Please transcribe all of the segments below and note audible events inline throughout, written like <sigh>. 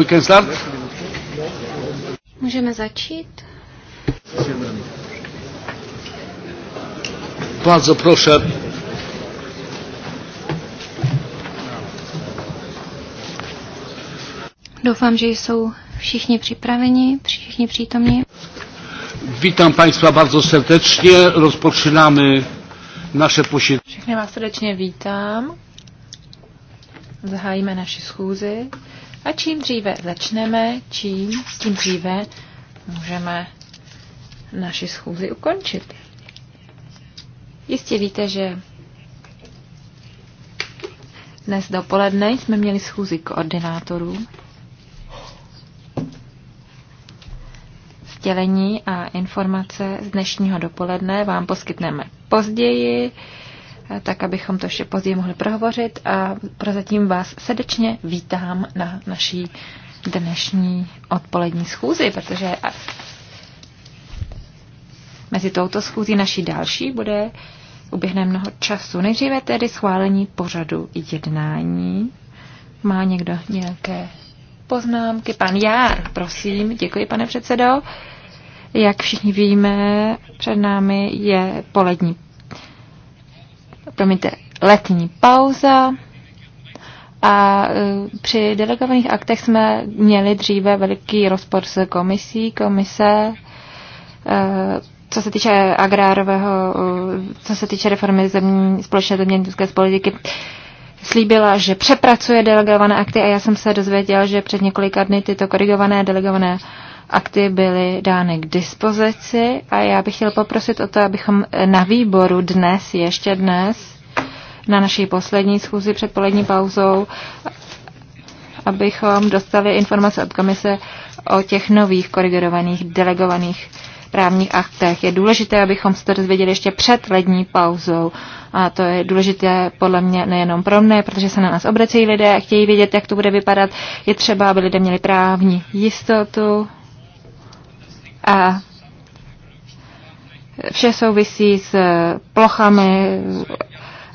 We can start? Můžeme začít. Bardzo proszę. Doufám, že jsou všichni připraveni, všichni přítomní. Vítám Państwa bardzo serdecznie. Rozpoczynamy nasze posiedzenie. Všechny vás srdečně vítám. Zahájíme naši schůzi. A čím dříve začneme, čím, tím dříve můžeme naši schůzi ukončit. Jistě víte, že dnes dopoledne jsme měli schůzi koordinátorů, sdělení a informace z dnešního dopoledne vám poskytneme později tak abychom to ještě později mohli prohovořit a prozatím vás srdečně vítám na naší dnešní odpolední schůzi, protože mezi touto schůzí naší další bude uběhne mnoho času. Nejdříve tedy schválení pořadu jednání. Má někdo nějaké poznámky? Pan Jár, prosím. Děkuji, pane předsedo. Jak všichni víme, před námi je polední promiňte, letní pauza a e, při delegovaných aktech jsme měli dříve veliký rozpor s komisí. Komise e, co se týče agrárového, e, co se týče reformy zemní, společné zemědělské politiky, slíbila, že přepracuje delegované akty a já jsem se dozvěděl, že před několika dny tyto korigované delegované akty byly dány k dispozici a já bych chtěl poprosit o to, abychom na výboru dnes, ještě dnes, na naší poslední schůzi před polední pauzou, abychom dostali informace od komise o těch nových korigovaných delegovaných právních aktech. Je důležité, abychom se to dozvěděli ještě před lední pauzou. A to je důležité podle mě nejenom pro mne, protože se na nás obracejí lidé a chtějí vědět, jak to bude vypadat. Je třeba, aby lidé měli právní jistotu a vše souvisí s plochami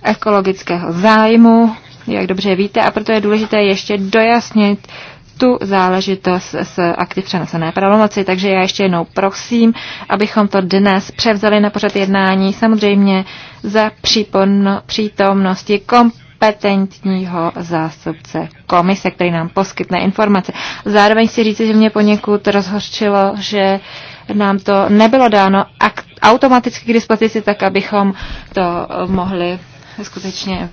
ekologického zájmu, jak dobře víte, a proto je důležité ještě dojasnit tu záležitost s aktiv přenesené pravomoci. Takže já ještě jednou prosím, abychom to dnes převzali na pořad jednání, samozřejmě za přítomnosti komp kompetentního zástupce komise, který nám poskytne informace. Zároveň si říci, že mě poněkud rozhorčilo, že nám to nebylo dáno automaticky k dispozici, tak abychom to mohli skutečně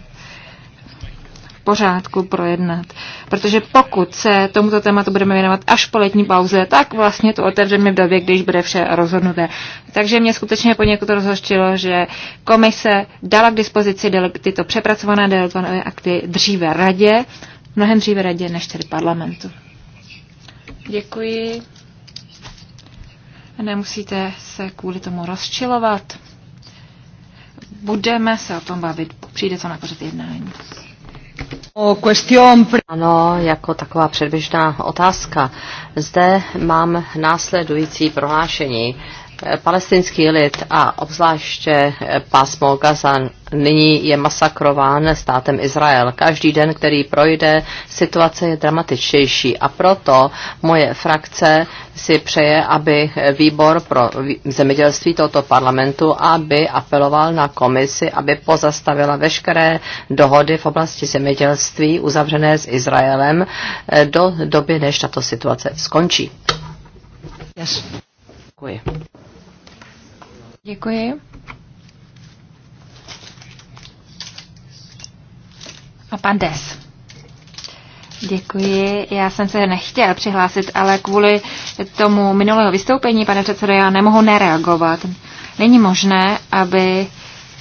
pořádku projednat. Protože pokud se tomuto tématu budeme věnovat až po letní pauze, tak vlastně to otevřeme v době, když bude vše rozhodnuté. Takže mě skutečně poněkud rozhoštilo, že komise dala k dispozici tyto přepracované delegované akty dříve radě, mnohem dříve radě než tedy parlamentu. Děkuji. Nemusíte se kvůli tomu rozčilovat. Budeme se o tom bavit. Přijde to na pořad jednání. Ano, jako taková předběžná otázka. Zde mám následující prohlášení palestinský lid a obzvláště eh, pásmo Gaza nyní je masakrován státem Izrael. Každý den, který projde, situace je dramatičtější a proto moje frakce si přeje, aby výbor pro zemědělství tohoto parlamentu, aby apeloval na komisi, aby pozastavila veškeré dohody v oblasti zemědělství uzavřené s Izraelem eh, do doby, než tato situace skončí. Yes. Děkuji. Děkuji. A pan Des. Děkuji. Já jsem se nechtěl přihlásit, ale kvůli tomu minulého vystoupení, pane předsedo, já nemohu nereagovat. Není možné, aby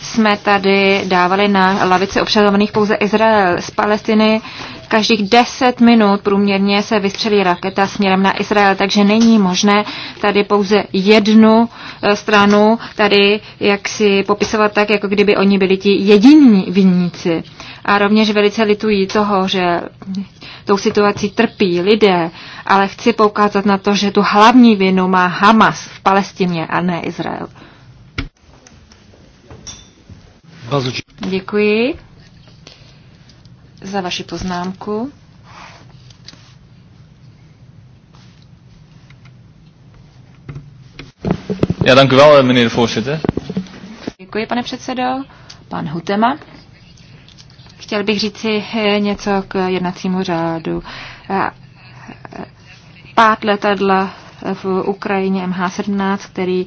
jsme tady dávali na lavici obšadovaných pouze Izrael. Z Palestiny Každých 10 minut průměrně se vystřelí raketa směrem na Izrael, takže není možné tady pouze jednu eh, stranu tady jak si popisovat tak, jako kdyby oni byli ti jediní vinníci. A rovněž velice litují toho, že tou situací trpí lidé, ale chci poukázat na to, že tu hlavní vinu má Hamas v Palestině a ne Izrael. Děkuji za vaši poznámku. Ja, dank u wel, eh, meneer de voorzitter. Děkuji, pane předsedo. Pan Hutema. Chtěl bych si eh, něco k jednacímu řádu. Eh, Pát letadla v Ukrajině MH17, který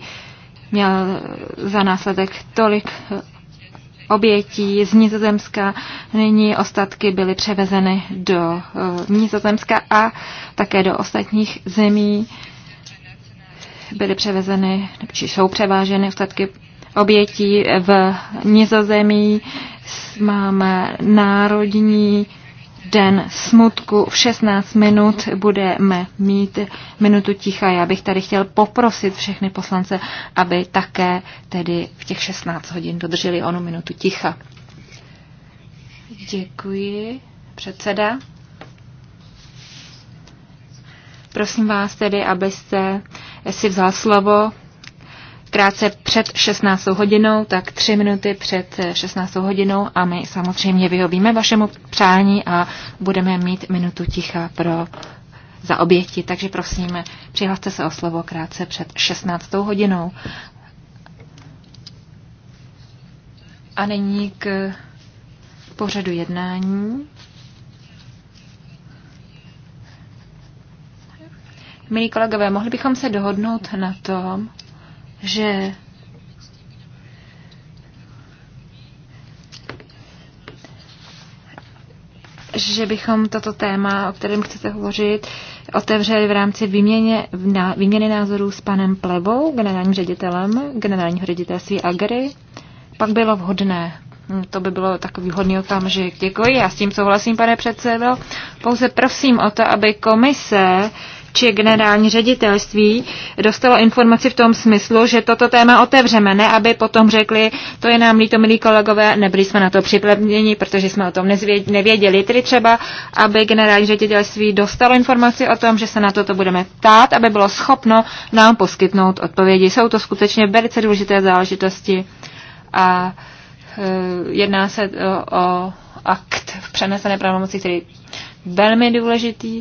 měl za následek tolik obětí z Nizozemska. Nyní ostatky byly převezeny do eh, Nizozemska a také do ostatních zemí. Byly převezeny, či jsou převáženy ostatky obětí v Nizozemí. Máme národní den smutku. V 16 minut budeme mít minutu ticha. Já bych tady chtěl poprosit všechny poslance, aby také tedy v těch 16 hodin dodrželi onu minutu ticha. Děkuji. Předseda. Prosím vás tedy, abyste si vzal slovo krátce před 16 hodinou, tak tři minuty před 16 hodinou a my samozřejmě vyhovíme vašemu přání a budeme mít minutu ticha pro za oběti. Takže prosím, přihlaste se o slovo krátce před 16 hodinou. A nyní k pořadu jednání. Milí kolegové, mohli bychom se dohodnout na tom, že že bychom toto téma, o kterém chcete hovořit, otevřeli v rámci výměně, výměny názorů s panem Plevou, generálním ředitelem generálního ředitelství Agry. Pak bylo vhodné. Hm, to by bylo takový vhodný okamžik. Děkuji, já s tím souhlasím, pane předsedo. Pouze prosím o to, aby komise či generální ředitelství dostalo informaci v tom smyslu, že toto téma otevřeme, ne aby potom řekli, to je nám líto, milí kolegové, nebyli jsme na to připraveni, protože jsme o tom nevěděli. Tedy třeba, aby generální ředitelství dostalo informaci o tom, že se na toto budeme ptát, aby bylo schopno nám poskytnout odpovědi. Jsou to skutečně velice důležité záležitosti a e, jedná se o, o akt v přenesené pravomoci, který je velmi důležitý.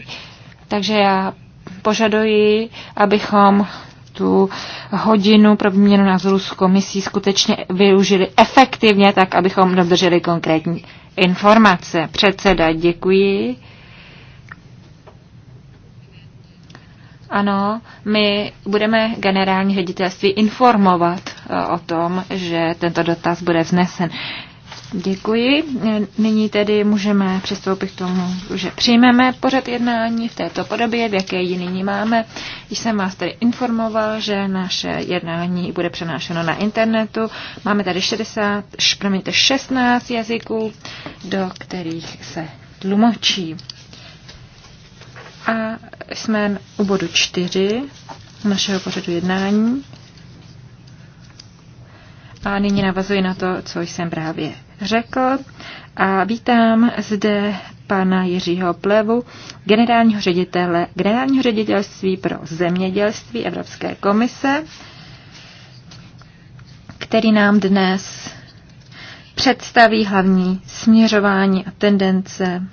Takže já požaduji, abychom tu hodinu pro výměnu názoru s komisí skutečně využili efektivně, tak abychom dodrželi konkrétní informace. Předseda, děkuji. Ano, my budeme generální ředitelství informovat eh, o tom, že tento dotaz bude vznesen. Děkuji. Nyní tedy můžeme přistoupit k tomu, že přijmeme pořad jednání v této podobě, v jaké ji nyní máme. Již jsem vás tedy informoval, že naše jednání bude přenášeno na internetu. Máme tady 60, promiňte, 16 jazyků, do kterých se tlumočí. A jsme u bodu 4 našeho pořadu jednání. A nyní navazuji na to, co jsem právě řekl a vítám zde pana Jiřího Plevu, generálního ředitele, generálního ředitelství pro zemědělství Evropské komise, který nám dnes představí hlavní směřování a tendence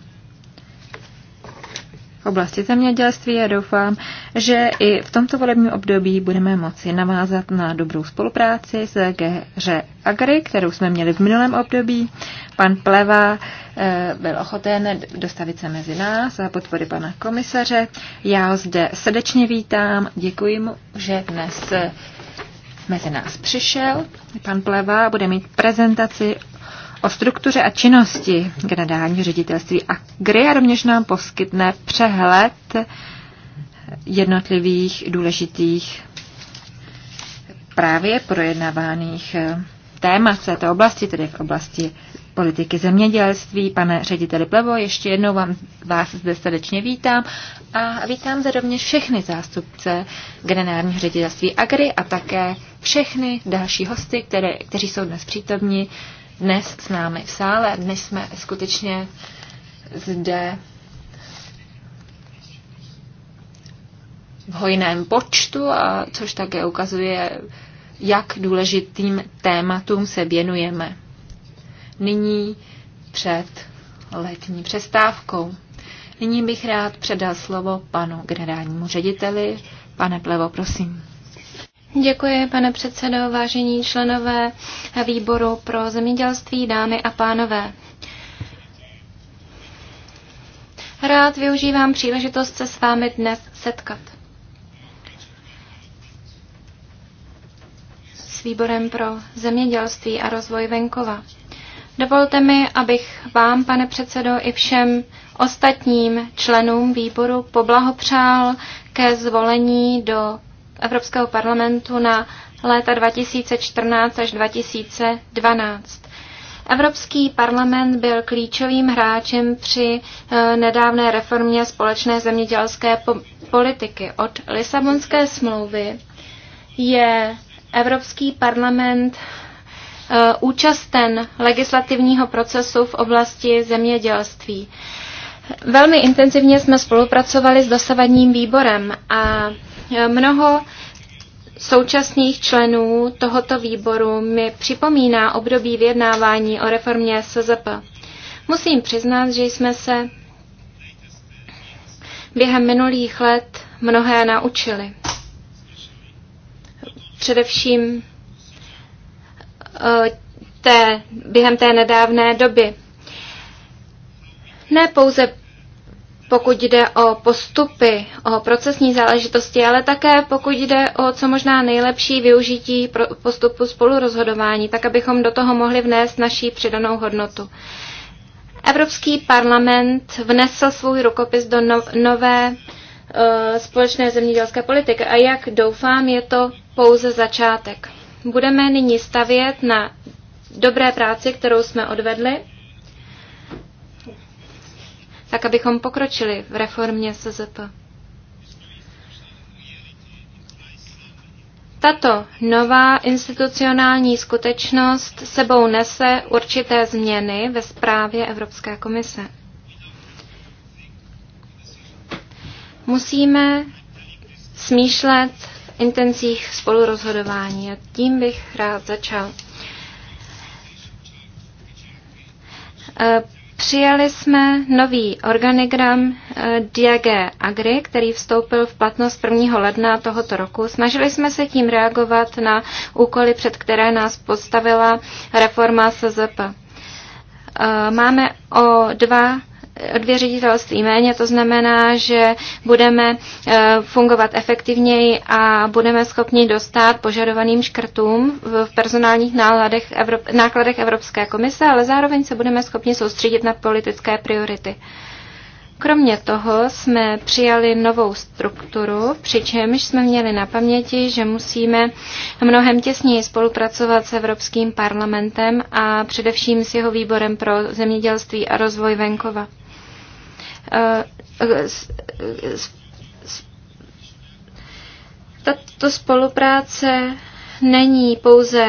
v oblasti zemědělství a doufám, že i v tomto volebním období budeme moci navázat na dobrou spolupráci s GŘ Agri, kterou jsme měli v minulém období. Pan Pleva eh, byl ochoten dostavit se mezi nás a podpory pana komisaře. Já ho zde srdečně vítám. Děkuji mu, že dnes eh, mezi nás přišel. Pan Pleva bude mít prezentaci o struktuře a činnosti generálního ředitelství AGRI a rovněž nám poskytne přehled jednotlivých důležitých právě projednávaných eh, témat této oblasti, tedy v oblasti politiky zemědělství. Pane řediteli Plevo, ještě jednou vám, vás zde srdečně vítám a vítám zde rovněž všechny zástupce generálního ředitelství Agri a také všechny další hosty, které, kteří jsou dnes přítomni dnes s námi v sále. Dnes jsme skutečně zde v hojném počtu, a což také ukazuje, jak důležitým tématům se věnujeme. Nyní před letní přestávkou. Nyní bych rád předal slovo panu generálnímu řediteli. Pane Plevo, prosím. Děkuji, pane předsedo, vážení členové výboru pro zemědělství, dámy a pánové. Rád využívám příležitost se s vámi dnes setkat. S výborem pro zemědělství a rozvoj venkova. Dovolte mi, abych vám, pane předsedo, i všem ostatním členům výboru poblahopřál ke zvolení do Evropského parlamentu na léta 2014 až 2012. Evropský parlament byl klíčovým hráčem při eh, nedávné reformě společné zemědělské politiky. Od Lisabonské smlouvy je Evropský parlament eh, účasten legislativního procesu v oblasti zemědělství. Velmi intenzivně jsme spolupracovali s dosavadním výborem a Mnoho současných členů tohoto výboru mi připomíná období vyjednávání o reformě SZP. Musím přiznat, že jsme se během minulých let mnohé naučili. Především eh, té, během té nedávné doby. Ne pouze pokud jde o postupy, o procesní záležitosti, ale také pokud jde o co možná nejlepší využití postupu spolurozhodování, tak abychom do toho mohli vnést naší přidanou hodnotu. Evropský parlament vnesl svůj rukopis do no, nové uh, společné zemědělské politiky a jak doufám, je to pouze začátek. Budeme nyní stavět na dobré práci, kterou jsme odvedli tak abychom pokročili v reformě SZP. Tato nová institucionální skutečnost sebou nese určité změny ve zprávě Evropské komise. Musíme smýšlet v intencích spolurozhodování a tím bych rád začal. Přijali jsme nový organigram eh, DG Agri, který vstoupil v platnost 1. ledna tohoto roku. Snažili jsme se tím reagovat na úkoly, před které nás postavila reforma SZP. Eh, máme o dva dvě ředitelství méně, to znamená, že budeme eh, fungovat efektivněji a budeme schopni dostat požadovaným škrtům v personálních náladech, Evrop, nákladech Evropské komise, ale zároveň se budeme schopni soustředit na politické priority. Kromě toho jsme přijali novou strukturu, přičemž jsme měli na paměti, že musíme mnohem těsněji spolupracovat s Evropským parlamentem a především s jeho výborem pro zemědělství a rozvoj venkova. Eh, Tato spolupráce není pouze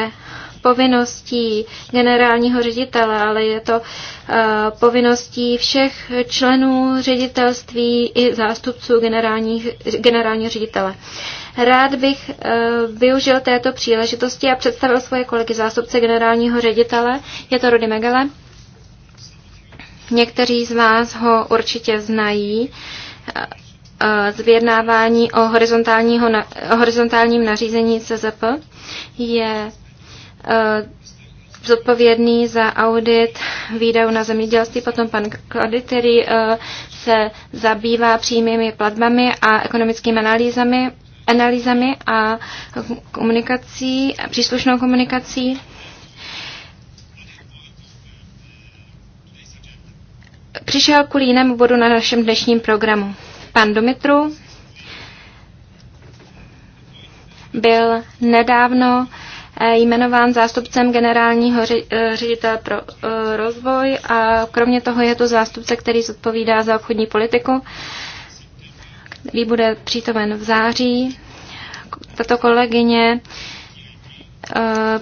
povinností generálního ředitele, ale je to eh, povinností všech členů ředitelství i zástupců generálního ředitele. Rád bych eh, využil této příležitosti a představil svoje kolegy zástupce generálního ředitele, je to Rudy Megale. Někteří z vás ho určitě znají eh, eh, z vyjednávání o, horizontálního, o horizontálním nařízení CZP. Je eh, zodpovědný za audit výdajů na zemědělství, potom pan Klady, který se zabývá přímými platbami a ekonomickými analýzami, analýzami a komunikací, příslušnou komunikací. přišel kvůli jinému bodu na našem dnešním programu. Pan Dumitru byl nedávno eh, jmenován zástupcem generálního eh, ředitele pro eh, rozvoj a kromě toho je to zástupce, který zodpovídá za obchodní politiku, který bude přítomen v září. Tato kolegyně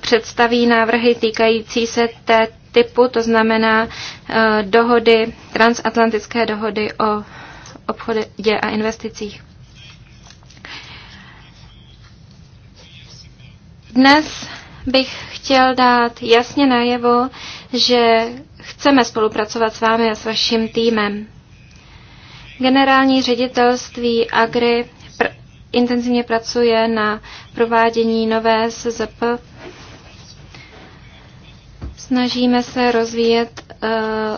představí návrhy týkající se této typu, to znamená eh, dohody, transatlantické dohody o obchodě a investicích. Dnes bych chtěl dát jasně najevo, že chceme spolupracovat s vámi a s vaším týmem. Generální ředitelství Agri pr- intenzivně pracuje na provádění nové SZP snažíme se rozvíjet eh,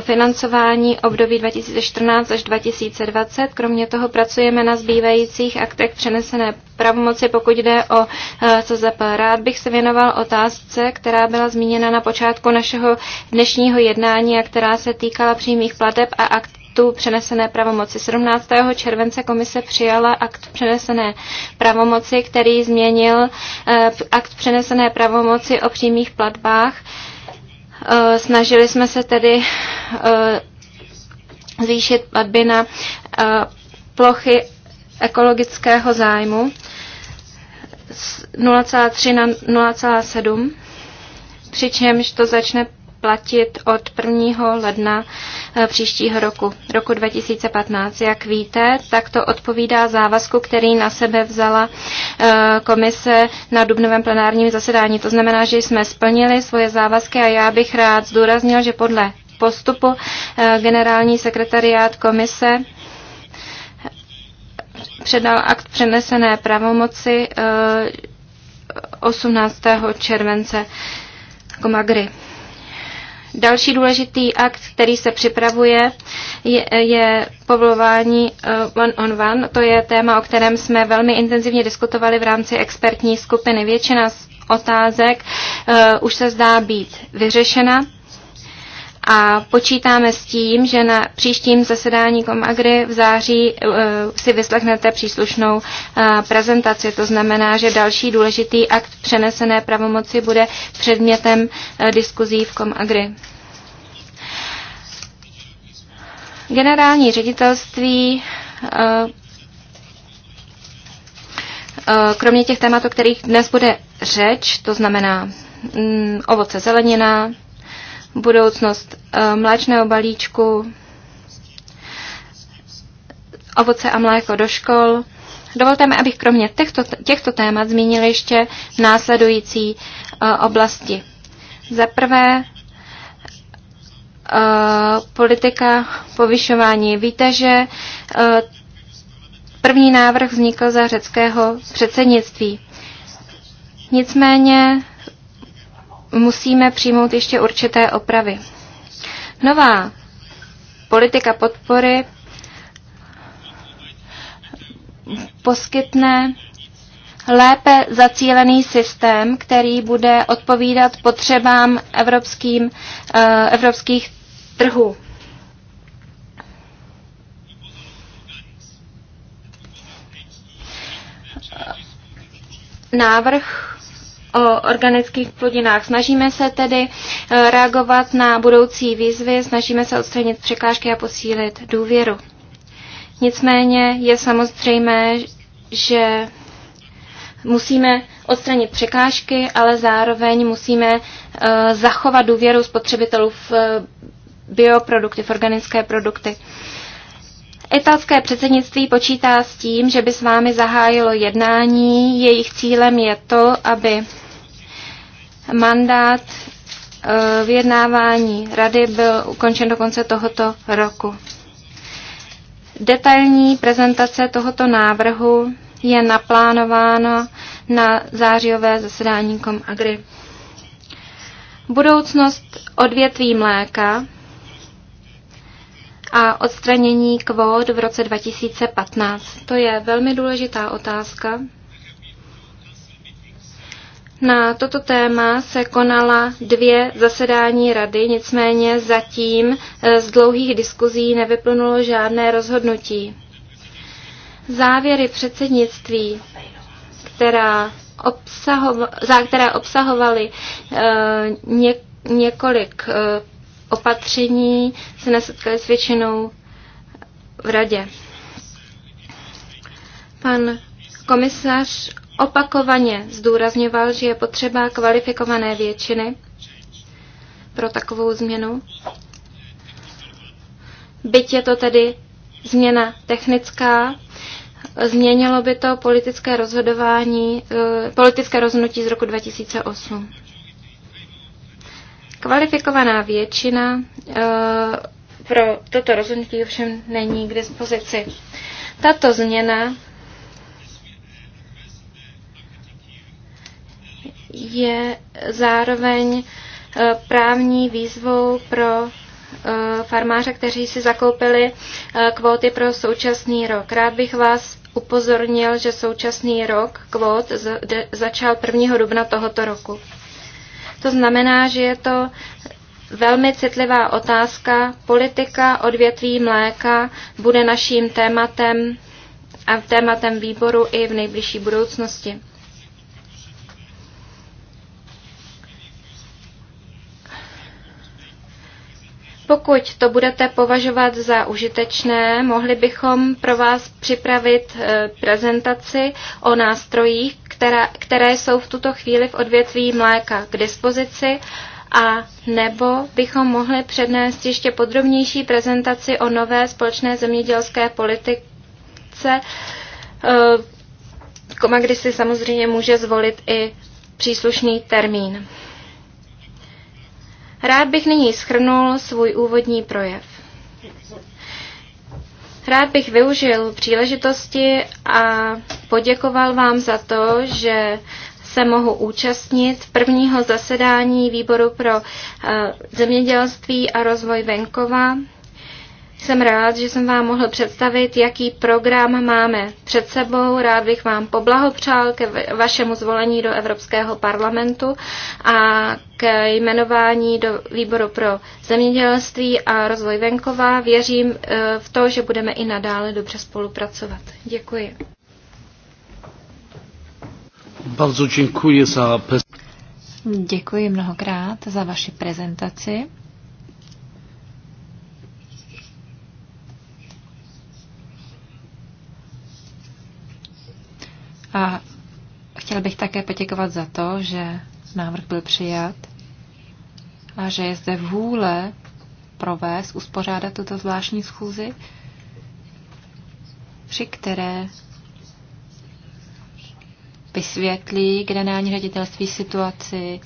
financování období 2014 až 2020. Kromě toho pracujeme na zbývajících aktech přenesené pravomoci, pokud jde o eh, CZP. Rád bych se věnoval otázce, která byla zmíněna na počátku našeho dnešního jednání a která se týkala přímých plateb a akt aktu přenesené pravomoci. 17. července komise přijala akt přenesené pravomoci, který změnil eh, akt přenesené pravomoci o přímých platbách. Eh, snažili jsme se tedy eh, zvýšit platby na plochy ekologického zájmu z 0,3 na 0,7, přičemž to začne platit od 1. ledna eh, příštího roku, roku 2015. Jak víte, tak to odpovídá závazku, který na sebe vzala eh, komise na dubnovém plenárním zasedání. To znamená, že jsme splnili svoje závazky a já bych rád zdůraznil, že podle postupu eh, generální sekretariát komise předal akt přenesené pravomoci 18. července Komagry. Další důležitý akt, který se připravuje, je, je povolování eh, one on one. To je téma, o kterém jsme velmi intenzivně diskutovali v rámci expertní skupiny. Většina z otázek uh, už se zdá být vyřešena a počítáme s tím, že na příštím zasedání Komagry v září eh, si vyslechnete příslušnou eh, prezentaci. To znamená, že další důležitý akt přenesené pravomoci bude předmětem eh, diskuzí v Komagry. Generální ředitelství kromě těch témat, o kterých dnes bude řeč, to znamená mm, ovoce zelenina, budoucnost eh, mléčného balíčku, ovoce a mléko do škol. Dovolte mi, abych kromě těchto, těchto témat zmínil ještě následující eh, oblasti. Za prvé, eh, politika povyšování. Víte, že první návrh vznikl za řeckého předsednictví. Nicméně musíme přijmout ještě určité opravy. Nová politika podpory poskytne lépe zacílený systém, který bude odpovídat potřebám evropským, eh, evropských trhů. Návrh o organických plodinách. Snažíme se tedy eh, reagovat na budoucí výzvy, snažíme se odstranit překážky a posílit důvěru. Nicméně je samozřejmé, že musíme odstranit překážky, ale zároveň musíme eh, zachovat důvěru spotřebitelů v eh, bioprodukty, v organické produkty. Italské předsednictví počítá s tím, že by s vámi zahájilo jednání. Jejich cílem je to, aby mandát eh, vyjednávání rady byl ukončen do konce tohoto roku. Detailní prezentace tohoto návrhu je naplánováno na zářijové zasedání Komagry. Budoucnost odvětví mléka a odstranění kvót v roce 2015. To je velmi důležitá otázka. Na toto téma se konala dvě zasedání rady, nicméně zatím eh, z dlouhých diskuzí nevyplnulo žádné rozhodnutí. Závěry předsednictví, která obsahova, která obsahovaly e, eh, ně, několik e, opatření se nesetkali s většinou v radě. Pan komisař opakovaně zdůrazňoval, že je potřeba kvalifikované většiny pro takovou změnu. Byť je to tedy změna technická, změnilo by to politické rozhodování, eh, politické rozhodnutí z roku 2008. Kvalifikovaná většina eh, pro toto rozhodnutí ovšem není k dispozici. Tato změna je zároveň eh, právní výzvou pro eh, farmáře, kteří si zakoupili kvóty pro současný rok. Rád bych vás upozornil, že současný rok kvót začal 1. dubna tohoto roku. To znamená, že je to velmi citlivá otázka. Politika odvětví mléka bude naším tématem a tématem výboru i v nejbližší budoucnosti. Pokud to budete považovat za užitečné, mohli bychom pro vás připravit eh, prezentaci o nástrojích, která, které jsou v tuto chvíli v odvětví mléka k dispozici a nebo bychom mohli přednést ještě podrobnější prezentaci o nové společné zemědělské politice. Eh, Koma, kdy si samozřejmě může zvolit i příslušný termín. Rád bych nyní schrnul svůj úvodní projev. Rád bych využil příležitosti a poděkoval vám za to, že se mohu účastnit prvního zasedání výboru pro eh, zemědělství a rozvoj venkova jsem rád, že jsem vám mohl představit, jaký program máme před sebou. Rád bych vám poblahopřál ke vašemu zvolení do Evropského parlamentu a k jmenování do výboru pro zemědělství a rozvoj venkova. Věřím eh, v to, že budeme i nadále dobře spolupracovat. Děkuji. děkuji za Děkuji mnohokrát za vaši prezentaci. A chtěl bych také poděkovat za to, že návrh byl přijat a že je zde vůle provést, uspořádat tuto zvláštní schůzi, při které vysvětlí generální ředitelství situaci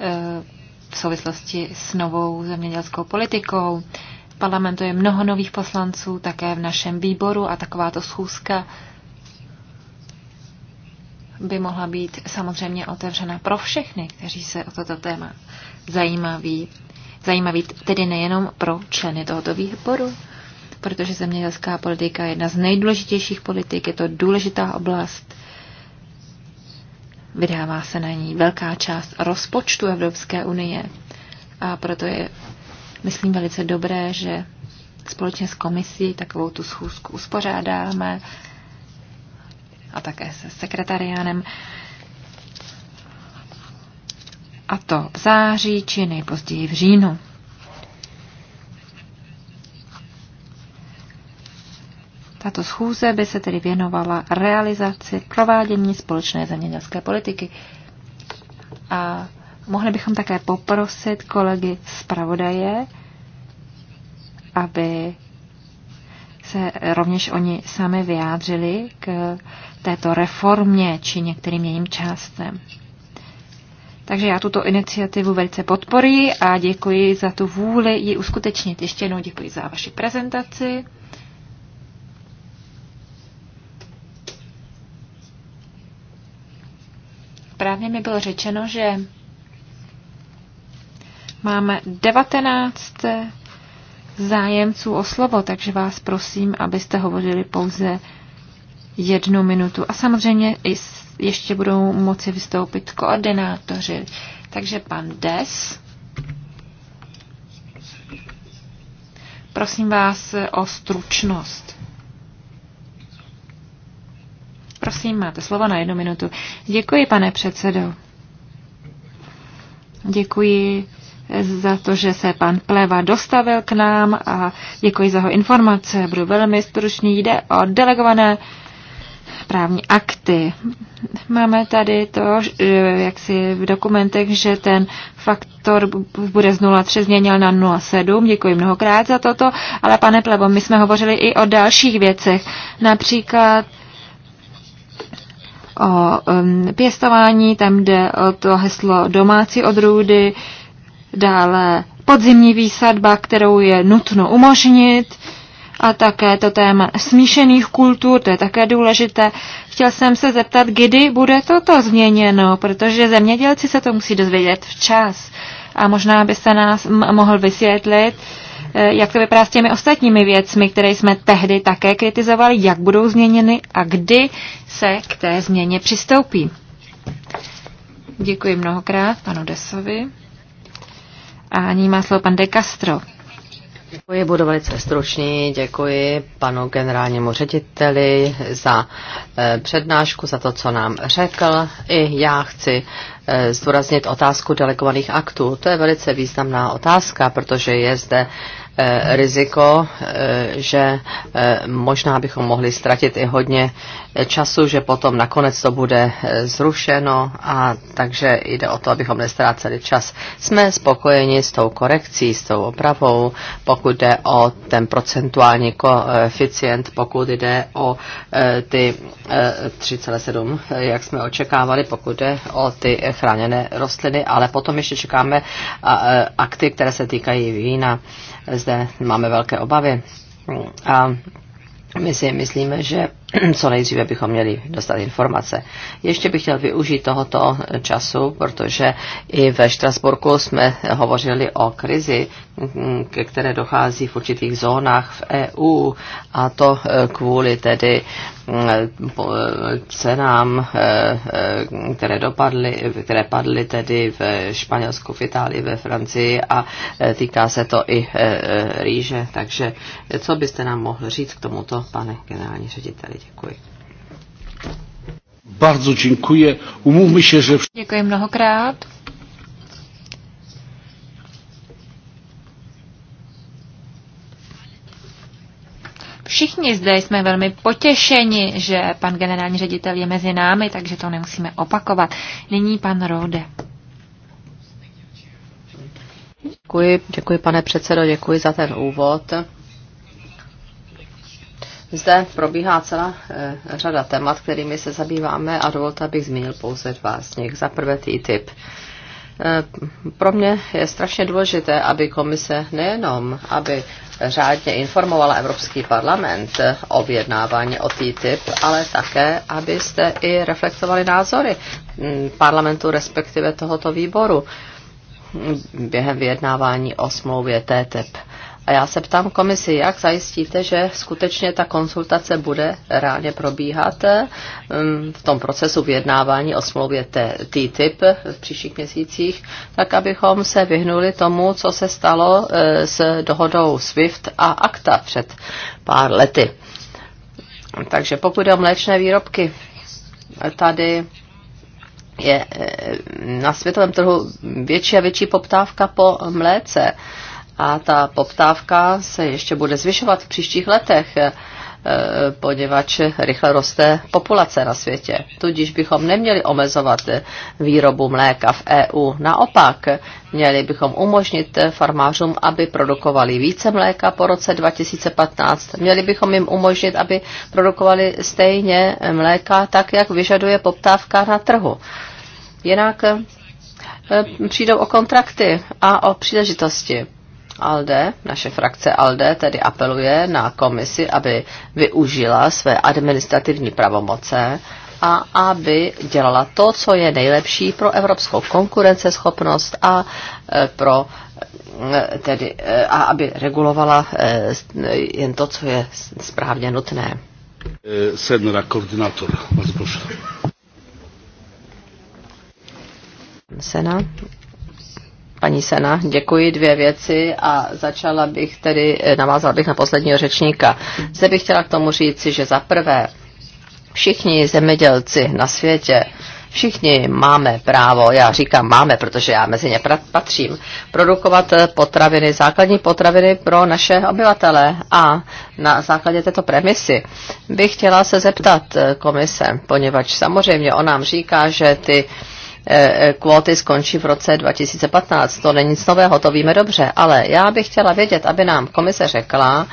eh, v souvislosti s novou zemědělskou politikou. V parlamentu je mnoho nových poslanců, také v našem výboru a takováto schůzka by mohla být samozřejmě otevřena pro všechny, kteří se o toto téma zajímaví. Zajímavý tedy nejenom pro členy tohoto výboru, protože zemědělská politika je jedna z nejdůležitějších politik, je to důležitá oblast, vydává se na ní velká část rozpočtu Evropské unie a proto je, myslím, velice dobré, že společně s komisí takovou tu schůzku uspořádáme a také se sekretariánem. A to v září či nejpozději v říjnu. Tato schůze by se tedy věnovala realizaci provádění společné zemědělské politiky. A mohli bychom také poprosit kolegy zpravodaje, aby se rovněž oni sami vyjádřili k této reformě či některým jejím částem. Takže já tuto iniciativu velice podporuji a děkuji za tu vůli ji uskutečnit. Ještě jednou děkuji za vaši prezentaci. Právě mi bylo řečeno, že máme 19 zájemců o slovo, takže vás prosím, abyste hovořili pouze jednu minutu. A samozřejmě ještě budou moci vystoupit koordinátoři. Takže pan Des. Prosím vás o stručnost. Prosím, máte slovo na jednu minutu. Děkuji, pane předsedo. Děkuji za to, že se pan Pleva dostavil k nám a děkuji za jeho informace. Budu velmi stručný. Jde o delegované právní akty. Máme tady to, jak si v dokumentech, že ten faktor bude z 0,3 změnil na 0,7. Děkuji mnohokrát za toto, ale pane Plebo, my jsme hovořili i o dalších věcech, například o um, pěstování, tam jde o to heslo domácí odrůdy, uh, dále podzimní výsadba, kterou je nutno umožnit, a také to téma smíšených kultur, to je také důležité. Chtěl jsem se zeptat, kdy bude toto změněno, protože zemědělci se to musí dozvědět včas. A možná byste nás mohl vysvětlit, eh, jak to vypadá s těmi ostatními věcmi, které jsme tehdy také kritizovali, jak budou změněny a kdy se k té změně přistoupí. Děkuji mnohokrát panu Desovi. A ní má slovo pan De Castro. Děkuji, budu velice stručný. Děkuji panu generálnímu řediteli za eh, přednášku, za to, co nám řekl. I já chci Eh, zdůraznit otázku delegovaných aktů. To je velice významná otázka, protože je zde eh, riziko, eh, že možná bychom mohli ztratit i hodně času, že potom nakonec to bude zrušeno a takže jde o to, abychom nestráceli čas. Jsme spokojeni s tou korekcí, s tou opravou, pokud jde o ten procentuální koeficient, pokud jde o ty 3,7, jak jsme očekávali, pokud jde o ty chráněné rostliny, ale potom ještě čekáme akty, které se týkají vína. Zde máme velké obavy. A my si myslíme, že <clears throat> co nejdříve bychom měli dostat informace. Ještě bych chtěl využít tohoto času, protože i ve Štrasburku jsme hovořili o krizi, ke které dochází v určitých zónách v EU a to eh, kvůli tedy mm, eh, cenám, eh, které dopadly, které padly tedy v Španělsku, v Itálii, ve Francii a týká se to i rýže. Takže co byste nám mohl říct k tomuto, pane generální řediteli? Děkuji. Bardzo dziękuję. Umówmy się, że... Děkuji mnohokrát. Všichni zde jsme velmi potěšeni, že pan generální ředitel je mezi námi, takže to nemusíme opakovat. Nyní pan Rode. Děkuji, děkuji pane předsedo, děkuji za ten úvod. Zde probíhá celá eh, řada témat, kterými se zabýváme a dovolte, abych zmínil pouze dva z nich. Za prvé TTIP. Eh, pro mě je strašně důležité, aby komise nejenom, aby řádně informovala Evropský parlament eh, o vyjednávání o TTIP, ale také, abyste i reflektovali názory mm, parlamentu, respektive tohoto výboru mm, během vyjednávání o smlouvě TTIP. A já se ptám komisi, jak zajistíte, že skutečně ta konsultace bude reálně probíhat um, v tom procesu vyjednávání o smlouvě TTIP v příštích měsících, tak abychom se vyhnuli tomu, co se stalo uh, s dohodou SWIFT a ACTA před pár lety. Takže pokud o mléčné výrobky, tady je eh, na světovém trhu větší a větší poptávka po mléce a ta poptávka se ještě bude zvyšovat v příštích letech, eh, poněvadž rychle roste populace na světě. Tudíž bychom neměli omezovat výrobu mléka v EU. Naopak, měli bychom umožnit farmářům, aby produkovali více mléka po roce 2015. Měli bychom jim umožnit, aby produkovali stejně mléka tak, jak vyžaduje poptávka na trhu. Jinak eh, přijdou o kontrakty a o příležitosti. ALDE, naše frakce ALDE tedy apeluje na komisi, aby využila své administrativní pravomoce a aby dělala to, co je nejlepší pro evropskou konkurenceschopnost a e, pro e, tedy, e, a aby regulovala jen to, co je správně nutné. Sednera koordinátor, vás prosím. Sena, paní Sena. Děkuji dvě věci a začala bych tedy, eh, navázala bych na posledního řečníka. Zde bych chtěla k tomu říci, že za prvé všichni zemědělci na světě všichni máme právo, já říkám máme, protože já mezi ně patřím, produkovat potraviny, základní potraviny pro naše obyvatele. A na základě této premisy bych chtěla se zeptat eh, komise, poněvadž samozřejmě on nám říká, že ty E, e, kvóty skončí v roce 2015. To není nic nového, to víme dobře, ale já bych chtěla vědět, aby nám komise řekla,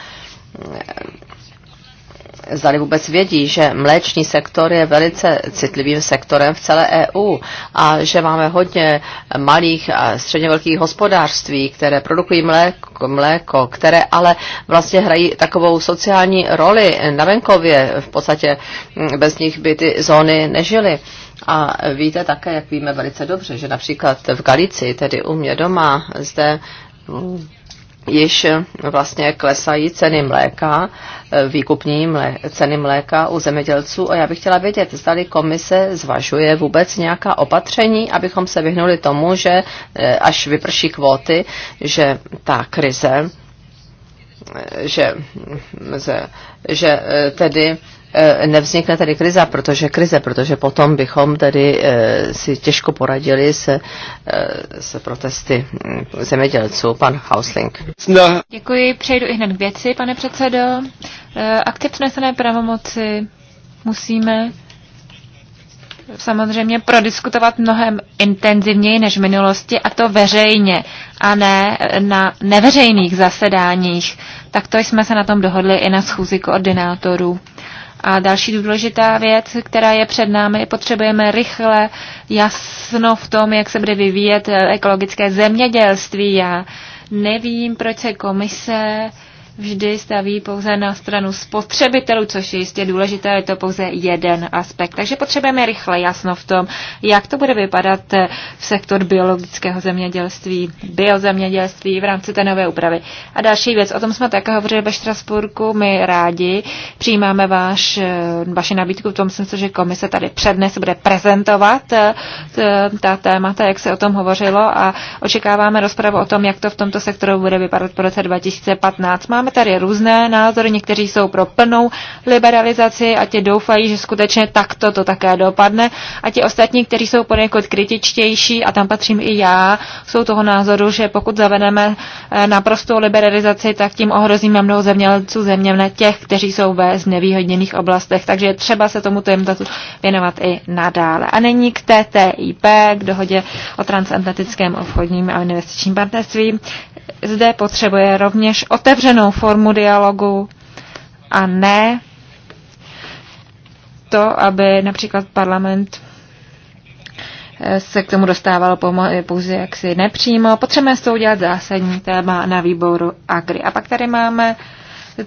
e, zdali vůbec vědí, že mléčný sektor je velice citlivým sektorem v celé EU a že máme hodně malých a středně velkých hospodářství, které produkují mléko, mléko které ale vlastně hrají takovou sociální roli na venkově. V podstatě bez nich by ty zóny nežily. A víte také, jak víme velice dobře, že například v Galici, tedy u mě doma, zde mm, již vlastně klesají ceny mléka, výkupní mlé, ceny mléka u zemědělců a já bych chtěla vědět, zdali komise zvažuje vůbec nějaká opatření, abychom se vyhnuli tomu, že e, až vyprší kvóty, že ta krize, e, že, mm, že e, tedy E, nevznikne tedy krize, protože krize, protože potom bychom tedy e, si těžko poradili se, e, se protesty mm, zemědělců. Pan Hausling. No. Děkuji, přejdu i hned k věci, pane předsedo. Akci přenesené pravomoci musíme samozřejmě prodiskutovat mnohem intenzivněji než v minulosti a to veřejně a ne na neveřejných zasedáních. Tak to jsme se na tom dohodli i na schůzi koordinátorů. A další důležitá věc, která je před námi, potřebujeme rychle jasno v tom, jak se bude vyvíjet ekologické zemědělství. Já nevím, proč se komise vždy staví pouze na stranu spotřebitelů, což je jistě důležité, je to pouze jeden aspekt. Takže potřebujeme rychle jasno v tom, jak to bude vypadat eh, v sektor biologického zemědělství, biozemědělství v rámci té nové úpravy. A další věc, o tom jsme také hovořili ve Štrasburku, my rádi přijímáme váš, eh, vaši nabídku v tom smyslu, že komise tady přednes bude prezentovat eh, ta témata, jak se o tom hovořilo a očekáváme rozpravu o tom, jak to v tomto sektoru bude vypadat po roce 2015. Máme jsou tady různé názory, někteří jsou pro plnou liberalizaci a ti doufají, že skutečně takto to také dopadne. A ti ostatní, kteří jsou poněkud kritičtější, a tam patřím i já, jsou toho názoru, že pokud zavedeme eh, naprostou liberalizaci, tak tím ohrozíme mnoho zemědělců zeměvne těch, kteří jsou ve znevýhodněných oblastech. Takže je třeba se tomu tématu věnovat i nadále. A není k TTIP, k dohodě o transatlantickém obchodním a investičním partnerství zde potřebuje rovněž otevřenou formu dialogu a ne to, aby například parlament eh, se k tomu dostávalo eh, pouze jaksi nepřímo. Potřebujeme s tou udělat zásadní téma na výboru Agri. A pak tady máme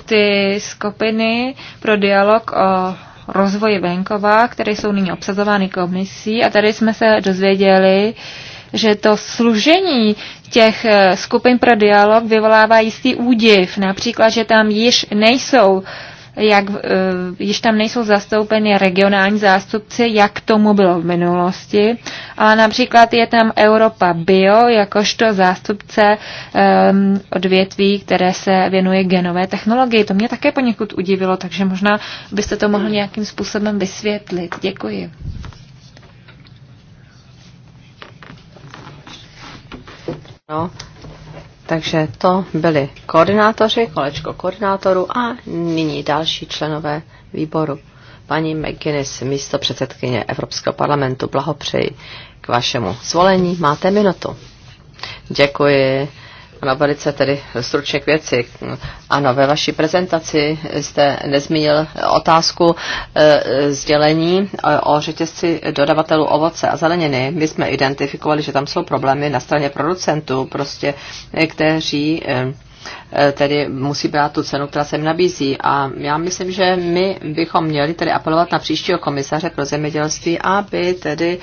ty skupiny pro dialog o rozvoji venkova, které jsou nyní obsazovány komisí. A tady jsme se dozvěděli, že to služení těch eh, skupin pro dialog vyvolává jistý údiv, například, že tam již nejsou jak eh, již tam nejsou zastoupeny regionální zástupci, jak tomu bylo v minulosti, ale například je tam Europa Bio jakožto zástupce um, odvětví, které se věnuje genové technologii. To mě také poněkud udivilo, takže možná byste to mohl nějakým způsobem vysvětlit. Děkuji. No, takže to byli koordinátoři, kolečko koordinátorů a nyní další členové výboru. Paní McGuinness, místo předsedkyně Evropského parlamentu, blahopřeji k vašemu zvolení. Máte minutu. Děkuji. Ano, velice tedy stručně k věci. Ano, ve vaší prezentaci jste nezmínil otázku e, sdělení e, o řetězci dodavatelů ovoce a zeleniny. My jsme identifikovali, že tam jsou problémy na straně producentů, prostě kteří e, E, tedy musí brát tu cenu, která se jim nabízí. A já myslím, že my bychom měli tedy apelovat na příštího komisaře pro zemědělství, aby tedy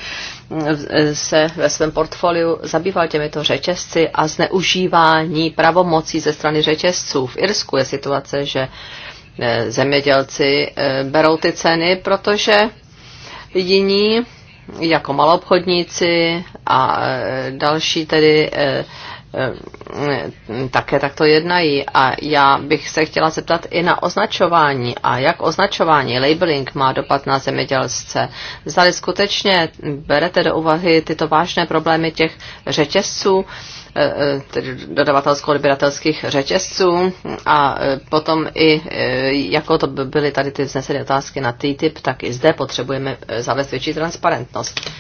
mm, e, se ve svém portfoliu zabýval těmito řetězci a zneužívání pravomocí ze strany řetězců. V Irsku je situace, že e, zemědělci berou ty ceny, protože jiní jako malobchodníci a další tedy Eh, také takto jednají. A já bych se chtěla zeptat i na označování a jak označování, labeling má dopad na zemědělce. Zdali skutečně berete do úvahy tyto vážné problémy těch řetězců, eh, tedy dodavatelsko-odběratelských řetězců a eh, potom i, jako to byly tady ty vznesené otázky na TTIP, tak i zde potřebujeme zavést větší transparentnost.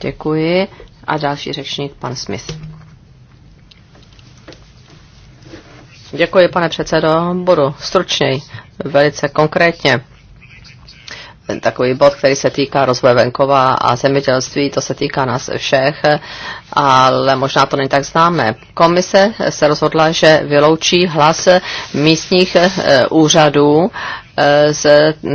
Děkuji. A další řečník, pan Smith. Děkuji, pane předsedo. Budu stručněji, velice konkrétně. Takový bod, který se týká rozvoje venkova a zemědělství, to se týká nás všech, ale možná to není tak známé. Komise se rozhodla, že vyloučí hlas místních eh, úřadů z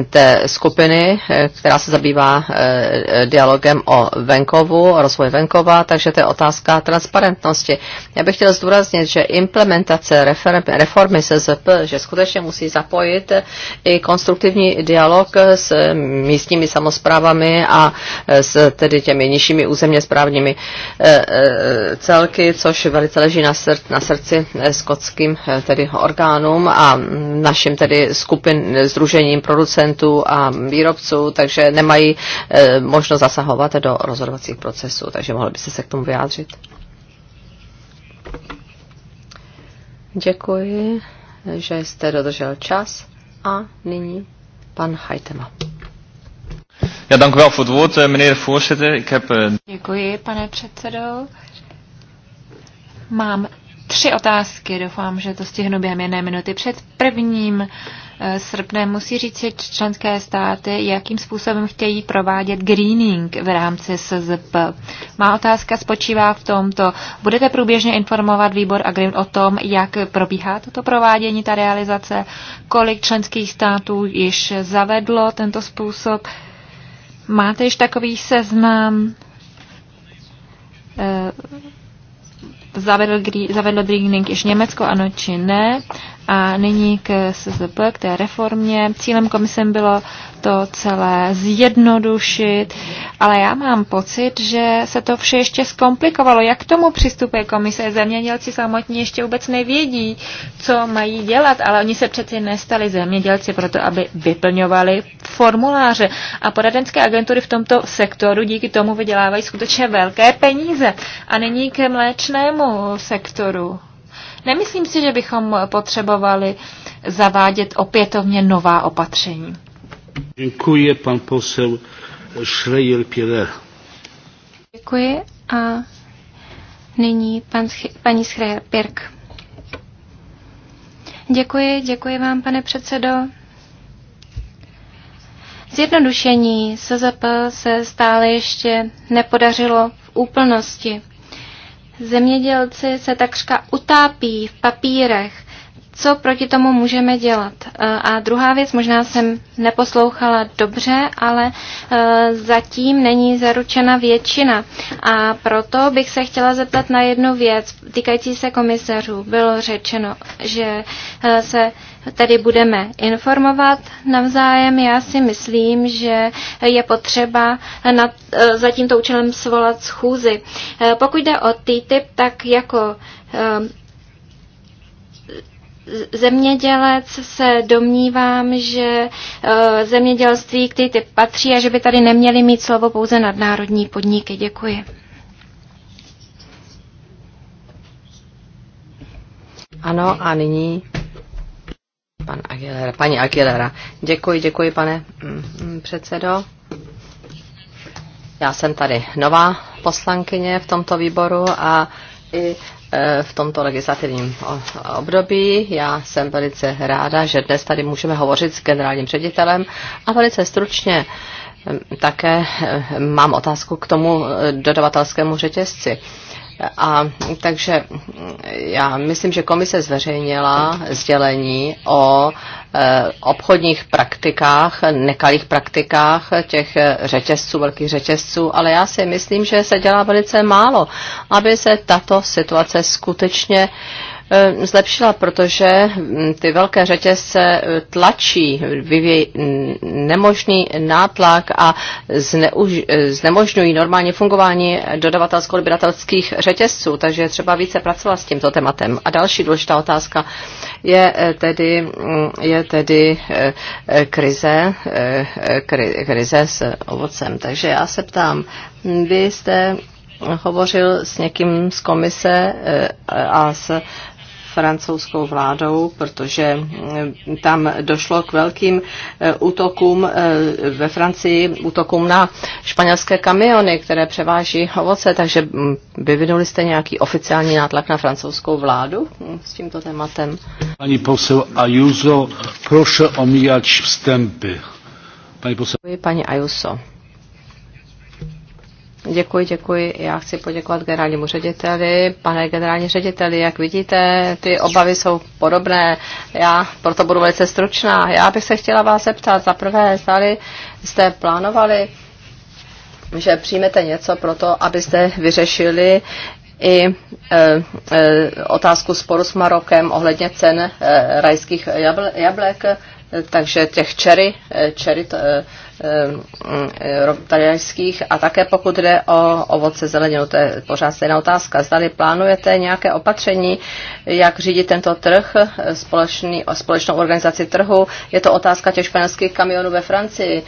té skupiny, eh, která se zabývá eh, dialogem o venkovu, o rozvoji venkova, takže to je otázka transparentnosti. Já bych chtěl zdůraznit, že implementace reformy SZP, že skutečně musí zapojit eh, i konstruktivní dialog s místními samozprávami a s tedy těmi nižšími územně správními celky, což velice leží na, sr- na srdci skotským tedy orgánům a mm, našim tedy skupin, združením producentů a výrobců, takže nemají eh, možnost zasahovat do rozhodovacích procesů. Takže mohli byste se k tomu vyjádřit? Děkuji, že jste dodržel čas. A nyní pan Hajtema. Ja, dank u wel voor het woord, eh, meneer de voorzitter. Ik heb... Eh, Děkuji, pane předsedo. Mám tři otázky, doufám, že to stihnu během jedné minuty. Před prvním Eh, srpnem musí říct členské státy, jakým způsobem chtějí provádět greening v rámci SZP. Má otázka spočívá v tomto. Budete průběžně informovat výbor a green o tom, jak probíhá toto provádění, ta realizace, kolik členských států již zavedlo tento způsob. Máte již takový seznam? Eh, zavedl, zavedlo greening již Německo, ano či ne. A nyní k SZP, k té reformě. Cílem komisem bylo to celé zjednodušit, ale já mám pocit, že se to vše ještě zkomplikovalo. Jak k tomu přistupuje komise? Zemědělci samotní ještě vůbec nevědí, co mají dělat, ale oni se přeci nestali zemědělci proto, aby vyplňovali formuláře. A poradenské agentury v tomto sektoru díky tomu vydělávají skutečně velké peníze. A nyní ke mléčnému sektoru. Nemyslím si, že bychom potřebovali zavádět opětovně nová opatření. Děkuji, pan posel Schreier Pierre. Děkuji a nyní pan, paní Schreier Pirk. Děkuji, děkuji vám, pane předsedo. Zjednodušení SZP se stále ještě nepodařilo v úplnosti. Zemědělci se takřka utápí v papírech, co proti tomu můžeme dělat. Eh, a druhá věc, možná jsem neposlouchala dobře, ale eh, zatím není zaručena většina. A proto bych se chtěla zeptat na jednu věc týkající se komisařů. Bylo řečeno, že eh, se tady budeme informovat navzájem. Já si myslím, že je potřeba nad, za tímto účelem svolat schůzy. Pokud jde o TTIP, tak jako zemědělec se domnívám, že eh, zemědělství k ty typ patří a že by tady neměli mít slovo pouze nadnárodní podniky. Děkuji. Ano a nyní pan Aguilera, paní Aguilera. Děkuji, děkuji, pane mm, mm, předsedo. Já jsem tady nová poslankyně v tomto výboru a i v tomto legislativním období. Já jsem velice ráda, že dnes tady můžeme hovořit s generálním ředitelem a velice stručně také mám otázku k tomu eh, dodavatelskému řetězci. A takže mm, já myslím, že komise zveřejnila sdělení o e, obchodních praktikách, nekalých praktikách těch e, řetězců, velkých řetězců, ale já si myslím, že se dělá velice málo, aby se tato situace skutečně eh, E, zlepšila, protože mm, ty velké řetězce e, tlačí, vyvíjí mm, nemožný nátlak a zneuž, e, znemožňují normální fungování dodavatelsko-liberatelských řetězců, takže je třeba více pracovat s tímto tématem. A další důležitá otázka je tedy, mm, je tedy krize, krize s ovocem. Takže já se ptám, vy jste hovořil s někým z komise a s francouzskou vládou, protože mm, tam došlo k velkým eh, útokům eh, ve Francii, útokům na španělské kamiony, které převáží ovoce, takže mm, vyvinuli jste nějaký oficiální nátlak na francouzskou vládu hm, s tímto tématem? Pani posel Ayuso, proszę omíjač vstempy. Pani posel... pani Ayuso. Děkuji, děkuji. Já chci poděkovat generálnímu řediteli. Pane generální řediteli, jak vidíte, ty obavy jsou podobné. Já proto budu velice stručná. Já bych se chtěla vás zeptat, za prvé, zdali jste plánovali, že přijmete něco pro to, abyste vyřešili i e, e, otázku sporu s Marokem ohledně cen e, rajských jablek, e, takže těch čery, čery to, e, rotarajských eh, eh, a také pokud jde o ovoce zeleninu, to je pořád stejná otázka. Zdali plánujete nějaké opatření, jak řídit tento trh, eh, společný, společnou organizaci trhu? Je to otázka těch španělských kamionů ve Francii,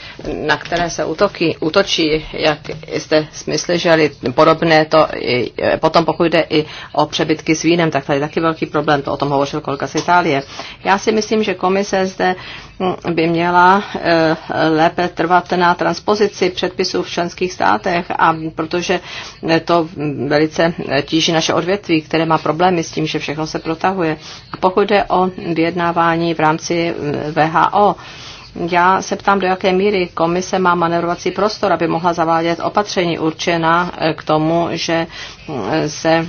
na které se útoky, útočí, jak jste že? podobné to i, potom pokud jde i o přebytky s vínem, tak tady je taky velký problém, to o tom hovořil kolega z Itálie. Já si myslím, že komise zde by měla eh, lépe trvat na transpozici předpisů v členských státech, a protože to velice tíží naše odvětví, které má problémy s tím, že všechno se protahuje. A pokud jde o vyjednávání v rámci eh, VHO, já se ptám, do jaké míry komise má manevrovací prostor, aby mohla zavádět opatření určená eh, k tomu, že se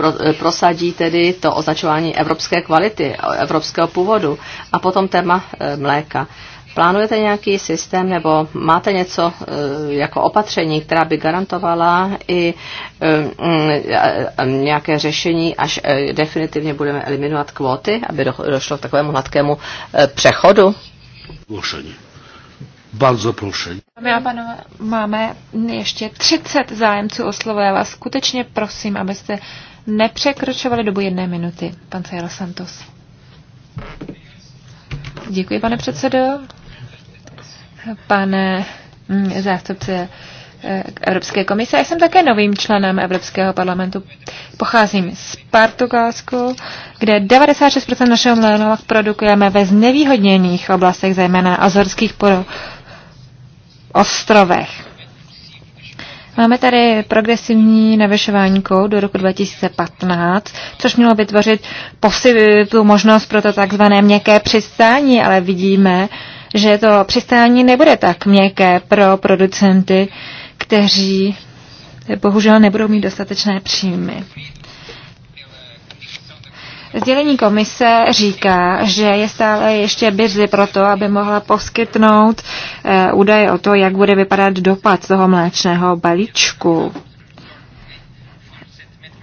Eh, prosadí tedy to označování evropské kvality, evropského původu. A potom téma eh, mléka. Plánujete nějaký systém nebo máte něco eh, jako opatření, která by garantovala i mm, nějaké řešení, až definitivně budeme eliminovat kvóty, aby došlo k takovému hladkému přechodu? Głoszenie. Bardzo proszę. Dámy a pánové, máme ještě 30 zájemců o slovo. Já vás skutečně prosím, abyste nepřekročovali dobu jedné minuty. Pan Cejl Santos. Děkuji, pane předsedo. Pane mm, zástupce eh, Evropské komise. Já jsem také novým členem Evropského parlamentu. Pocházím z Portugalsku, kde 96% našeho mléno produkujeme ve znevýhodněných oblastech, zejména azorských ostrovech. Máme tady progresivní navyšování kou do roku 2015, což mělo vytvořit tu možnost pro to takzvané měkké přistání, ale vidíme, že to přistání nebude tak měkké pro producenty, kteří bohužel nebudou mít dostatečné příjmy. Sdělení komise říká, že je stále ještě brzy pro to, aby mohla poskytnout eh, údaje o to, jak bude vypadat dopad toho mléčného balíčku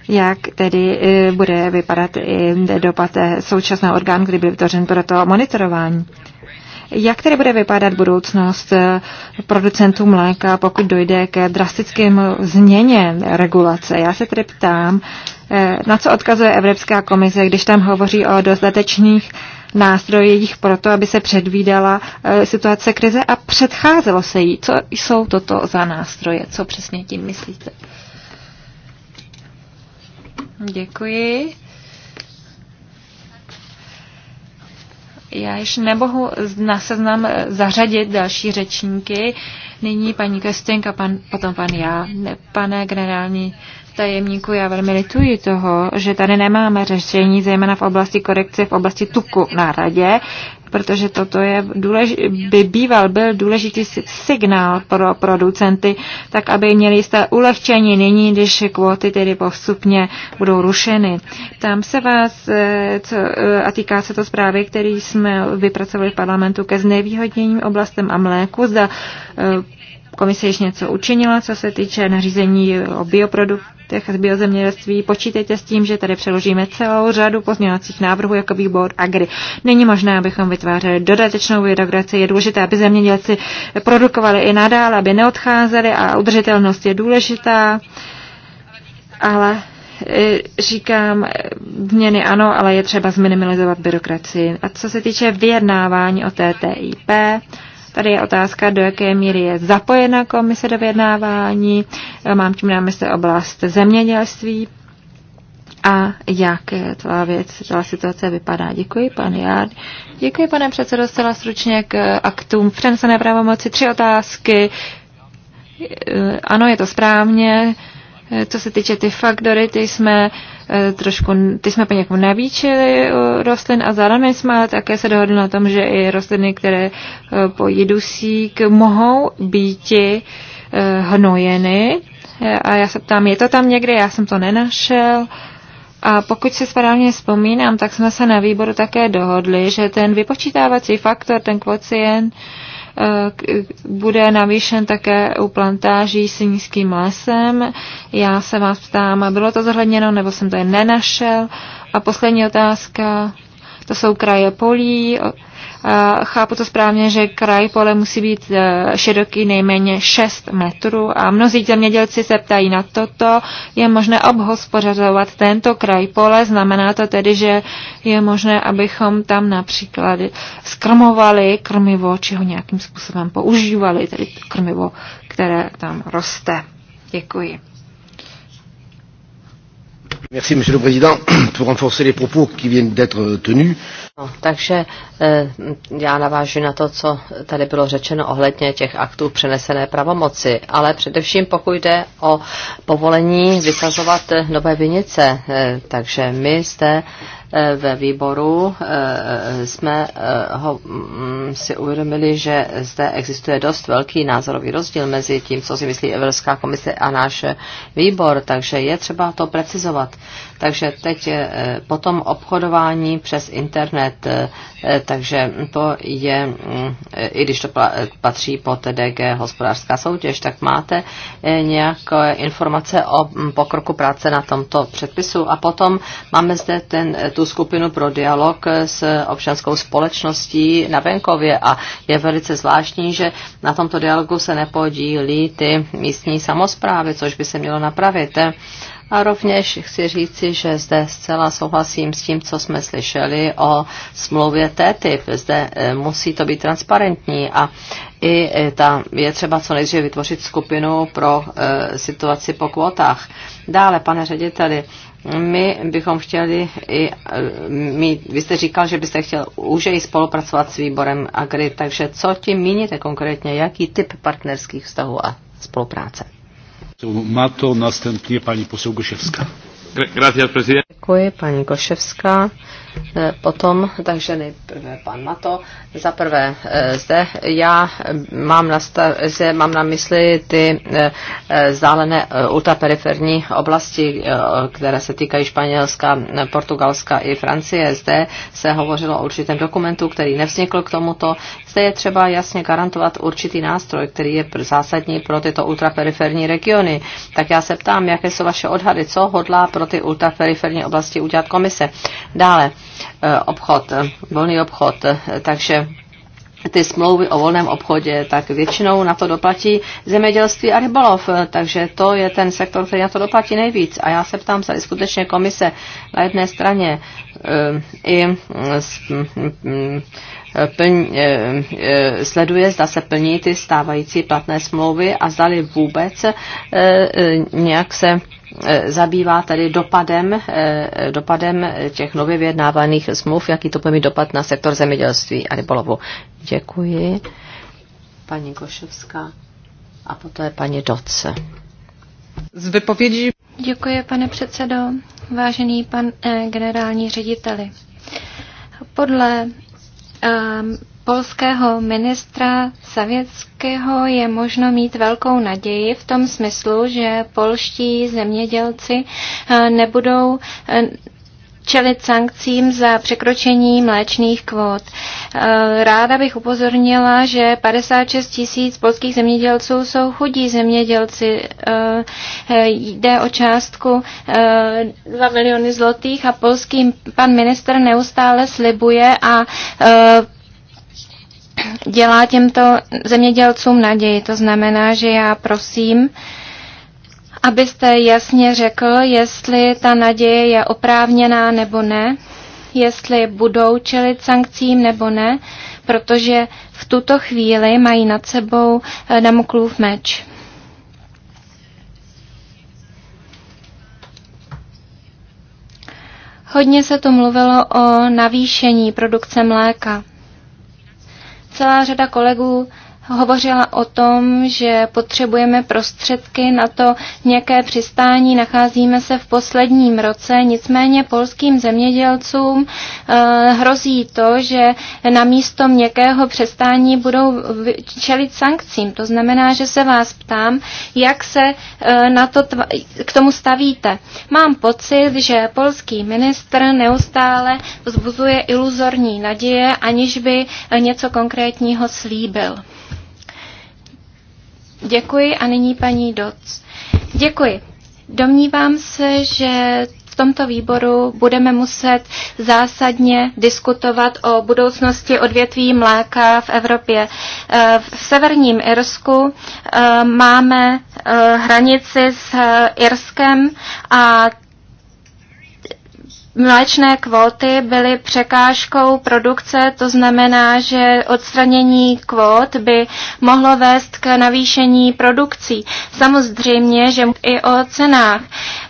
jak tedy eh, bude vypadat i dopad eh, současného orgánu, který byl vytvořen pro to monitorování. Jak tedy bude vypadat budoucnost eh, producentů mléka, pokud dojde ke drastickým změně regulace? Já se tedy ptám, eh, na co odkazuje Evropská komise, když tam hovoří o dostatečných nástrojích pro to, aby se předvídala eh, situace krize a předcházelo se jí. Co jsou toto za nástroje? Co přesně tím myslíte? Děkuji. Já již nebohu na seznam zařadit další řečníky. Nyní paní Kestinka, pan, potom pan já. Pane generální tajemníku, já velmi lituji toho, že tady nemáme řešení, zejména v oblasti korekce, v oblasti tuku na radě, protože toto je důleži- by býval byl důležitý signál pro producenty, tak aby měli jisté ulehčení nyní, když kvóty tedy postupně budou rušeny. Tam se vás, eh, co, eh, a týká se to zprávy, který jsme vypracovali v parlamentu ke znevýhodněním oblastem a mléku, zda eh, komise již něco učinila, co se týče nařízení o bioproduktu, oblastech z biozemědělství. Počítejte s tím, že tady přeložíme celou řadu pozměňovacích návrhů jako výbor Agri. Není možné, abychom vytvářeli dodatečnou byrokracii. Je důležité, aby zemědělci produkovali i nadále, aby neodcházeli a udržitelnost je důležitá. Ale e, říkám, změny ano, ale je třeba zminimalizovat byrokracii. A co se týče vyjednávání o TTIP, Tady je otázka, do jaké míry je zapojena komise do vyjednávání. Mám tím na mysli oblast zemědělství a jak celá věc, celá situace vypadá. Děkuji, pan Jard. Děkuji, pane předsedo, zcela stručně k aktům přenesené pravomoci. Tři otázky. Ano, je to správně. Co se týče ty faktory, ty jsme uh, E, trošku, ty jsme paní jako navíčili e, rostlin a zároveň jsme také se dohodli na tom, že i rostliny, které e, po jedusík mohou být hnojeny. A já se ptám, je to tam někde? Já jsem to nenašel. A pokud se správně vzpomínám, tak jsme se na výboru také dohodli, že ten vypočítávací faktor, ten kvocient, Eh, bude navýšen také u plantáží s nízkým lesem. Já se vás ptám, bylo to zohledněno, nebo jsem to jen nenašel? A poslední otázka, to jsou kraje polí, Chápu to správně, že kraj pole musí být e, široký nejméně 6 metrů a mnozí zemědělci se ptají na toto. Je možné obhospořazovat tento kraj pole? Znamená to tedy, že je možné, abychom tam například skrmovali krmivo, či ho nějakým způsobem používali, tedy krmivo, které tam roste. Děkuji. Merci, monsieur le président, <clears throat> pour renforcer les propos qui viennent d'être euh, tenus. No, takže eh, já navážu na to, co tady bylo řečeno ohledně těch aktů přenesené pravomoci, ale především pokud jde o povolení vykazovat nové vinice, eh, takže my zde ve výboru eh, jsme eh, ho mm, si uvědomili, že zde existuje dost velký názorový rozdíl mezi tím, co si myslí Evropská komise a náš výbor, takže je třeba to precizovat. Takže teď eh, potom obchodování přes internet, eh, eh, takže to je, mm, i když to patří pod DG hospodářská soutěž, tak máte nějaké informace o mm, pokroku práce na tomto předpisu. A potom máme zde ten, tu skupinu pro dialog s občanskou společností na venkově a je velice zvláštní, že na tomto dialogu se nepodílí ty místní samozprávy, což by se mělo napravit. A rovněž chci říci, že zde zcela souhlasím s tím, co jsme slyšeli o smlouvě TTIP. Zde eh, musí to být transparentní a i eh, ta, je třeba co nejdříve vytvořit skupinu pro eh, situaci po kvotách. Dále, pane řediteli, my bychom chtěli i mít, vy jste říkal, že byste chtěl už i spolupracovat s výborem Agri, takže co tím míníte konkrétně, jaký typ partnerských vztahů a spolupráce? Má to następně paní posel Goševská. Děkuji, paní Goševská. E, potom, takže nejprve pan Mato. Za prvé e, zde já mám na, stav, zde mám na mysli ty e, zálené ultraperiferní oblasti, které se týkají Španělska, Portugalska i Francie. Zde se hovořilo o určitém dokumentu, který nevznikl k tomuto. Zde je třeba jasně garantovat určitý nástroj, který je zásadní pro tyto ultraperiferní regiony. Tak já se ptám, jaké jsou vaše odhady, co hodlá pro ty ultraperiferní oblasti udělat komise. Dále, Eh, obchod, volný obchod. Takže ty smlouvy o volném obchodě, tak většinou na to doplatí zemědělství a rybolov, takže to je ten sektor, který na to doplatí nejvíc. A já se ptám, se skutečně komise na jedné straně eh, i plň, eh, sleduje, zda se plní ty stávající platné smlouvy a zdali vůbec nějak se E, zabývá tedy dopadem, e, dopadem těch nově vyjednávaných smluv, jaký to bude mít dopad na sektor zemědělství a rybolovu. Děkuji. Paní Koševská a poté paní Doce. Z vypovědí. Děkuji, pane předsedo. Vážený pan eh, generální řediteli. Podle eh, polského ministra Savěckého je možno mít velkou naději v tom smyslu, že polští zemědělci eh, nebudou eh, čelit sankcím za překročení mléčných kvót. Eh, ráda bych upozornila, že 56 tisíc polských zemědělců jsou chudí zemědělci. Jde o částku 2 miliony zlotých a polský pan minister neustále slibuje a dělá těmto zemědělcům naději. To znamená, že já prosím, abyste jasně řekl, jestli ta naděje je oprávněná nebo ne, jestli budou čelit sankcím nebo ne, protože v tuto chvíli mají nad sebou eh, Damoklův meč. Hodně se tu mluvilo o navýšení produkce mléka. Celá řada kolegů hovořila o tom, že potřebujeme prostředky na to nějaké přistání. Nacházíme se v posledním roce, nicméně polským zemědělcům eh, hrozí to, že na místo měkkého přestání budou čelit sankcím. To znamená, že se vás ptám, jak se eh, na to k tomu stavíte. Mám pocit, že polský ministr neustále vzbuzuje iluzorní naděje, aniž by eh, něco konkrétního slíbil. Děkuji a nyní paní Doc. Děkuji. Domnívám se, že v tomto výboru budeme muset zásadně diskutovat o budoucnosti odvětví mléka v Evropě. Eh, v severním Irsku eh, máme eh, hranici s Irskem a Mléčné kvóty byly překážkou produkce, to znamená, že odstranění kvót by mohlo vést k navýšení produkcí. Samozřejmě, že i o cenách.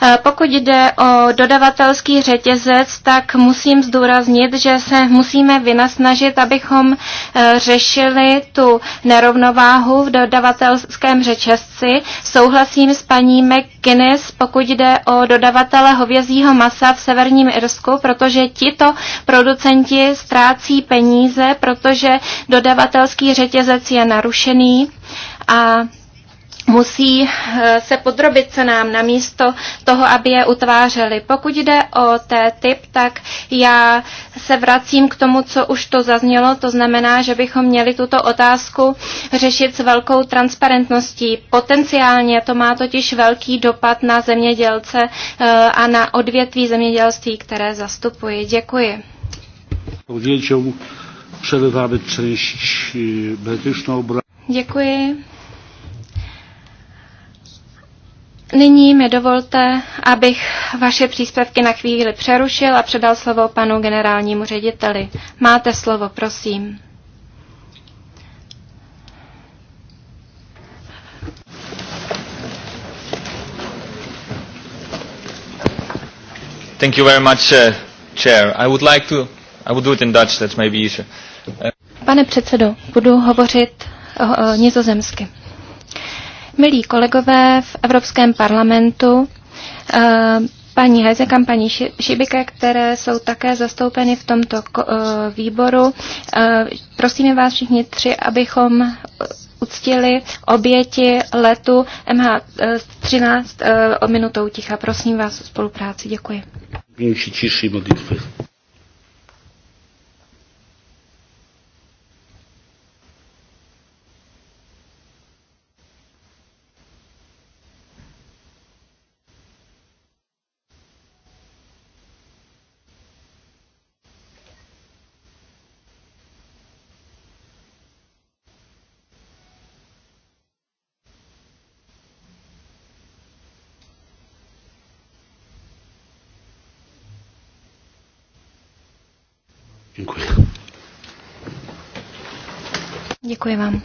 E, pokud jde o dodavatelský řetězec, tak musím zdůraznit, že se musíme vynasnažit, abychom e, řešili tu nerovnováhu v dodavatelském řetězci. Souhlasím s paní McKinnis, pokud jde o dodavatele hovězího masa v severním Irsku, protože tito producenti ztrácí peníze, protože dodavatelský řetězec je narušený a musí eh, se podrobit nám na místo toho, aby je utvářeli. Pokud jde o té typ, tak já se vracím k tomu, co už to zaznělo. To znamená, že bychom měli tuto otázku řešit s velkou transparentností. Potenciálně to má totiž velký dopad na zemědělce eh, a na odvětví zemědělství, které zastupuji. Děkuji. E, Děkuji. Děkuji. Nyní mi dovolte, abych vaše příspěvky na chvíli přerušil a předal slovo panu generálnímu řediteli. Máte slovo, prosím. Thank you very much, uh, Chair. I would like to, I would do it in Dutch, that's maybe easier. Uh... Pane předsedo, budu hovořit uh, uh nizozemsky. Milí kolegové v Evropském parlamentu, eh, paní Hezekam, paní Šibike, které jsou také zastoupeny v tomto eh, výboru, eh, prosíme vás všichni tři, abychom uctili oběti letu MH13 o minutou ticha. Prosím vás o spolupráci. Děkuji. Děkuji vám.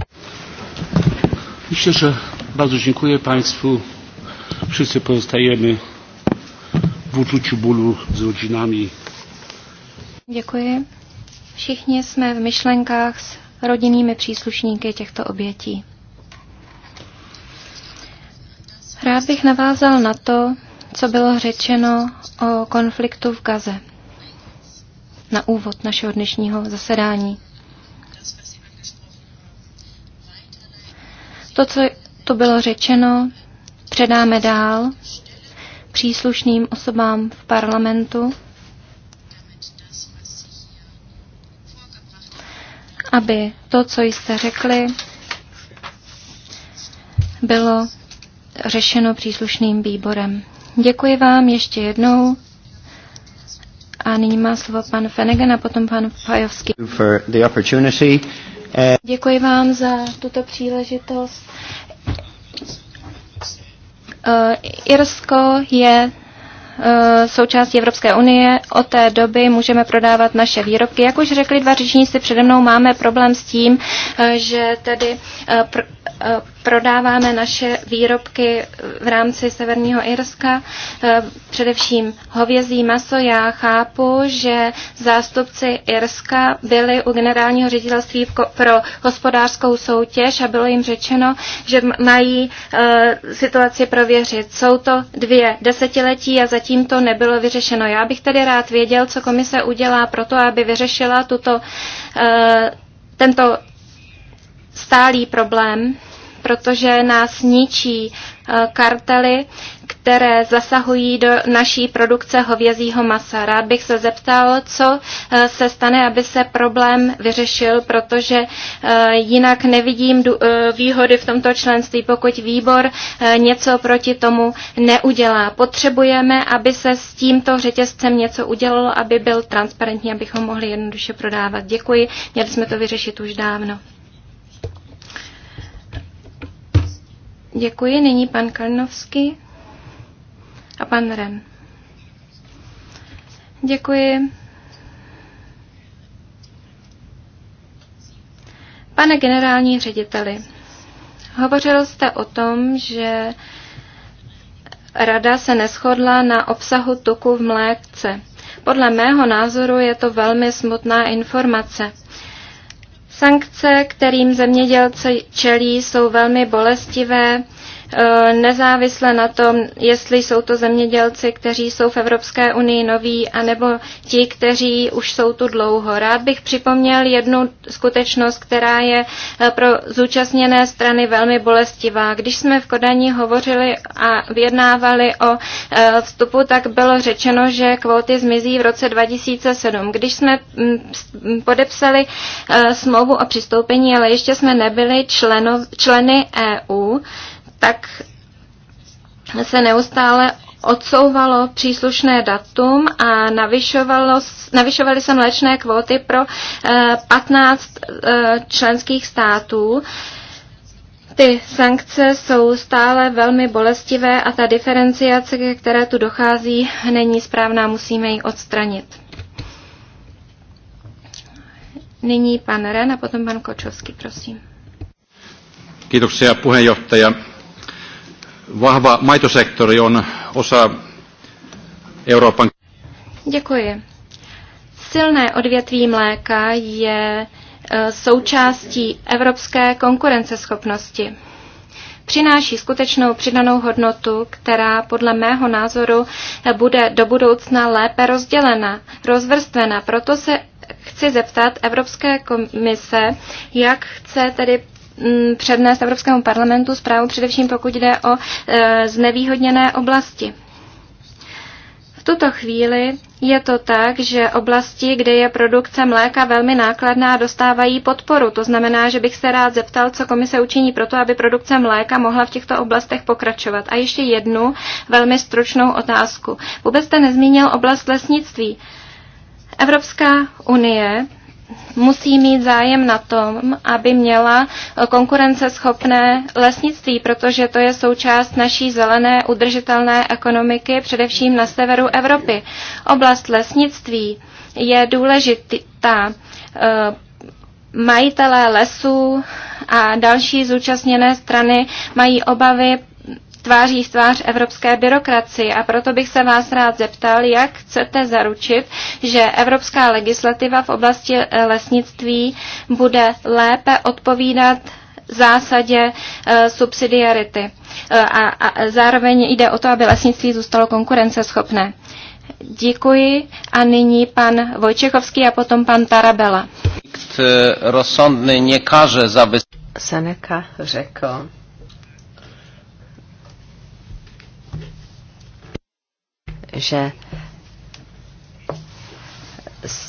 Myślę, że bardzo dziękuję Państwu. Wszyscy pozostajemy w uczuciu bólu z rodzinami. Děkuji. Všichni jsme v myšlenkách s rodzinnymi příslušníky těchto obětí. Rád bych navázal na to, co bylo řečeno o konfliktu v Gaze na úvod našeho dnešního zasedání. To, co to bylo řečeno, předáme dál příslušným osobám v parlamentu, aby to, co jste řekli, bylo řešeno příslušným výborem. Děkuji vám ještě jednou. A nyní má slovo pan Fenegan a potom pan Pajovský. Děkuji vám za tuto příležitost. E, Irsko je e, součástí Evropské unie. Od té doby můžeme prodávat naše výrobky. Jak už řekli dva řečníci přede mnou, máme problém s tím, e, že tedy Eh, prodáváme naše výrobky v rámci Severního Irska, eh, především hovězí maso. Já chápu, že zástupci Irska byli u generálního ředitelství pro hospodářskou soutěž a bylo jim řečeno, že mají eh, situaci prověřit. Jsou to dvě desetiletí a zatím to nebylo vyřešeno. Já bych tedy rád věděl, co komise udělá pro to, aby vyřešila tuto, tento stálý problém protože nás ničí eh, kartely, které zasahují do naší produkce hovězího masa. Rád bych se zeptal, co eh, se stane, aby se problém vyřešil, protože eh, jinak nevidím výhody v tomto členství, pokud výbor něco proti tomu neudělá. Potřebujeme, aby se s tímto řetězcem něco udělalo, aby byl transparentní, abychom mohli jednoduše prodávat. Děkuji, měli jsme to vyřešit už dávno. Děkuji. Nyní pan Kalinovský a pan Ren. Děkuji. Pane generální řediteli, hovořil jste o tom, že rada se neschodla na obsahu tuku v mlékce. Podle mého názoru je to velmi smutná informace. Sankce, kterým zemědělci čelí, jsou velmi bolestivé Eh, nezávisle na tom, jestli jsou to zemědělci, kteří jsou v Evropské unii noví, anebo ti, kteří už jsou tu dlouho. Rád bych připomněl jednu skutečnost, která je eh, pro zúčastněné strany velmi bolestivá. Když jsme v Kodani hovořili a vyjednávali o eh, vstupu, tak bylo řečeno, že kvóty zmizí v roce 2007. Když jsme mm, mm, podepsali smlouvu o přistoupení, ale ještě jsme nebyli členov, členy EU, tak se neustále odsouvalo příslušné datum a navyšovalo, navyšovaly se mléčné kvóty pro 15 eh, eh, členských států. Ty sankce jsou stále velmi bolestivé a ta diferenciace, které tu dochází, není správná, musíme ji odstranit. Nyní pan Ren a potom pan Kočovský, prosím. Kiitoksia puheenjohtaja. Vahva maitosektori on osa Euroopan... Děkuji. Silné odvětví mléka je e, součástí evropské konkurenceschopnosti. Přináší skutečnou přidanou hodnotu, která podle mého názoru bude do budoucna lépe rozdělena, rozvrstvena. Proto se chci zeptat Evropské komise, jak chce tedy Mm, přednést Evropskému parlamentu zprávu především pokud jde o e, znevýhodněné oblasti. V tuto chvíli je to tak, že oblasti, kde je produkce mléka velmi nákladná, dostávají podporu. To znamená, že bych se rád zeptal, co komise učiní pro to, aby produkce mléka mohla v těchto oblastech pokračovat. A ještě jednu velmi stručnou otázku. Vůbec jste nezmínil oblast lesnictví. Evropská unie musí mít zájem na tom, aby měla konkurenceschopné lesnictví, protože to je součást naší zelené udržitelné ekonomiky, především na severu Evropy. Oblast lesnictví je důležitá. Eh, majitelé lesů a další zúčastněné strany mají obavy tváří v tvář evropské byrokracii a proto bych se vás rád zeptal, jak chcete zaručit, že evropská legislativa v oblasti eh, lesnictví bude lépe odpovídat zásadě eh, subsidiarity. Eh, a, a zároveň jde o to, aby lesnictví zůstalo konkurenceschopné. Děkuji a nyní pan Vojčechovský a potom pan Tarabela. Seneca řekl, že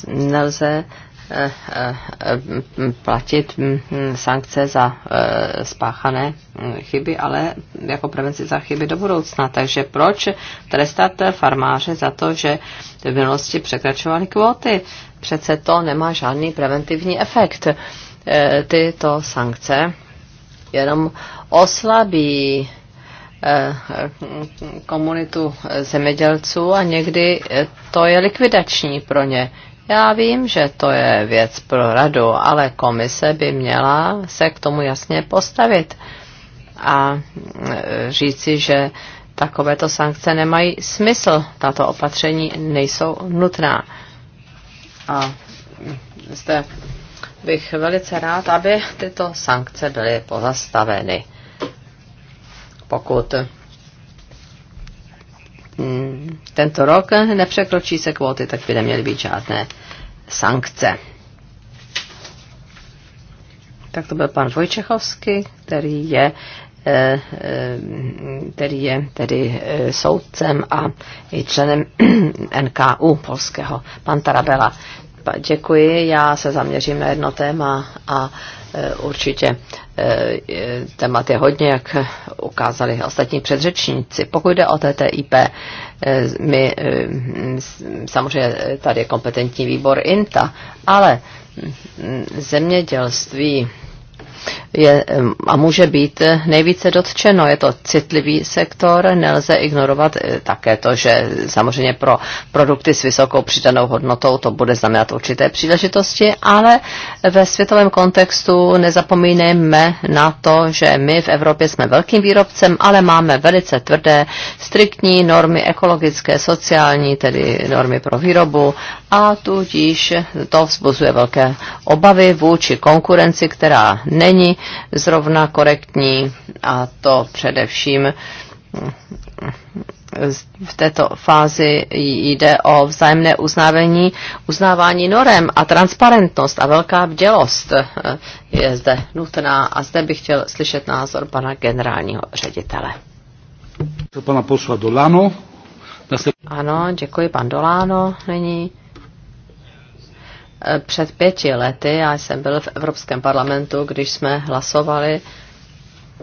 nelze eh, eh, eh, platit hm, hm, sankce za spáchané hm, chyby, ale jako prevenci za chyby do budoucna. Takže proč trestat farmáře za to, že v minulosti překračovali kvóty? Přece to nemá žádný preventivní efekt. Tyto sankce jenom oslabí Eh, komunitu zemědělců a někdy to je likvidační pro ně. Já vím, že to je věc pro radu, ale komise by měla se k tomu jasně postavit a eh, říci, že takovéto sankce nemají smysl, tato opatření nejsou nutná. A zde bych velice rád, aby tyto sankce byly pozastaveny pokud hm, tento rok nepřekročí se kvóty, tak by neměly být žádné sankce. Tak to byl pan Vojčechovský, který je eh, eh, který je tedy eh, soudcem a i členem <clears throat> NKU polského. Pan Tarabela. Děkuji, já se zaměřím na jedno téma a e, určitě e, témat je hodně, jak ukázali ostatní předřečníci. Pokud jde o TTIP, e, my samozřejmě tady je kompetentní výbor INTA, ale zemědělství je a může být nejvíce dotčeno. Je to citlivý sektor, nelze ignorovat eh, také to, že samozřejmě pro produkty s vysokou přidanou hodnotou to bude znamenat určité příležitosti, ale ve světovém kontextu nezapomínejme na to, že my v Evropě jsme velkým výrobcem, ale máme velice tvrdé, striktní normy ekologické, sociální, tedy normy pro výrobu a tudíž to vzbuzuje velké obavy vůči konkurenci, která není není zrovna korektní a to především v této fázi jde o vzájemné uznávání, uznávání norem a transparentnost a velká bdělost je zde nutná a zde bych chtěl slyšet názor pana generálního ředitele. Pana posla Dolano. Ano, děkuji pan Dolano. Není. Eh, před pěti lety, já jsem byl v Evropském parlamentu, když jsme hlasovali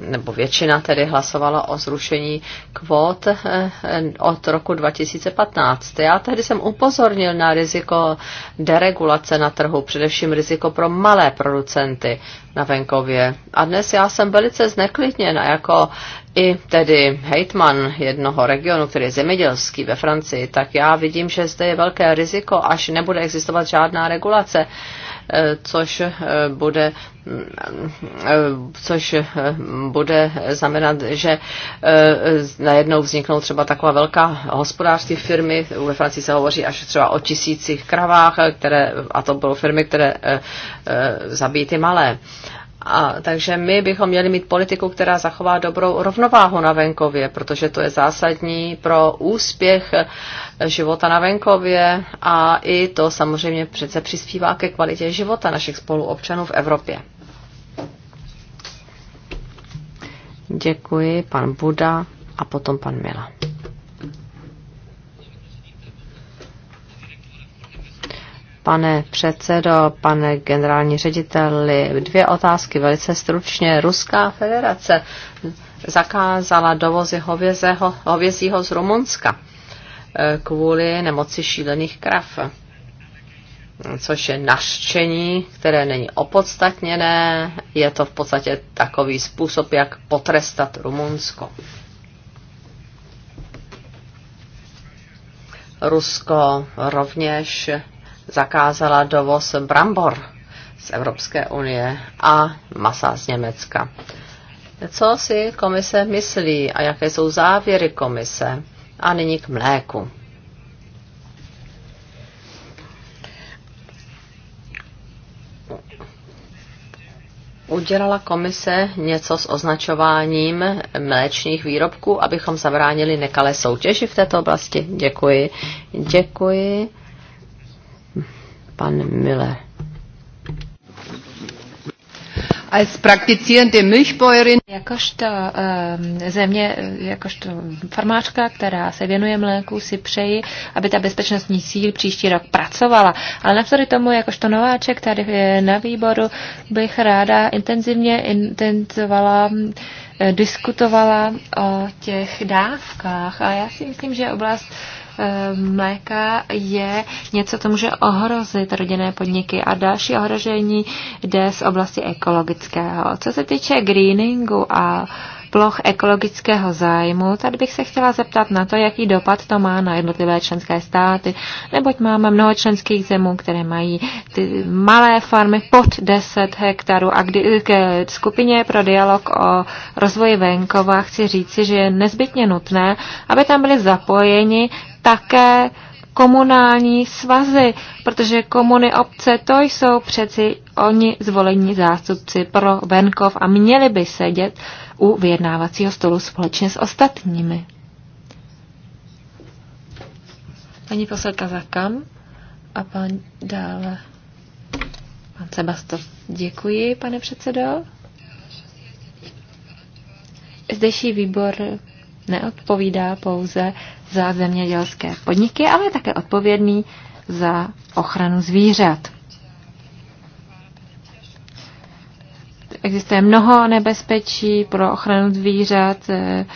nebo většina tedy hlasovala o zrušení kvót eh, eh, od roku 2015. Já tehdy jsem upozornil na riziko deregulace na trhu, především riziko pro malé producenty na venkově. A dnes já jsem velice zneklidněna jako i tedy hejtman jednoho regionu, který je zemědělský ve Francii, tak já vidím, že zde je velké riziko, až nebude existovat žádná regulace což eh, bude mm, eh, což eh, bude znamenat, že najednou vzniknou třeba taková velká hospodářství firmy, ve Francii se hovoří až třeba o tisících kravách, které, a to bylo firmy, které zabijí ty malé. A, takže my bychom měli mít politiku, která zachová dobrou rovnováhu na venkově, protože to je zásadní pro úspěch eh, života na venkově a i to samozřejmě přece přispívá ke kvalitě života našich spoluobčanů v Evropě. Děkuji, pan Buda a potom pan Mila. Pane předsedo, pane generální řediteli, dvě otázky velice stručně. Ruská federace zakázala dovozy hovězeho, hovězího z Rumunska eh, kvůli nemoci šílených krav, což je naštění, které není opodstatněné. Je to v podstatě takový způsob, jak potrestat Rumunsko. Rusko rovněž zakázala dovoz brambor z Evropské unie a masa z Německa. Co si komise myslí a jaké jsou závěry komise? A nyní k mléku. Udělala komise něco s označováním mléčných výrobků, abychom zabránili nekalé soutěži v této oblasti? Děkuji. Děkuji pan Miller. Als praktizierende Milchbäuerin. Jakožto ehm, země, jakožto farmářka, která se věnuje mléku, si přeji, aby ta bezpečnostní síl příští rok pracovala. Ale navzdory tomu, jakožto nováček tady eh, na výboru, bych ráda intenzivně intenzovala eh, diskutovala o těch dávkách a já si myslím, že oblast mléka je něco, co může ohrozit rodinné podniky a další ohrožení jde z oblasti ekologického. Co se týče greeningu a ploch ekologického zájmu, tady bych se chtěla zeptat na to, jaký dopad to má na jednotlivé členské státy, neboť máme mnoho členských zemů, které mají ty malé farmy pod 10 hektarů a kdy, k skupině pro dialog o rozvoji venkova chci říci, že je nezbytně nutné, aby tam byly zapojeni také komunální svazy, protože komuny obce to jsou přeci oni zvolení zástupci pro venkov a měli by sedět u vyjednávacího stolu společně s ostatními. Paní poselka Zakam a pan dále. Pan Sebastov, děkuji, pane předsedo. Zdejší výbor neodpovídá pouze za zemědělské podniky, ale je také odpovědný za ochranu zvířat. Existuje mnoho nebezpečí pro ochranu zvířat, eh,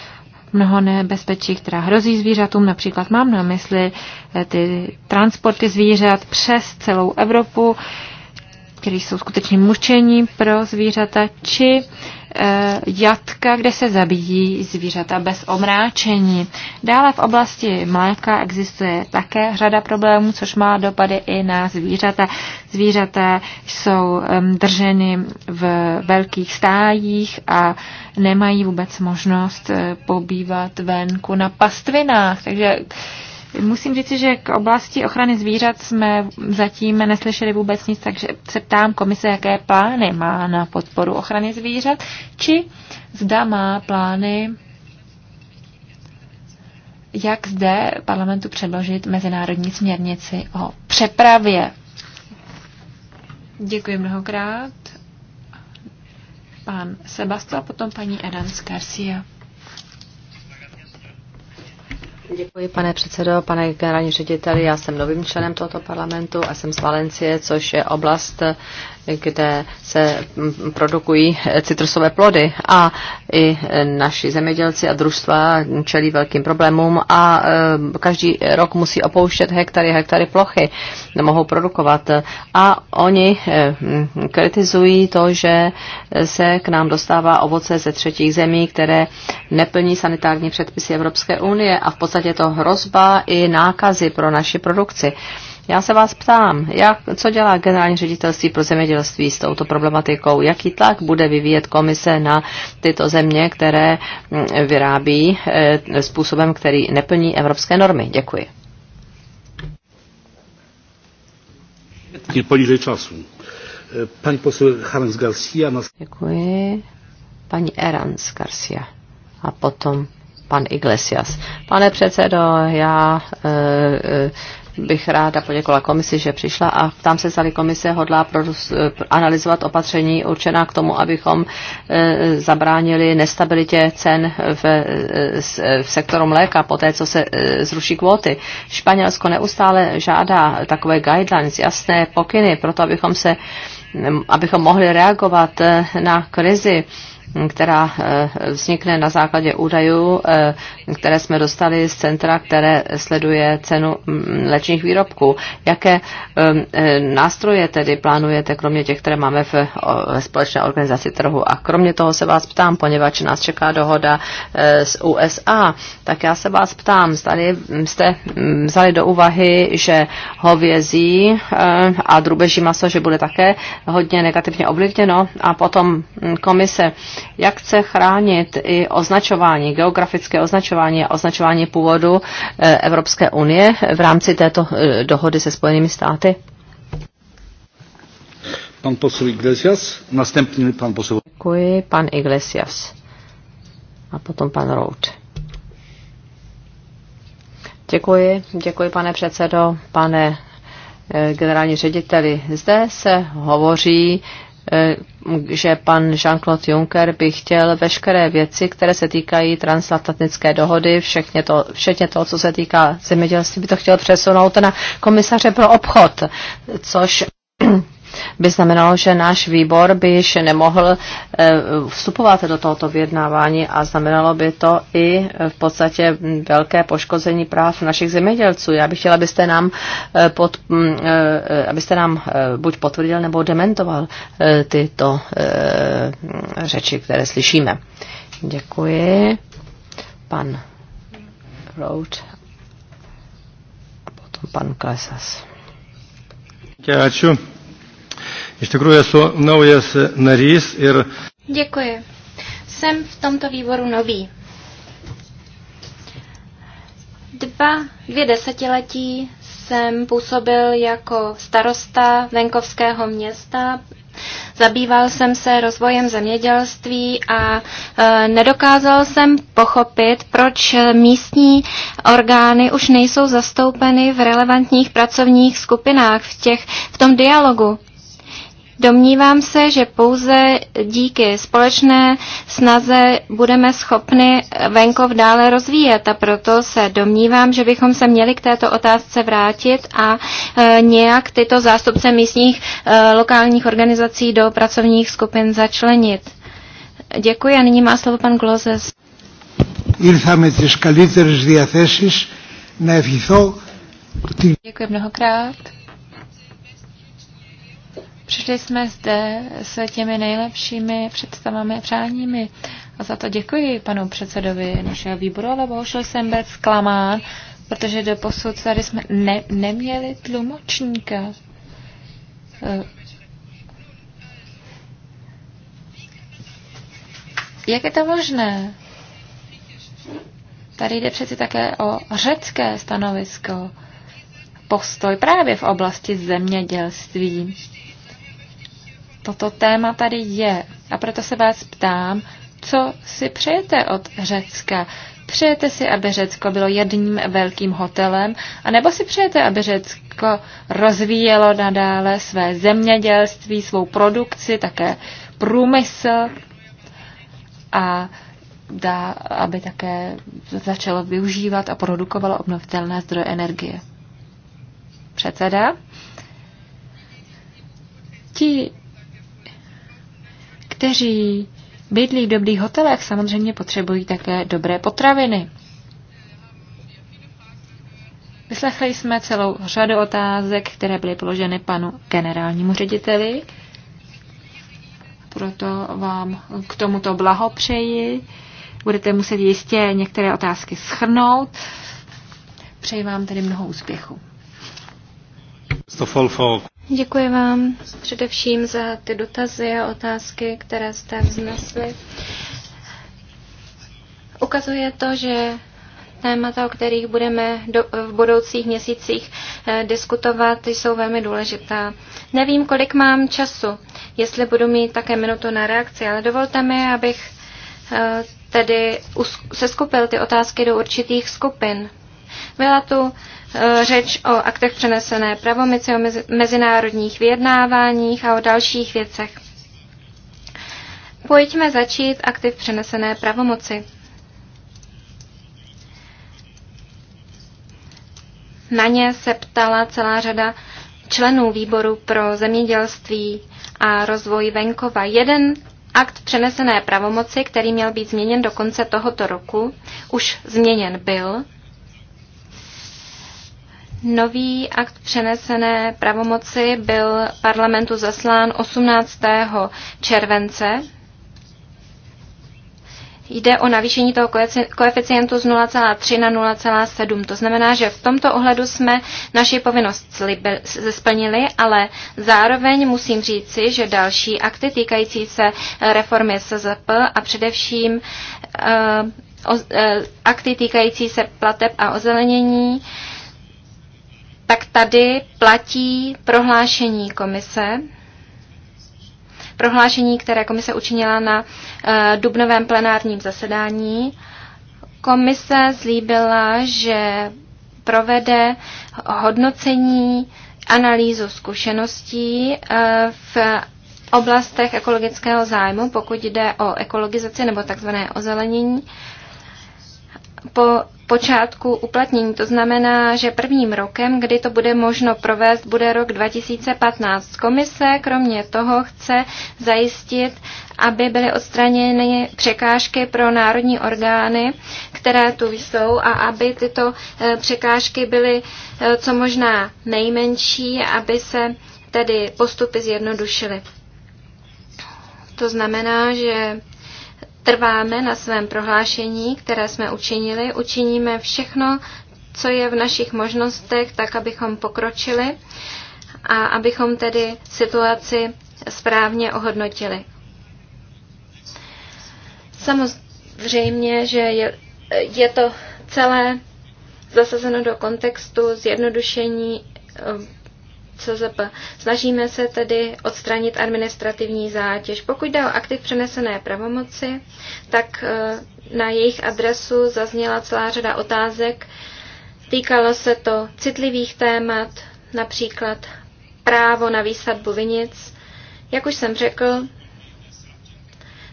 mnoho nebezpečí, která hrozí zvířatům. Například mám na mysli eh, ty transporty zvířat přes celou Evropu, které jsou skutečným mučením pro zvířata, či Eh, jatka, kde se zabíjí zvířata bez omráčení. Dále v oblasti mléka existuje také řada problémů, což má dopady i na zvířata. Zvířata jsou drženy v velkých stájích a nemají vůbec možnost eh, pobývat venku na pastvinách. Takže Musím říci, že k oblasti ochrany zvířat jsme zatím neslyšeli vůbec nic, takže se ptám komise, jaké plány má na podporu ochrany zvířat, či zda má plány, jak zde parlamentu předložit mezinárodní směrnici o přepravě. Děkuji mnohokrát. Pan Sebastian, potom paní Edan Garcia. Děkuji, pane předsedo, pane generální řediteli. Já jsem novým členem tohoto parlamentu a jsem z Valencie, což je oblast, kde se produkují citrusové plody a i naši zemědělci a družstva čelí velkým problémům a e, každý rok musí opouštět hektary, hektary plochy, nemohou produkovat a oni e, kritizují to, že se k nám dostává ovoce ze třetích zemí, které neplní sanitární předpisy Evropské unie a v podstatě je to hrozba i nákazy pro naši produkci. Já se vás ptám, jak, co dělá generální ředitelství pro zemědělství s touto problematikou? Jaký tlak bude vyvíjet komise na tyto země, které mm, vyrábí eh, způsobem, který neplní evropské normy? Děkuji. Poniżej času. Pani poseł Hans Garcia. Nas... Děkuji. Paní Erans Garcia. A potom pan Iglesias. Pane předsedo, já e, e, bych ráda poděkovala komisi, že přišla a tam se zali komise hodlá analyzovat opatření určená k tomu, abychom e, zabránili nestabilitě cen v, e, e, v sektoru mléka po té, co se zruší kvóty. Španělsko neustále žádá takové guidelines, jasné pokyny, proto abychom se abychom mohli reagovat na krizi která eh, vznikne na základě údajů, eh, které jsme dostali z centra, které sleduje cenu mm, léčných výrobků. Jaké eh, nástroje tedy plánujete, kromě těch, které máme v společné organizaci trhu? A kromě toho se vás ptám, poněvadž nás čeká dohoda s USA, tak já se vás ptám, tady jste mm, vzali do úvahy, že hovězí a drubeží maso, že bude také hodně negativně ovlivněno a potom mm, komise jak chce chránit i označování, geografické označování a označování původu eh, Evropské unie v rámci této eh, dohody se Spojenými státy? Pan posel Iglesias, następný pan posel. Děkuji, pan Iglesias. A potom pan Rout. Děkuji, děkuji pane předsedo, pane eh, generální řediteli. Zde se hovoří Eh, že pan Jean-Claude Juncker by chtěl veškeré věci, které se týkají transatlantické dohody, všechně to, všechně to, co se týká zemědělství, by to chtěl přesunout na komisaře pro obchod, což by znamenalo, že náš výbor by již nemohl eh, vstupovat do tohoto vyjednávání a znamenalo by to i eh, v podstatě velké poškození práv našich zemědělců. Já bych chtěla, abyste nám, eh, pod, mm, abyste nám buď potvrdil nebo dementoval tyto řeči, které slyšíme. Děkuji. Pan Roach a potom pan Klesas. Děkuji. Iš tikrųjų esu naujas narys ir... Dėkuji. Jsem v tomto výboru nový. Dva, dvě desetiletí jsem působil jako starosta venkovského města. Zabýval jsem se rozvojem zemědělství a e, nedokázal jsem pochopit, proč místní orgány už nejsou zastoupeny v relevantních pracovních skupinách, v, těch, v tom dialogu Domnívám se, že pouze díky společné snaze budeme schopni venkov dále rozvíjet a proto se domnívám, že bychom se měli k této otázce vrátit a e, nějak tyto zástupce místních e, lokálních organizací do pracovních skupin začlenit. Děkuji a nyní má slovo pan Glozes. Děkuji mnohokrát. Přišli jsme zde s těmi nejlepšími představami a přáními. A za to děkuji panu předsedovi našeho výboru, ale bohužel jsem byl zklamán, protože do posud tady jsme ne, neměli tlumočníka. Eh, jak je to možné? Tady jde přeci také o řecké stanovisko, postoj právě v oblasti zemědělství. Toto téma tady je. A proto se vás ptám, co si přejete od Řecka? Přejete si, aby Řecko bylo jedním velkým hotelem, a nebo si přejete, aby Řecko rozvíjelo nadále své zemědělství, svou produkci, také průmysl a dá, aby také začalo využívat a produkovalo obnovitelné zdroje energie. Předseda? Ti kteří bydlí v dobrých hotelech, samozřejmě potřebují také dobré potraviny. Vyslechli jsme celou řadu otázek, které byly položeny panu generálnímu řediteli. Proto vám k tomuto blahopřeji. Budete muset jistě některé otázky schrnout. Přeji vám tedy mnoho úspěchu. Děkuji vám především za ty dotazy a otázky, které jste vznesli. Ukazuje to, že témata, o kterých budeme do, v budoucích měsících eh, diskutovat, jsou velmi důležitá. Nevím, kolik mám času, jestli budu mít také minutu na reakci, ale dovolte mi, abych eh, tedy seskupil ty otázky do určitých skupin. Byla tu Eh, řeč o aktech přenesené pravomici, o mezinárodních vyjednáváních a o dalších věcech. Pojďme začít aktiv přenesené pravomoci. Na ně se ptala celá řada členů výboru pro zemědělství a rozvoj venkova. Jeden akt přenesené pravomoci, který měl být změněn do konce tohoto roku, už změněn byl Nový akt přenesené pravomoci byl parlamentu zaslán 18. července. Jde o navýšení toho koeficientu z 0,3 na 0,7. To znamená, že v tomto ohledu jsme naši povinnost splnili, ale zároveň musím říci, že další akty týkající se eh, reformy SZP a především eh, eh, akty týkající se plateb a ozelenění tak tady platí prohlášení komise, prohlášení, které komise učinila na eh, dubnovém plenárním zasedání. Komise slíbila, že provede hodnocení, analýzu zkušeností eh, v oblastech ekologického zájmu, pokud jde o ekologizaci nebo takzvané ozelenění. Po počátku uplatnění. To znamená, že prvním rokem, kdy to bude možno provést, bude rok 2015. Komise kromě toho chce zajistit, aby byly odstraněny překážky pro národní orgány, které tu jsou a aby tyto eh, překážky byly eh, co možná nejmenší, aby se tedy postupy zjednodušily. To znamená, že trváme na svém prohlášení, které jsme učinili. Učiníme všechno, co je v našich možnostech, tak abychom pokročili a abychom tedy situaci správně ohodnotili. Samozřejmě, že je, je to celé zasazeno do kontextu zjednodušení CZP. Snažíme se tedy odstranit administrativní zátěž. Pokud jde o aktiv přenesené pravomoci, tak e, na jejich adresu zazněla celá řada otázek. Týkalo se to citlivých témat, například právo na výsadbu vinic. Jak už jsem řekl,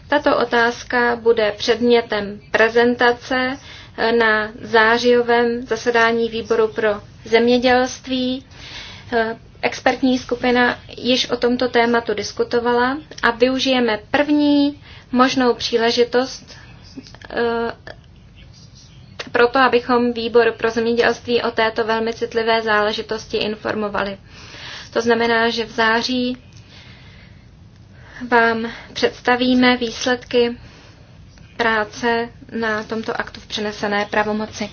tato otázka bude předmětem prezentace e, na zářijovém zasedání výboru pro zemědělství. E, expertní skupina již o tomto tématu diskutovala a využijeme první možnou příležitost eh, proto, abychom výbor pro zemědělství o této velmi citlivé záležitosti informovali. To znamená, že v září vám představíme výsledky práce na tomto aktu v přenesené pravomoci.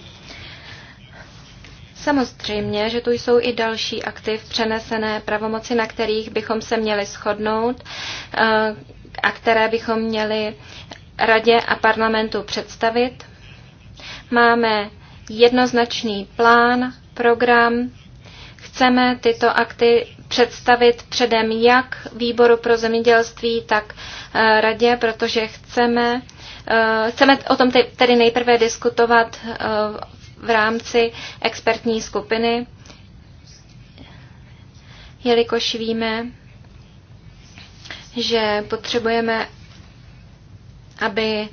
Samozřejmě, že tu jsou i další aktiv přenesené pravomoci, na kterých bychom se měli shodnout eh, a které bychom měli radě a parlamentu představit. Máme jednoznačný plán, program. Chceme tyto akty představit předem jak výboru pro zemědělství, tak eh, radě, protože chceme, eh, chceme o tom tedy nejprve diskutovat v rámci expertní skupiny, jelikož víme, že potřebujeme, aby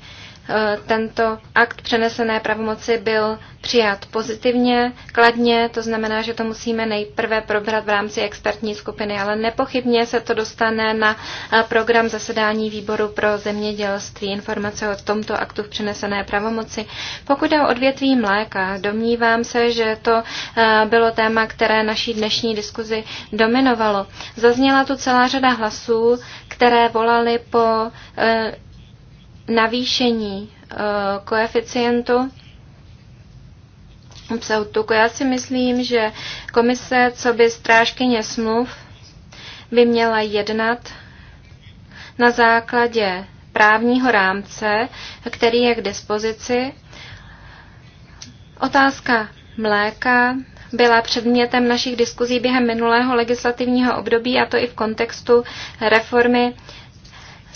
Eh, tento akt přenesené pravomoci byl přijat pozitivně, kladně, to znamená, že to musíme nejprve probrat v rámci expertní skupiny, ale nepochybně se to dostane na eh, program zasedání výboru pro zemědělství, informace o tomto aktu v přenesené pravomoci. Pokud je o odvětví mléka, domnívám se, že to eh, bylo téma, které naší dnešní diskuzi dominovalo. Zazněla tu celá řada hlasů, které volaly po navýšení eh, koeficientu pseutuku. Já si myslím, že komise, co by strážkyně smluv, by měla jednat na základě právního rámce, který je k dispozici. Otázka mléka byla předmětem našich diskuzí během minulého legislativního období, a to i v kontextu reformy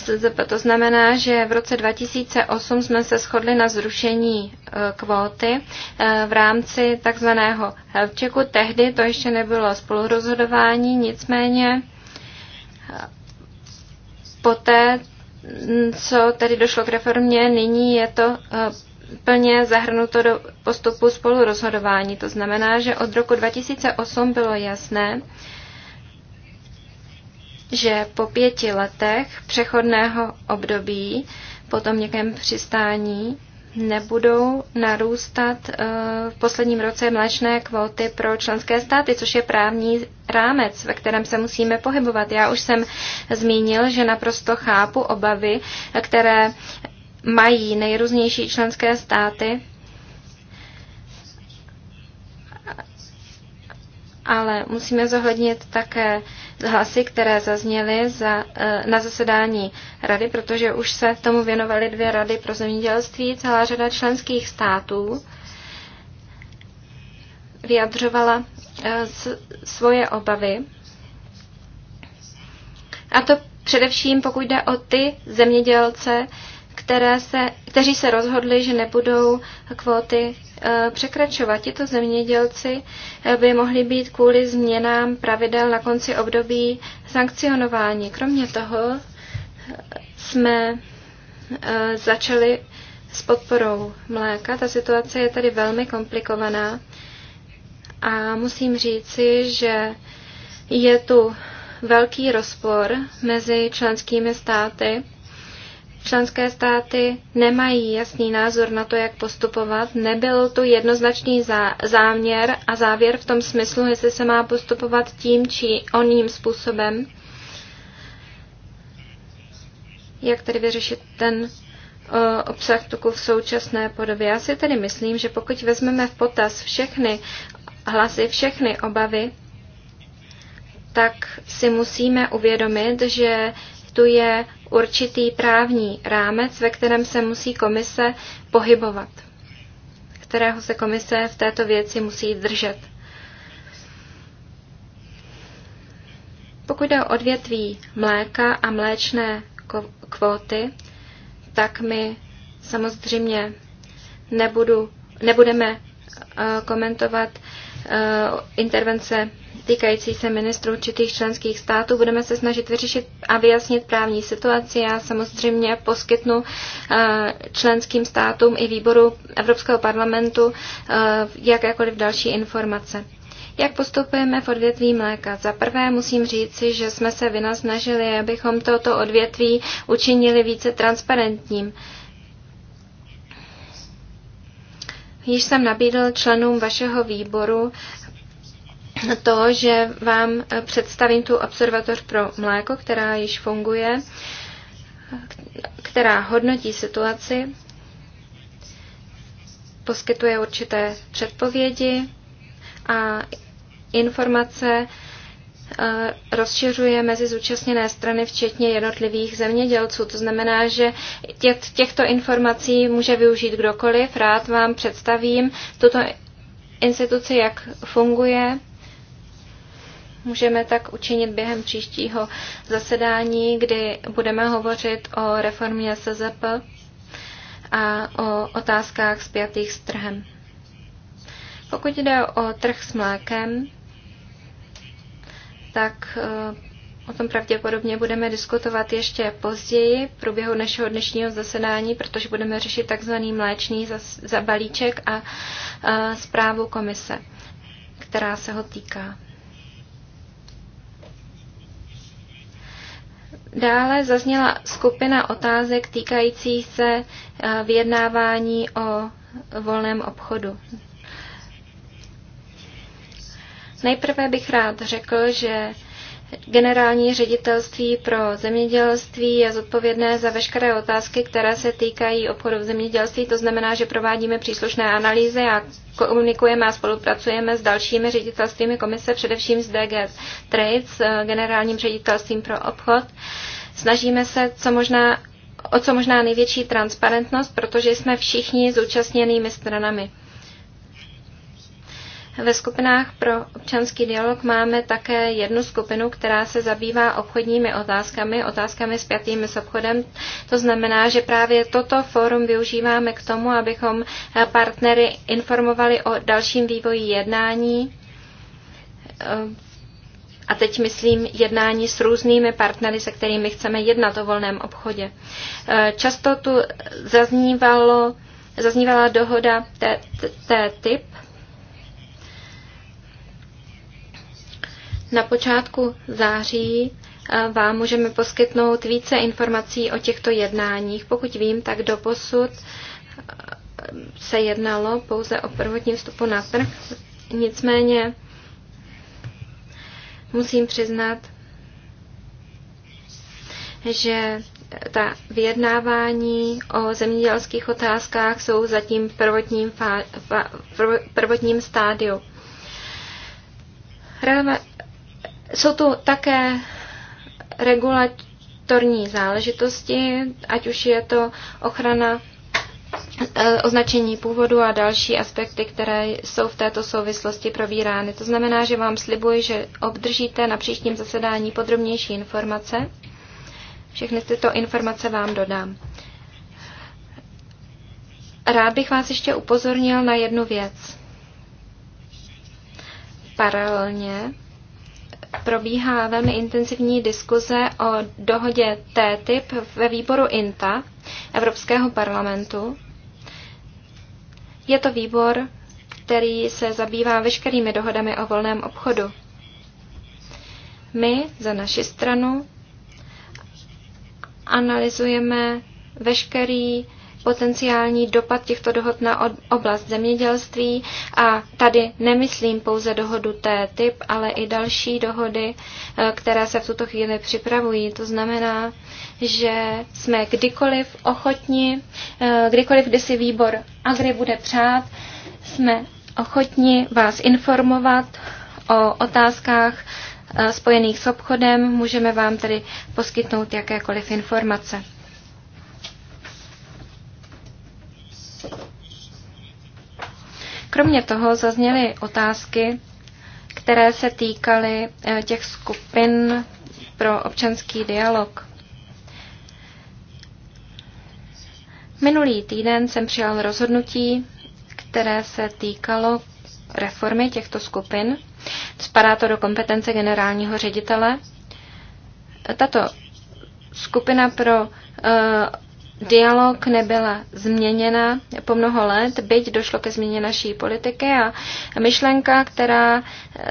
SZP. To znamená, že v roce 2008 jsme se shodli na zrušení e, kvóty e, v rámci takzvaného helpčeku. Tehdy to ještě nebylo spolurozhodování, nicméně e, poté, co tedy došlo k reformě, nyní je to plně zahrnuto do postupu spolurozhodování. To znamená, že od roku 2008 bylo jasné, že po pěti letech přechodného období po tom někém přistání nebudou narůstat eh, v posledním roce mléčné kvóty pro členské státy, což je právní rámec, ve kterém se musíme pohybovat. Já už jsem zmínil, že naprosto chápu obavy, které mají nejrůznější členské státy, ale musíme zohlednit také hlasy, které zazněly za, eh, na zasedání rady, protože už se tomu věnovaly dvě rady pro zemědělství. Celá řada členských států vyjadřovala eh, svoje obavy. A to především pokud jde o ty zemědělce, které se, kteří se rozhodli, že nebudou kvóty Eh, překračovat. Tito zemědělci eh, by mohli být kvůli změnám pravidel na konci období sankcionování. Kromě toho eh, jsme začali s podporou mléka. Ta situace je tady velmi komplikovaná a musím říci, že je tu velký rozpor mezi členskými státy Členské státy nemají jasný názor na to, jak postupovat. Nebyl tu jednoznačný záměr a závěr v tom smyslu, jestli se má postupovat tím či oným způsobem. Jak tedy vyřešit ten obsah tuku v současné podobě. Já si tedy myslím, že pokud vezmeme v potaz všechny hlasy, všechny obavy, tak si musíme uvědomit, že existuje určitý právní rámec, ve kterém se musí komise pohybovat, kterého se komise v této věci musí držet. Pokud jde o odvětví mléka a mléčné kvóty, tak my samozřejmě nebudu, nebudeme eh, komentovat eh, intervence týkající se ministrů určitých členských států. Budeme se snažit vyřešit a vyjasnit právní situaci. Já samozřejmě poskytnu eh, členským státům i výboru Evropského parlamentu eh, jakékoliv další informace. Jak postupujeme v odvětví mléka? Za prvé musím říci, že jsme se vynasnažili, abychom toto odvětví učinili více transparentním. Již jsem nabídl členům vašeho výboru to, že vám eh, představím tu observatoř pro mléko, která již funguje, která hodnotí situaci, poskytuje určité předpovědi a informace eh, rozšiřuje mezi zúčastněné strany, včetně jednotlivých zemědělců. To znamená, že těchto informací může využít kdokoliv. Rád vám představím tuto instituci, jak funguje Můžeme tak učinit během příštího zasedání, kdy budeme hovořit o reformě SZP a o otázkách zpětých s trhem. Pokud jde o trh s mlékem, tak eh, o tom pravděpodobně budeme diskutovat ještě později v průběhu našeho dnešního zasedání, protože budeme řešit takzvaný mléčný zabalíček a eh, zprávu komise, která se ho týká. Dále zazněla skupina otázek týkající se eh, vyjednávání o volném obchodu. Nejprve bych rád řekl, že Generální ředitelství pro zemědělství je zodpovědné za veškeré otázky, které se týkají obchodu v zemědělství. To znamená, že provádíme příslušné analýzy a komunikujeme a spolupracujeme s dalšími ředitelstvími komise, především s DG Trade, s eh, Generálním ředitelstvím pro obchod. Snažíme se co možná, o co možná největší transparentnost, protože jsme všichni zúčastněnými stranami. Ve skupinách pro občanský dialog máme také jednu skupinu, která se zabývá obchodními otázkami, otázkami spjatými s obchodem. To znamená, že právě toto fórum využíváme k tomu, abychom eh, partnery informovali o dalším vývoji jednání. Eh, a teď myslím jednání s různými partnery, se kterými chceme jednat o volném obchodě. Eh, často tu zaznívalo zaznívala dohoda TTIP, Na počátku září eh, vám můžeme poskytnout více informací o těchto jednáních. Pokud vím, tak do posud eh, se jednalo pouze o prvotním vstupu na trh. Nicméně musím přiznat, že ta vyjednávání o zemědělských otázkách jsou zatím v prvotním, prvotním stádiu. Releva, jsou tu také regulatorní záležitosti, ať už je to ochrana e, označení původu a další aspekty, které jsou v této souvislosti probírány. To znamená, že vám slibuji, že obdržíte na příštím zasedání podrobnější informace. Všechny tyto informace vám dodám. Rád bych vás ještě upozornil na jednu věc. Paralelně probíhá velmi intenzivní diskuze o dohodě TTIP ve výboru INTA Evropského parlamentu. Je to výbor, který se zabývá veškerými dohodami o volném obchodu. My za naši stranu analyzujeme veškerý potenciální dopad těchto dohod na oblast zemědělství a tady nemyslím pouze dohodu té typ ale i další dohody, e, které se v tuto chvíli připravují. To znamená, že jsme kdykoliv ochotni, e, kdykoliv, kdy si výbor Agri bude přát, jsme ochotni vás informovat o otázkách e, spojených s obchodem. Můžeme vám tedy poskytnout jakékoliv informace. Kromě toho zazněly otázky, které se týkaly eh, těch skupin pro občanský dialog. Minulý týden jsem přijal rozhodnutí, které se týkalo reformy těchto skupin. Spadá to do kompetence generálního ředitele. Tato skupina pro eh, dialog nebyla změněna po mnoho let, byť došlo ke změně naší politiky a myšlenka, která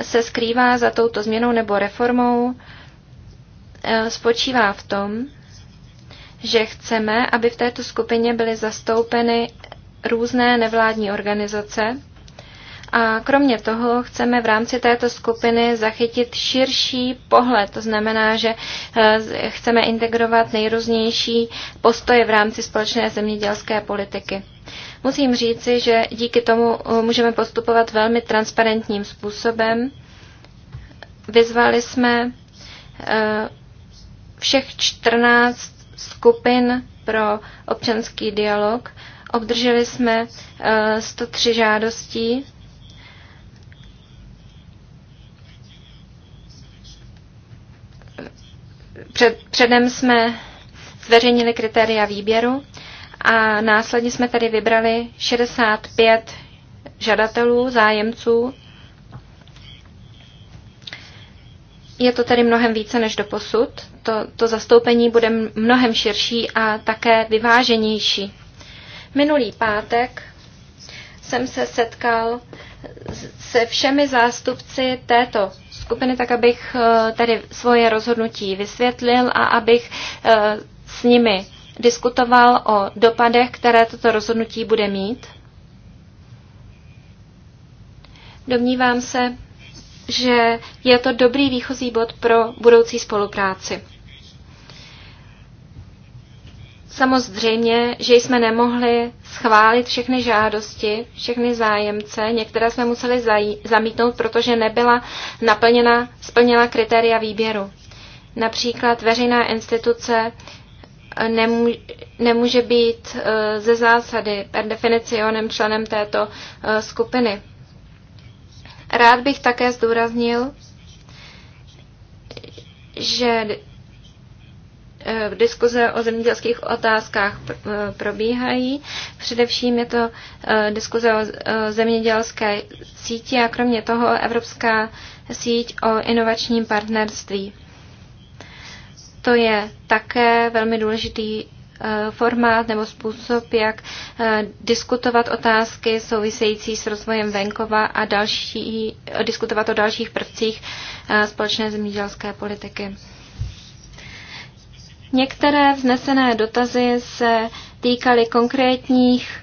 se skrývá za touto změnou nebo reformou, eh, spočívá v tom, že chceme, aby v této skupině byly zastoupeny různé nevládní organizace, a kromě toho chceme v rámci této skupiny zachytit širší pohled. To znamená, že eh, chceme integrovat nejrůznější postoje v rámci společné zemědělské politiky. Musím říci, že díky tomu eh, můžeme postupovat velmi transparentním způsobem. Vyzvali jsme eh, všech 14 skupin pro občanský dialog. Obdrželi jsme 103 žádostí Před, předem jsme zveřejnili kritéria výběru a následně jsme tedy vybrali 65 žadatelů, zájemců. Je to tedy mnohem více než do posud. To, to zastoupení bude mnohem širší a také vyváženější. Minulý pátek jsem se setkal se všemi zástupci této skupiny, tak abych eh, tady svoje rozhodnutí vysvětlil a abych eh, s nimi diskutoval o dopadech, které toto rozhodnutí bude mít. Domnívám se, že je to dobrý výchozí bod pro budoucí spolupráci. Samozřejmě, že jsme nemohli schválit všechny žádosti, všechny zájemce. Některé jsme museli zamítnout, protože nebyla naplněna, splněna kritéria výběru. Například veřejná instituce eh, nemů, nemůže být eh, ze zásady per definicionem členem této eh, skupiny. Rád bych také zdůraznil, že v eh, diskuze o zemědělských otázkách eh, probíhají. Především je to eh, diskuze o zemědělské síti a kromě toho Evropská síť o inovačním partnerství. To je také velmi důležitý formát nebo způsob, jak diskutovat otázky související s rozvojem venkova a další, diskutovat o dalších prvcích společné zemědělské politiky. Některé vznesené dotazy se týkaly konkrétních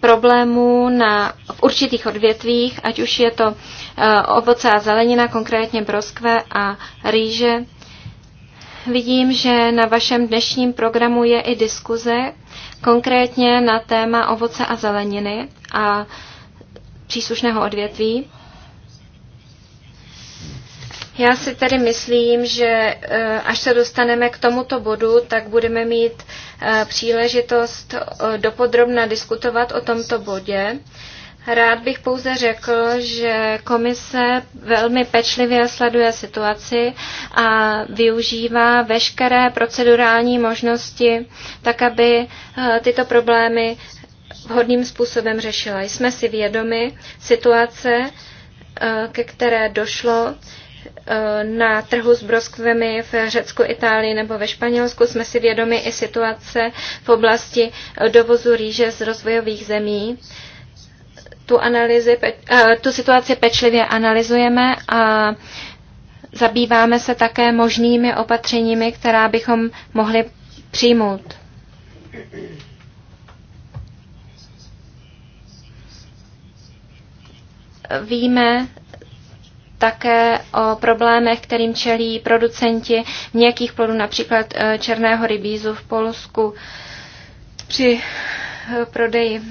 problémů na, v určitých odvětvích, ať už je to uh, ovoce a zelenina, konkrétně broskve a rýže. Vidím, že na vašem dnešním programu je i diskuze, konkrétně na téma ovoce a zeleniny a příslušného odvětví. Já si tedy myslím, že eh, až se dostaneme k tomuto bodu, tak budeme mít eh, příležitost eh, dopodrobna diskutovat o tomto bodě. Rád bych pouze řekl, že komise velmi pečlivě sleduje situaci a využívá veškeré procedurální možnosti, tak aby tyto problémy vhodným způsobem řešila. Jsme si vědomi situace, ke které došlo. Eh, na trhu s broskvemi v Řecku, Itálii nebo ve Španělsku. Jsme si vědomi i situace v oblasti dovozu rýže z rozvojových zemí. Tu, analýzy, eh, tu situaci pečlivě analyzujeme a zabýváme se také možnými opatřeními, která bychom mohli přijmout. Víme také o problémech, kterým čelí producenti nějakých plodů, například e, černého rybízu v Polsku při e, prodeji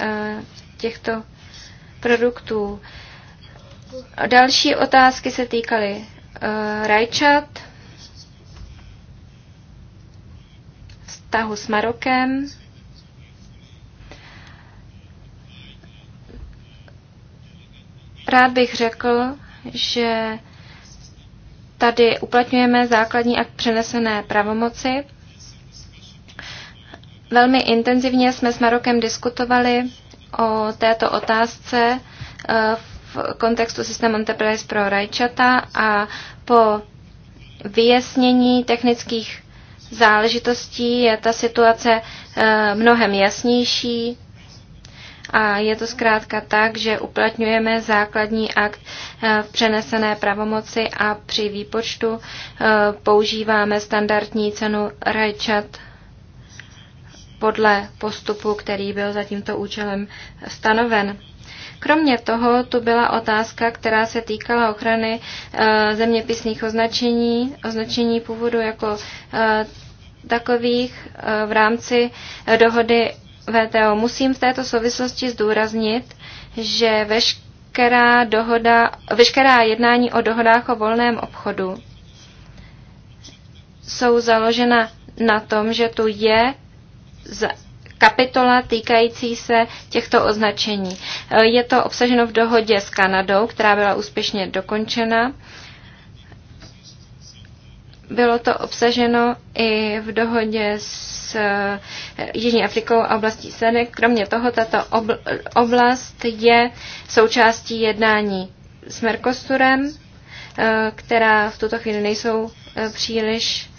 e, těchto produktů. Další otázky se týkaly rajčat, vztahu s Marokem, Rád bych řekl, že tady uplatňujeme základní a přenesené pravomoci. Velmi intenzivně jsme s Marokem diskutovali o této otázce eh, v kontextu systému Enterprise pro rajčata a po vyjasnění technických záležitostí je ta situace eh, mnohem jasnější a je to zkrátka tak, že uplatňujeme základní akt eh, v přenesené pravomoci a při výpočtu eh, používáme standardní cenu rajčat podle postupu, který byl za tímto účelem stanoven. Kromě toho tu byla otázka, která se týkala ochrany e, zeměpisných označení, označení původu jako e, takových e, v rámci dohody VTO. Musím v této souvislosti zdůraznit, že veškerá, dohoda, veškerá jednání o dohodách o volném obchodu jsou založena na tom, že tu je kapitola týkající se těchto označení. E, je to obsaženo v dohodě s Kanadou, která byla úspěšně dokončena. Bylo to obsaženo i v dohodě s eh, Jižní Afrikou a oblastí Senek. Kromě toho tato oblast je součástí jednání s Mercosurem, eh, která v tuto chvíli nejsou eh, příliš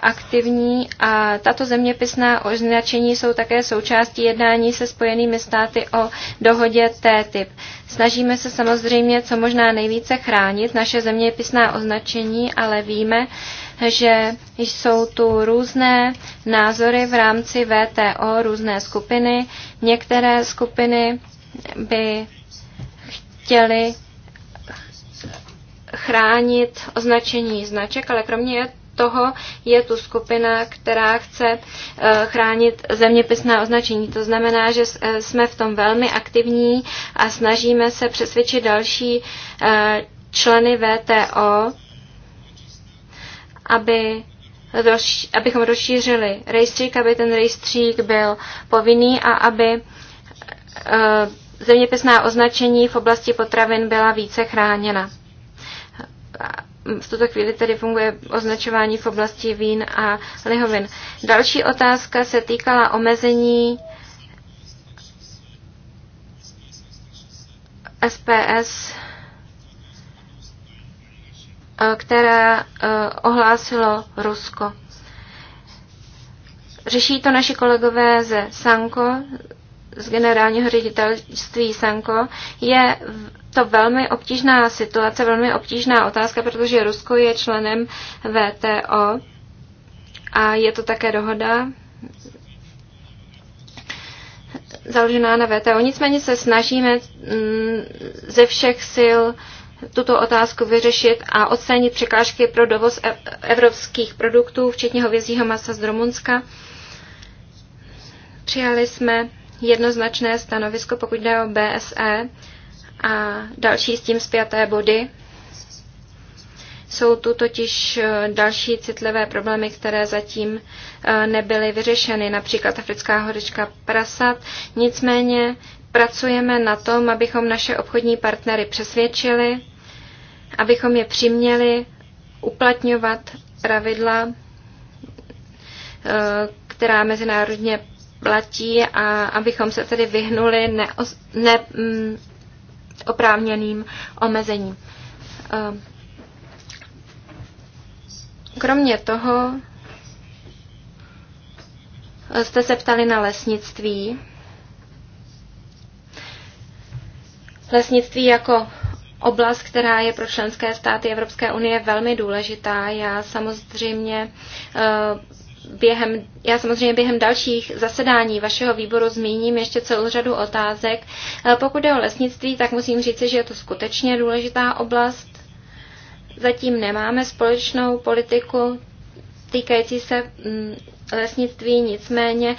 aktivní a tato zeměpisná označení jsou také součástí jednání se Spojenými státy o dohodě TTIP. Snažíme se samozřejmě co možná nejvíce chránit naše zeměpisná označení, ale víme, že jsou tu různé názory v rámci VTO, různé skupiny. Některé skupiny by chtěly chránit označení značek, ale kromě toho je tu skupina, která chce eh, chránit zeměpisná označení. To znamená, že eh, jsme v tom velmi aktivní a snažíme se přesvědčit další eh, členy VTO, aby Roz, abychom rozšířili rejstřík, aby ten rejstřík byl povinný a aby e, zeměpisná označení v oblasti potravin byla více chráněna. V tuto chvíli tedy funguje označování v oblasti vín a lihovin. Další otázka se týkala omezení SPS které eh, ohlásilo Rusko. Řeší to naši kolegové ze Sanko, z generálního ředitelství Sanko. Je to velmi obtížná situace, velmi obtížná otázka, protože Rusko je členem VTO a je to také dohoda založená na VTO. Nicméně se snažíme mm, ze všech sil tuto otázku vyřešit a odstranit překážky pro dovoz e- evropských produktů, včetně hovězího masa z Rumunska. Přijali jsme jednoznačné stanovisko, pokud jde o BSE a další s tím zpěté body. Jsou tu totiž e, další citlivé problémy, které zatím e, nebyly vyřešeny, například africká horečka prasat. Nicméně pracujeme na tom, abychom naše obchodní partnery přesvědčili, abychom je přiměli uplatňovat pravidla, eh, která mezinárodně platí a abychom se tedy vyhnuli neoprávněným ne, mm, omezením. Eh, kromě toho jste se ptali na lesnictví. lesnictví jako oblast, která je pro členské státy Evropské unie velmi důležitá. Já samozřejmě eh, během, já samozřejmě během dalších zasedání vašeho výboru zmíním ještě celou řadu otázek. Eh, pokud je o lesnictví, tak musím říci, že je to skutečně důležitá oblast. Zatím nemáme společnou politiku týkající se mm, lesnictví, nicméně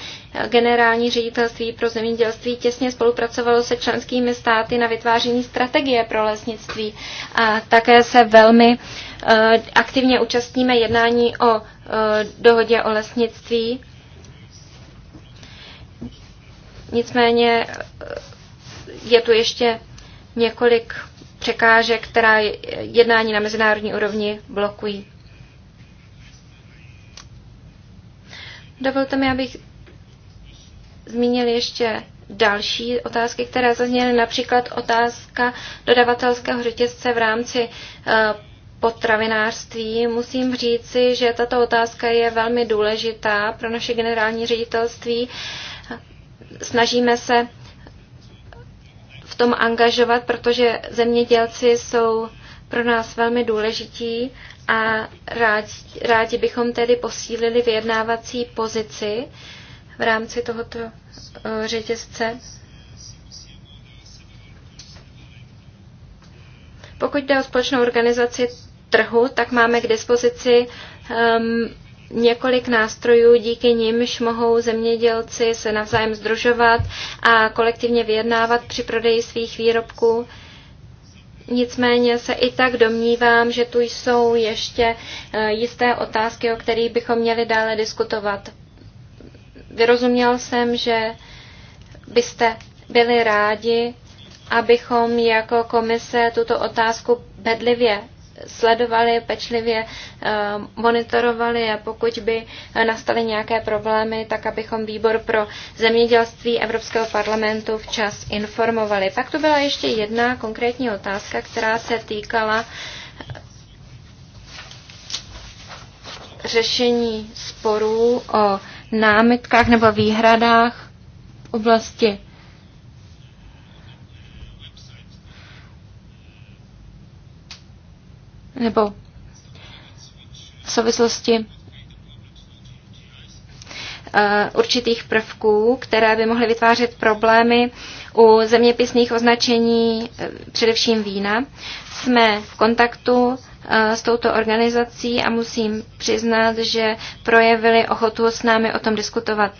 generální ředitelství pro zemědělství těsně spolupracovalo se členskými státy na vytváření strategie pro lesnictví a také se velmi eh, aktivně účastníme jednání o eh, dohodě o lesnictví. Nicméně eh, je tu ještě několik překážek, která jednání na mezinárodní úrovni blokují. Dovolte mi, abych zmínil ještě další otázky, které zazněly, například otázka dodavatelského řetězce v rámci eh, potravinářství. Musím říci, že tato otázka je velmi důležitá pro naše generální ředitelství. Snažíme se v tom angažovat, protože zemědělci jsou pro nás velmi důležití a rádi, rádi bychom tedy posílili vyjednávací pozici v rámci tohoto eh, řetězce. Pokud jde o společnou organizaci trhu, tak máme k dispozici um, několik nástrojů, díky nimž mohou zemědělci se navzájem združovat a kolektivně vyjednávat při prodeji svých výrobků. Nicméně se i tak domnívám, že tu jsou ještě eh, jisté otázky, o kterých bychom měli dále diskutovat. Vyrozuměl jsem, že byste byli rádi, abychom jako komise tuto otázku bedlivě sledovali, pečlivě eh, monitorovali a pokud by nastaly nějaké problémy, tak abychom výbor pro zemědělství Evropského parlamentu včas informovali. Pak to byla ještě jedna konkrétní otázka, která se týkala eh, řešení sporů o námitkách nebo výhradách v oblasti nebo v souvislosti eh, určitých prvků, které by mohly vytvářet problémy u zeměpisných označení, eh, především vína. Jsme v kontaktu eh, s touto organizací a musím přiznat, že projevili ochotu s námi o tom diskutovat.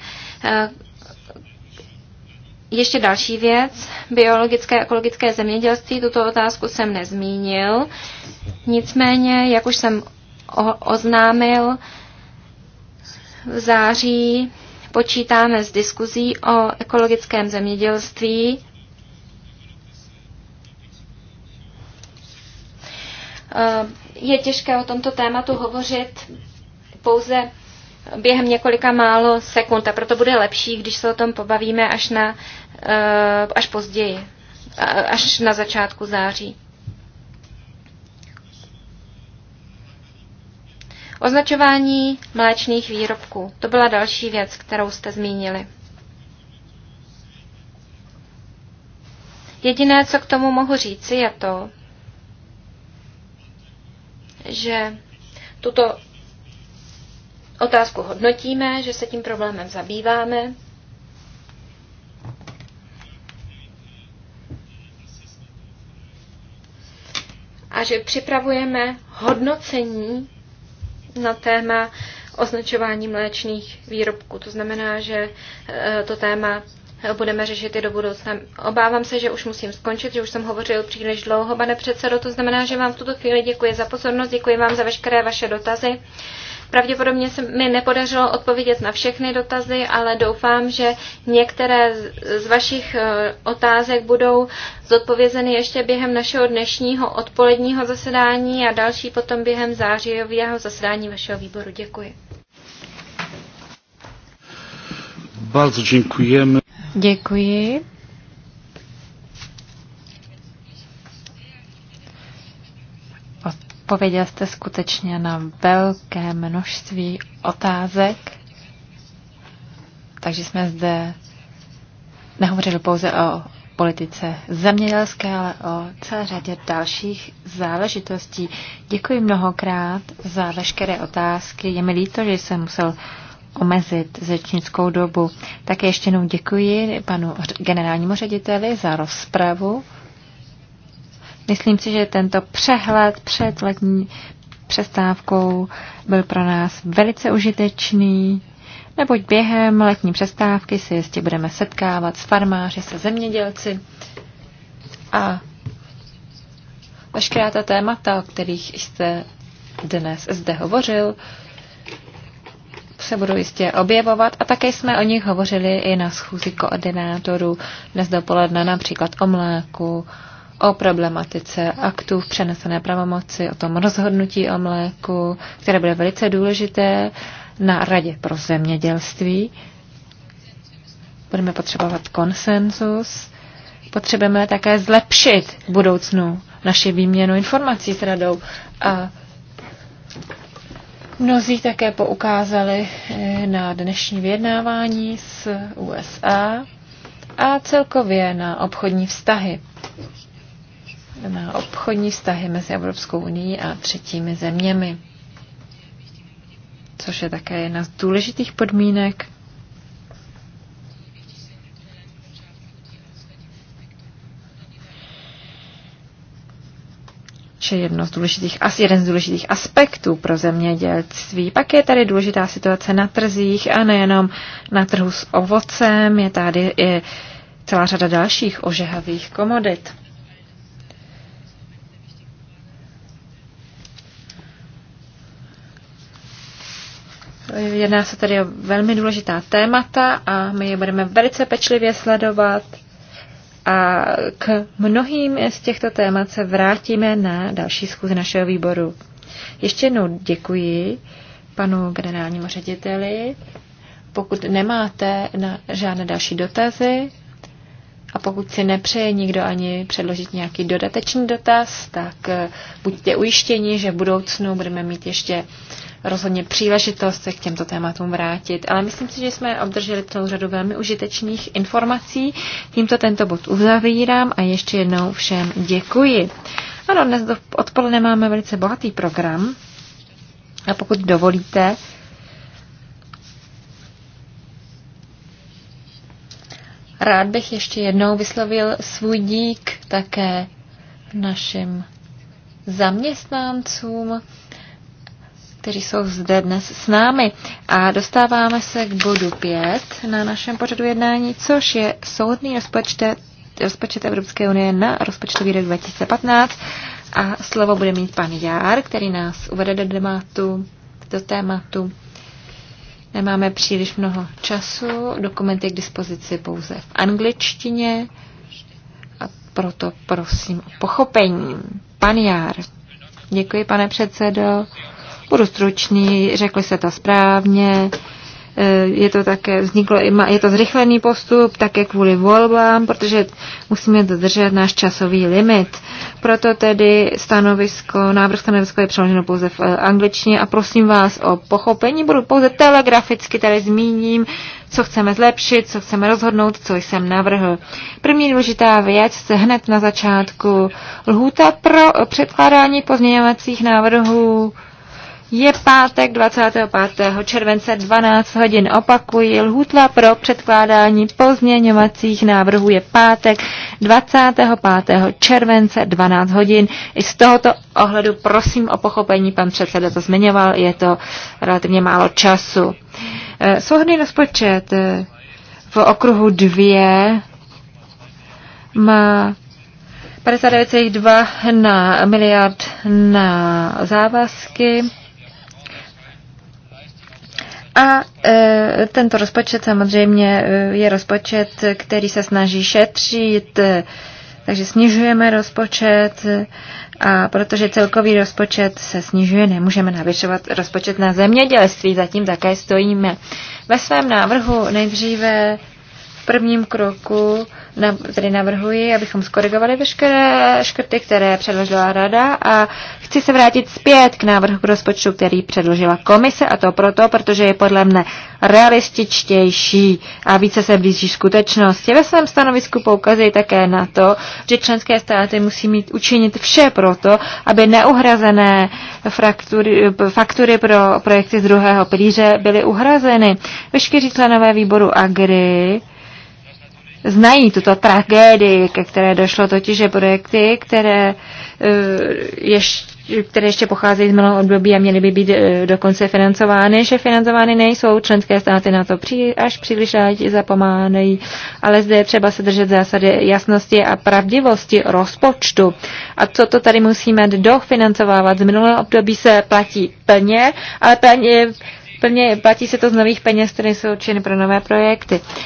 Ještě další věc, biologické a ekologické zemědělství, tuto otázku jsem nezmínil. Nicméně, jak už jsem oznámil, v září počítáme s diskuzí o ekologickém zemědělství. Eh, je těžké o tomto tématu hovořit pouze během několika málo sekund a proto bude lepší, když se o tom pobavíme až, na, eh, až později, až na začátku září. Označování mléčných výrobků. To byla další věc, kterou jste zmínili. Jediné, co k tomu mohu říci, je to, že tuto otázku hodnotíme, že se tím problémem zabýváme. A že připravujeme hodnocení na téma označování mléčných výrobků. To znamená, že eh, to téma budeme řešit i do budoucna. Obávám se, že už musím skončit, že už jsem hovořil příliš dlouho, pane předsedo. To znamená, že vám v tuto chvíli děkuji za pozornost, děkuji vám za veškeré vaše dotazy. Pravděpodobně se mi nepodařilo odpovědět na všechny dotazy, ale doufám, že některé z vašich eh, otázek budou zodpovězeny ještě během našeho dnešního odpoledního zasedání a další potom během zářijového zasedání vašeho výboru. Děkuji. Bardzo dziękujemy. Děkuji. Odpověděl jste skutečně na velké množství otázek, takže jsme zde nehovořili pouze o politice zemědělské, ale o celé řadě dalších záležitostí. Děkuji mnohokrát za veškeré otázky. Je mi líto, že jsem musel omezit řečnickou dobu. Také ještě jednou děkuji panu generálnímu řediteli za rozpravu. Myslím si, že tento přehled před letní přestávkou byl pro nás velice užitečný, neboť během letní přestávky se jistě budeme setkávat s farmáři, se zemědělci a veškerá ta témata, o kterých jste dnes zde hovořil, se budou jistě objevovat a také jsme o nich hovořili i na schůzi koordinátorů dnes dopoledne, například o mléku, o problematice aktů v přenesené pravomoci, o tom rozhodnutí o mléku, které bude velice důležité na Radě pro zemědělství. Budeme potřebovat konsenzus. Potřebujeme také zlepšit v budoucnu naši výměnu informací s radou. A mnozí také poukázali eh, na dnešní vyjednávání s USA a celkově na obchodní vztahy na obchodní vztahy mezi Evropskou unii a třetími zeměmi, což je také jedna z důležitých podmínek Je jedno z důležitých, asi jeden z důležitých aspektů pro zemědělství. Pak je tady důležitá situace na trzích a nejenom na trhu s ovocem, je tady i celá řada dalších ožehavých komodit. Jedná se tedy o velmi důležitá témata a my je budeme velice pečlivě sledovat. A k mnohým z těchto témat se vrátíme na další schůzi našeho výboru. Ještě jednou děkuji panu generálnímu řediteli. Pokud nemáte na žádné další dotazy a pokud si nepřeje nikdo ani předložit nějaký dodatečný dotaz, tak buďte ujištěni, že v budoucnu budeme mít ještě rozhodně příležitost se k těmto tématům vrátit. Ale myslím si, že jsme obdrželi celou řadu velmi užitečných informací. Tímto tento bod uzavírám a ještě jednou všem děkuji. Ano, dnes odpoledne máme velice bohatý program. A pokud dovolíte, rád bych ještě jednou vyslovil svůj dík také našim zaměstnancům, kteří jsou zde dnes s námi. A dostáváme se k bodu 5 na našem pořadu jednání, což je soudný rozpočet, rozpočet Evropské unie na rozpočtový rok 2015. A slovo bude mít pan Jár, který nás uvede do tématu. Do tématu. Nemáme příliš mnoho času, dokument je k dispozici pouze v angličtině a proto prosím o pochopení. Pan Jár. Děkuji, pane předsedo. Budu stručný, řekli se to správně. E, je to také, vzniklo, je to zrychlený postup, také kvůli volbám, protože musíme dodržet náš časový limit. Proto tedy stanovisko, návrh stanovisko je přeloženo pouze v e, angličtině a prosím vás o pochopení. Budu pouze telegraficky tady zmíním, co chceme zlepšit, co chceme rozhodnout, co jsem navrhl. První důležitá věc se hned na začátku. Lhůta pro předkládání pozměňovacích návrhů je pátek 25. července 12 hodin. Opakuji, lhůtva pro předkládání pozměňovacích návrhů je pátek 25. července 12 hodin. I z tohoto ohledu prosím o pochopení, pan předseda to zmiňoval, je to relativně málo času. Eh, Souhrný rozpočet eh, v okruhu 2 má 59,2 na miliard na závazky, a e, tento rozpočet samozřejmě e, je rozpočet, který se snaží šetřit, e, takže snižujeme rozpočet e, a protože celkový rozpočet se snižuje, nemůžeme navyšovat rozpočet na zemědělství, zatím také stojíme. Ve svém návrhu nejdříve prvním kroku tedy navrhuji, abychom skorigovali veškeré škrty, které předložila rada a chci se vrátit zpět k návrhu k rozpočtu, který předložila komise a to proto, protože je podle mne realističtější a více se blíží skutečnosti. Ve svém stanovisku poukazuji také na to, že členské státy musí mít učinit vše proto, aby neuhrazené fraktury, faktury pro projekty z druhého pilíře byly uhrazeny. Veškerý členové výboru AGRI znají tuto tragédii, ke které došlo totiž, že projekty, které eh, ještě které ještě pocházejí z minulého období a měly by být eh, dokonce financovány, že financovány nejsou, členské státy na to při, až příliš rádi zapomáhají, ale zde je třeba se držet zásady jasnosti a pravdivosti rozpočtu. A co to tady musíme dofinancovávat? Z minulého období se platí plně, ale plně, plně platí se to z nových peněz, které jsou určeny pro nové projekty. Uh,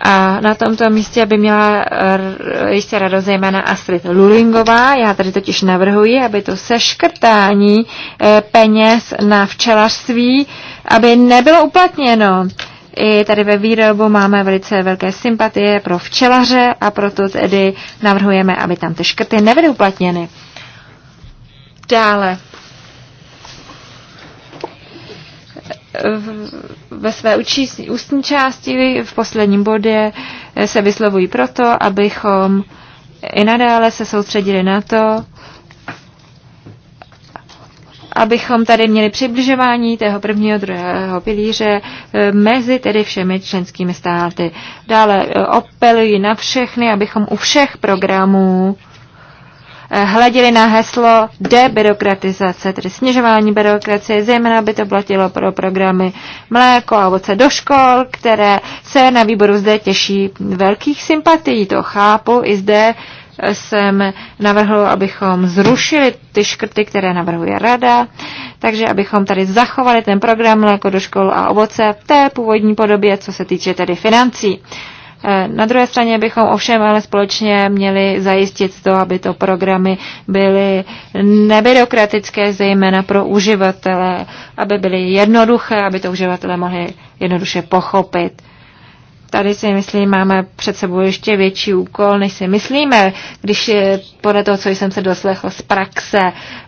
a na tomto místě by měla eh, jistě radost zejména Astrid Lulingová. Já tady totiž navrhuji, aby to seškrtání eh, peněz na včelařství, aby nebylo uplatněno. I tady ve výrobu máme velice velké sympatie pro včelaře a proto tedy navrhujeme, aby tam ty škrty nebyly uplatněny. Dále ve své učí, ústní části v posledním bodě se vyslovují proto, abychom i nadále se soustředili na to, abychom tady měli přibližování tého prvního, druhého pilíře e, mezi tedy všemi členskými státy. Dále e, apeluji na všechny, abychom u všech programů Eh, hleděli na heslo debirokratizace, tedy snižování byrokracie, zejména by to platilo pro programy mléko a ovoce do škol, které se na výboru zde těší velkých sympatií. To chápu, i zde eh, jsem navrhl, abychom zrušili ty škrty, které navrhuje rada, takže abychom tady zachovali ten program mléko do škol a ovoce v té původní podobě, co se týče tedy financí. Na druhé straně bychom ovšem ale společně měli zajistit to, aby to programy byly nebyrokratické, zejména pro uživatele, aby byly jednoduché, aby to uživatelé mohli jednoduše pochopit. Tady si myslím, máme před sebou ještě větší úkol, než si myslíme, když podle toho, co jsem se doslechl z praxe,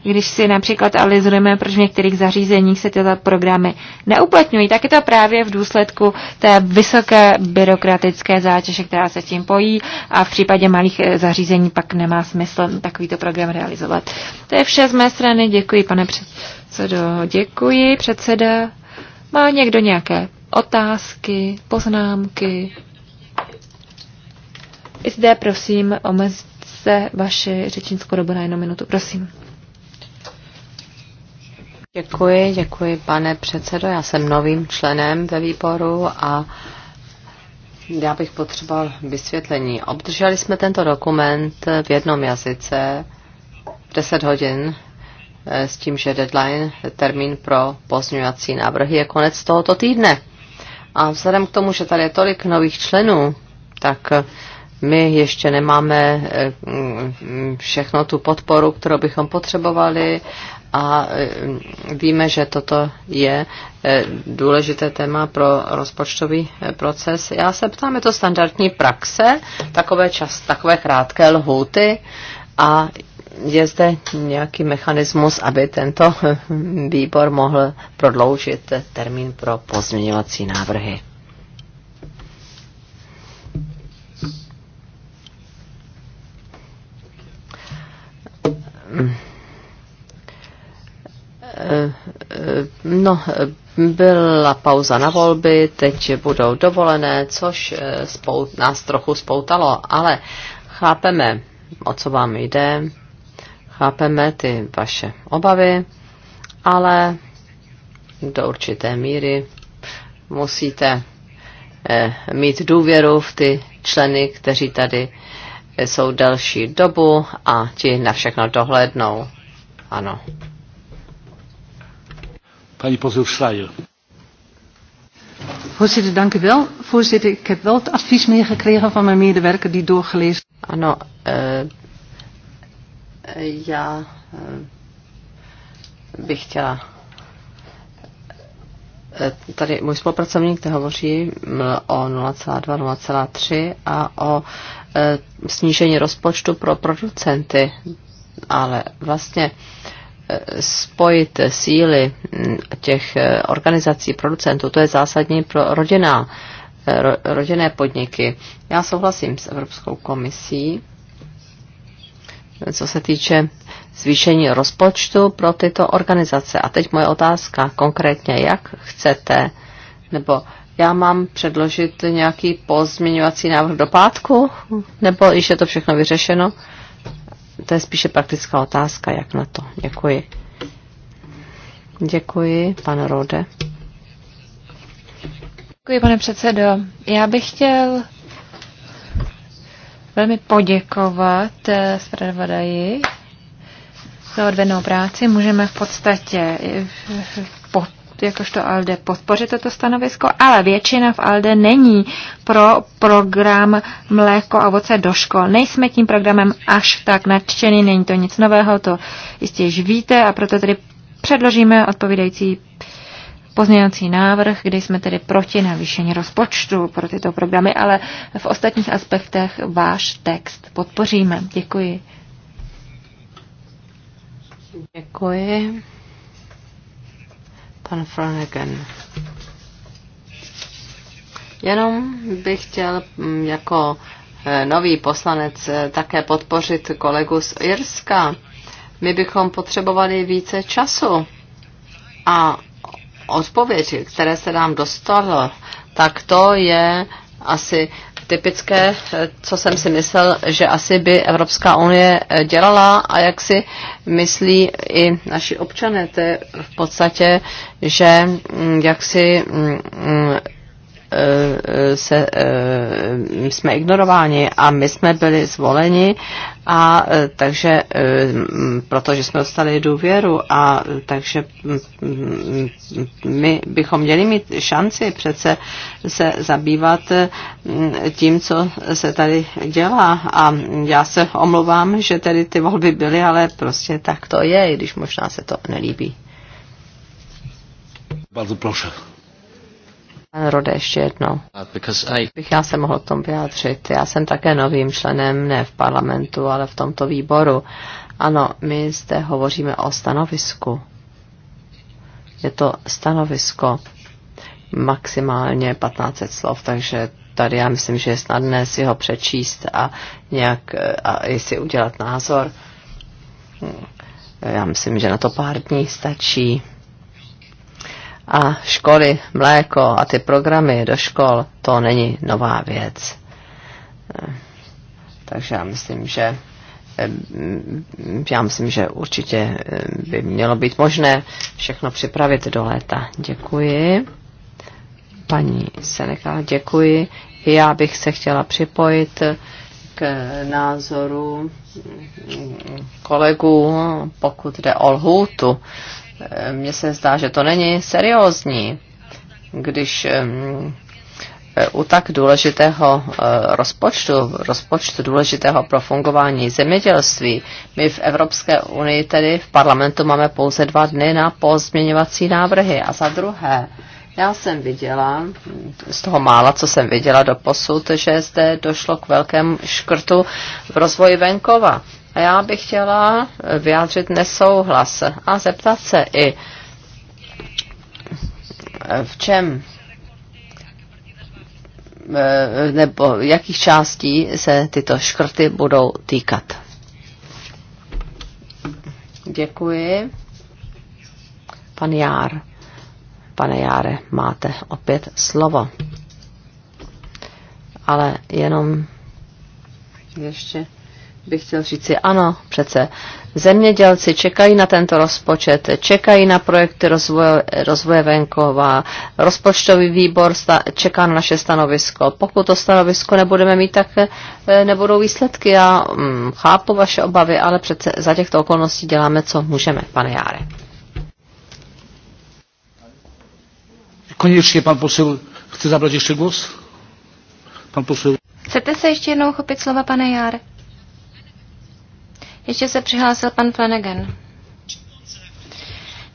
když si například analyzujeme, proč v některých zařízeních se tyto programy neuplatňují, tak je to právě v důsledku té vysoké byrokratické zátěže, která se tím pojí a v případě malých eh, zařízení pak nemá smysl takovýto program realizovat. To je vše z mé strany, děkuji pane předsedo, děkuji předseda. Má někdo nějaké otázky, poznámky. I zde prosím omezte vaši řečnickou dobu na jednu minutu. Prosím. Děkuji, děkuji pane předsedo. Já jsem novým členem ve výboru a já bych potřeboval vysvětlení. Obdrželi jsme tento dokument v jednom jazyce 10 hodin eh, s tím, že deadline, termín pro pozměňovací návrhy je konec tohoto týdne. A vzhledem k tomu, že tady je tolik nových členů, tak eh, my ještě nemáme eh, mm, všechno tu podporu, kterou bychom potřebovali a eh, víme, že toto je důležité téma pro rozpočtový proces. Já se ptám, je to standardní praxe, takové, čas, takové krátké lhuty a je zde nějaký mechanismus, aby tento <laughs> výbor mohl prodloužit termín pro pozměňovací návrhy. No, byla pauza na volby, teď budou dovolené, což eh, spout, nás trochu spoutalo, ale chápeme, o co vám jde Chápeme ty vaše obavy, ale do určité míry musíte eh, mít důvěru v ty členy, kteří tady jsou delší dobu a ti na všechno dohlednou. Ano. Pani Pozov Schleier. Voorzitter, dank u wel. Voorzitter, ik heb wel het advies meegekregen van mijn medewerker die doorgelezen. Ano, eh, já eh, bych chtěla eh, tady můj spolupracovník hovoří mm, o 0,2-0,3 a o eh, snížení rozpočtu pro producenty, ale vlastně spojit síly mm, těch organizací producentů, to je zásadní pro rodinná, rodinné podniky. Já souhlasím s Evropskou komisí, co se týče zvýšení rozpočtu pro tyto organizace. A teď moje otázka konkrétně, jak chcete, nebo já mám předložit nějaký pozměňovací návrh do pátku, nebo již je to všechno vyřešeno? To je spíše praktická otázka, jak na to. Děkuji. Děkuji, pan Rode. Děkuji, pane předsedo. Já bych chtěl velmi poděkovat eh, zpravodaji za odvednou práci. Můžeme v podstatě eh, pod, jakožto ALDE podpořit toto stanovisko, ale většina v ALDE není pro program mléko a ovoce do škol. Nejsme tím programem až tak nadšený, není to nic nového, to jistě již víte a proto tedy předložíme odpovídající pozměňovací návrh, kde jsme tedy proti navýšení rozpočtu pro tyto programy, ale v ostatních aspektech váš text podpoříme. Děkuji. Děkuji. Pan Flanagan. Jenom bych chtěl mm, jako eh, nový poslanec eh, také podpořit kolegu z Irska. My bychom potřebovali více času a odpověď, které se nám dostalo, tak to je asi typické, co jsem si myslel, že asi by Evropská unie dělala a jak si myslí i naši občané. To je v podstatě, že mm, jak si mm, mm, se, eh, jsme ignorováni a my jsme byli zvoleni a eh, takže eh, protože jsme dostali důvěru a takže mm, my bychom měli mít šanci přece se zabývat mm, tím, co se tady dělá a já se omlouvám, že tady ty volby byly, ale prostě tak to je, i když možná se to nelíbí. Bardzo proszę. Rode ještě jedno. Uh, Bych já se mohl o tom vyjádřit. Já jsem také novým členem, ne v parlamentu, ale v tomto výboru. Ano, my zde hovoříme o stanovisku. Je to stanovisko maximálně 15 slov, takže tady já myslím, že je snadné si ho přečíst a nějak eh, a i si udělat názor. Já myslím, že na to pár dní stačí a školy, mléko a ty programy do škol, to není nová věc. Takže já myslím, že já myslím, že určitě by mělo být možné všechno připravit do léta. Děkuji. Paní Seneka, děkuji. Já bych se chtěla připojit k názoru kolegů, pokud jde o lhůtu mně se zdá, že to není seriózní, když e, u tak důležitého e, rozpočtu, rozpočtu důležitého pro fungování zemědělství. My v Evropské unii tedy v parlamentu máme pouze dva dny na pozměňovací návrhy. A za druhé, já jsem viděla, z toho mála, co jsem viděla do posud, že zde došlo k velkému škrtu v rozvoji venkova. A já bych chtěla vyjádřit nesouhlas a zeptat se i, eh, v čem eh, nebo jakých částí se tyto škrty budou týkat. Děkuji. Pan Jár. Pane Járe, máte opět slovo. Ale jenom ještě bych chtěl říci, ano, přece zemědělci čekají na tento rozpočet, čekají na projekty rozvoje, rozvoje venkova, rozpočtový výbor sta, čeká na naše stanovisko. Pokud to stanovisko nebudeme mít, tak eh, nebudou výsledky. Já mm, chápu vaše obavy, ale přece za těchto okolností děláme, co můžeme, pane Járe. Konečně pan posil chce zabrat ještě głos? Pan posil. Chcete se ještě jednou chopit slova, pane Járe? Ještě se přihlásil pan Flanagan.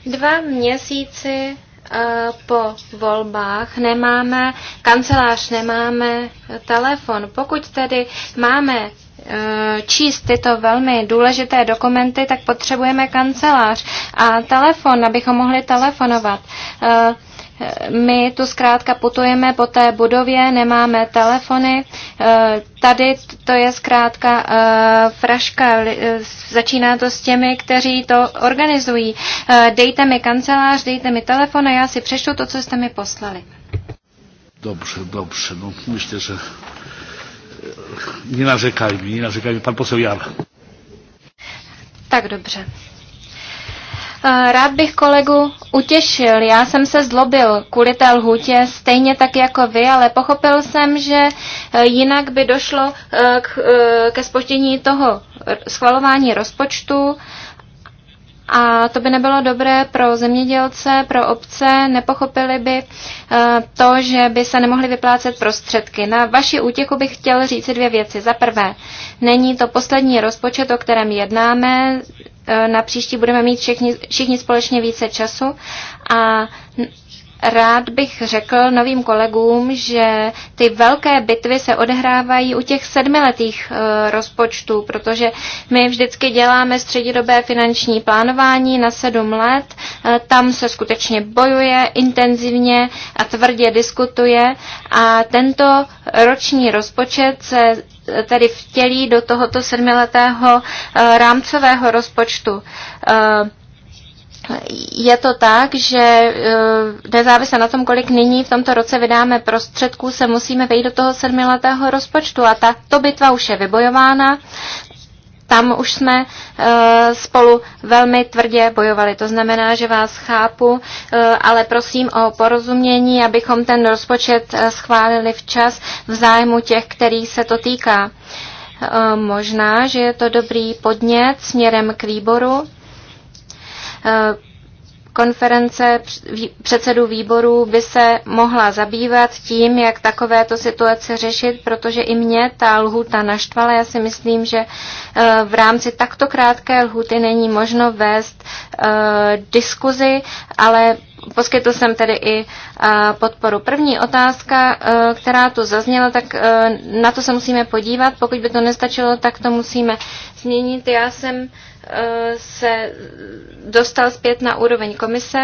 Dva měsíci eh, po volbách nemáme kancelář, nemáme telefon. Pokud tedy máme eh, číst tyto velmi důležité dokumenty, tak potřebujeme kancelář a telefon, abychom mohli telefonovat. Eh, my tu zkrátka putujeme po té budově, nemáme telefony. Eh, tady to je zkrátka eh, fraška. Eh, začíná to s těmi, kteří to organizují. Dejte mi kancelář, dejte mi telefon a já si přečtu to, co jste mi poslali. Dobře, dobře. No, myslím, že nenařekaj mi, nenařekaj mi, Pan posel Jar. Tak dobře. Eh, rád bych kolegu utěšil. Já jsem se zlobil kvůli té lhutě, stejně tak jako vy, ale pochopil jsem, že eh, jinak by došlo eh, k, ke spoždění toho schvalování rozpočtu a to by nebylo dobré pro zemědělce, pro obce, nepochopili by to, že by se nemohly vyplácet prostředky. Na vaši útěku bych chtěl říct dvě věci. Za prvé, není to poslední rozpočet, o kterém jednáme, E, na příští budeme mít všichni, všichni společně více času a rád bych řekl novým kolegům, že ty velké bitvy se odehrávají u těch sedmiletých e, rozpočtů, protože my vždycky děláme středidobé finanční plánování na sedm let. E, tam se skutečně bojuje intenzivně a tvrdě diskutuje a tento roční rozpočet se tedy vtělí do tohoto sedmiletého eh, rámcového rozpočtu. Eh, je to tak, že nezávisle eh, na tom, kolik nyní v tomto roce vydáme prostředků, se musíme vejít do toho sedmiletého rozpočtu a tato bitva už je vybojována tam už jsme eh, spolu velmi tvrdě bojovali. To znamená, že vás chápu, eh, ale prosím o porozumění, abychom ten rozpočet eh, schválili včas v zájmu těch, kterých se to týká. Možná, že je to dobrý podnět směrem k výboru konference předsedů výborů by se mohla zabývat tím, jak takovéto situace řešit, protože i mě ta lhuta naštvala. Já si myslím, že eh, v rámci takto krátké lhuty není možno vést eh, diskuzi, ale poskytl jsem tedy i eh, podporu. První otázka, která tu zazněla, tak na to se musíme podívat. Pokud by to nestačilo, tak to musíme změnit. Já jsem se dostal zpět na úroveň komise.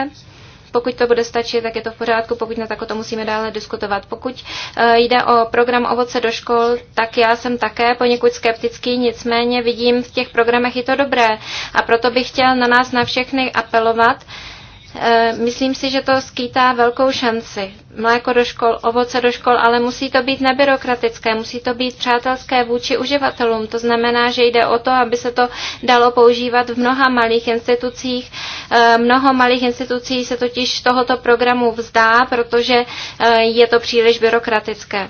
Pokud to bude stačit, tak je to v pořádku, pokud ne, tak o to musíme dále diskutovat. Pokud eh, jde o program Ovoce do škol, tak já jsem také poněkud skeptický, nicméně vidím v těch programech i to dobré a proto bych chtěl na nás na všechny apelovat, Eh, myslím si, že to skýtá velkou šanci. Mléko do škol, ovoce do škol, ale musí to být nebyrokratické, musí to být přátelské vůči uživatelům. To znamená, že jde o to, aby se to dalo používat v mnoha malých institucích. Eh, mnoho malých institucí se totiž tohoto programu vzdá, protože eh, je to příliš byrokratické.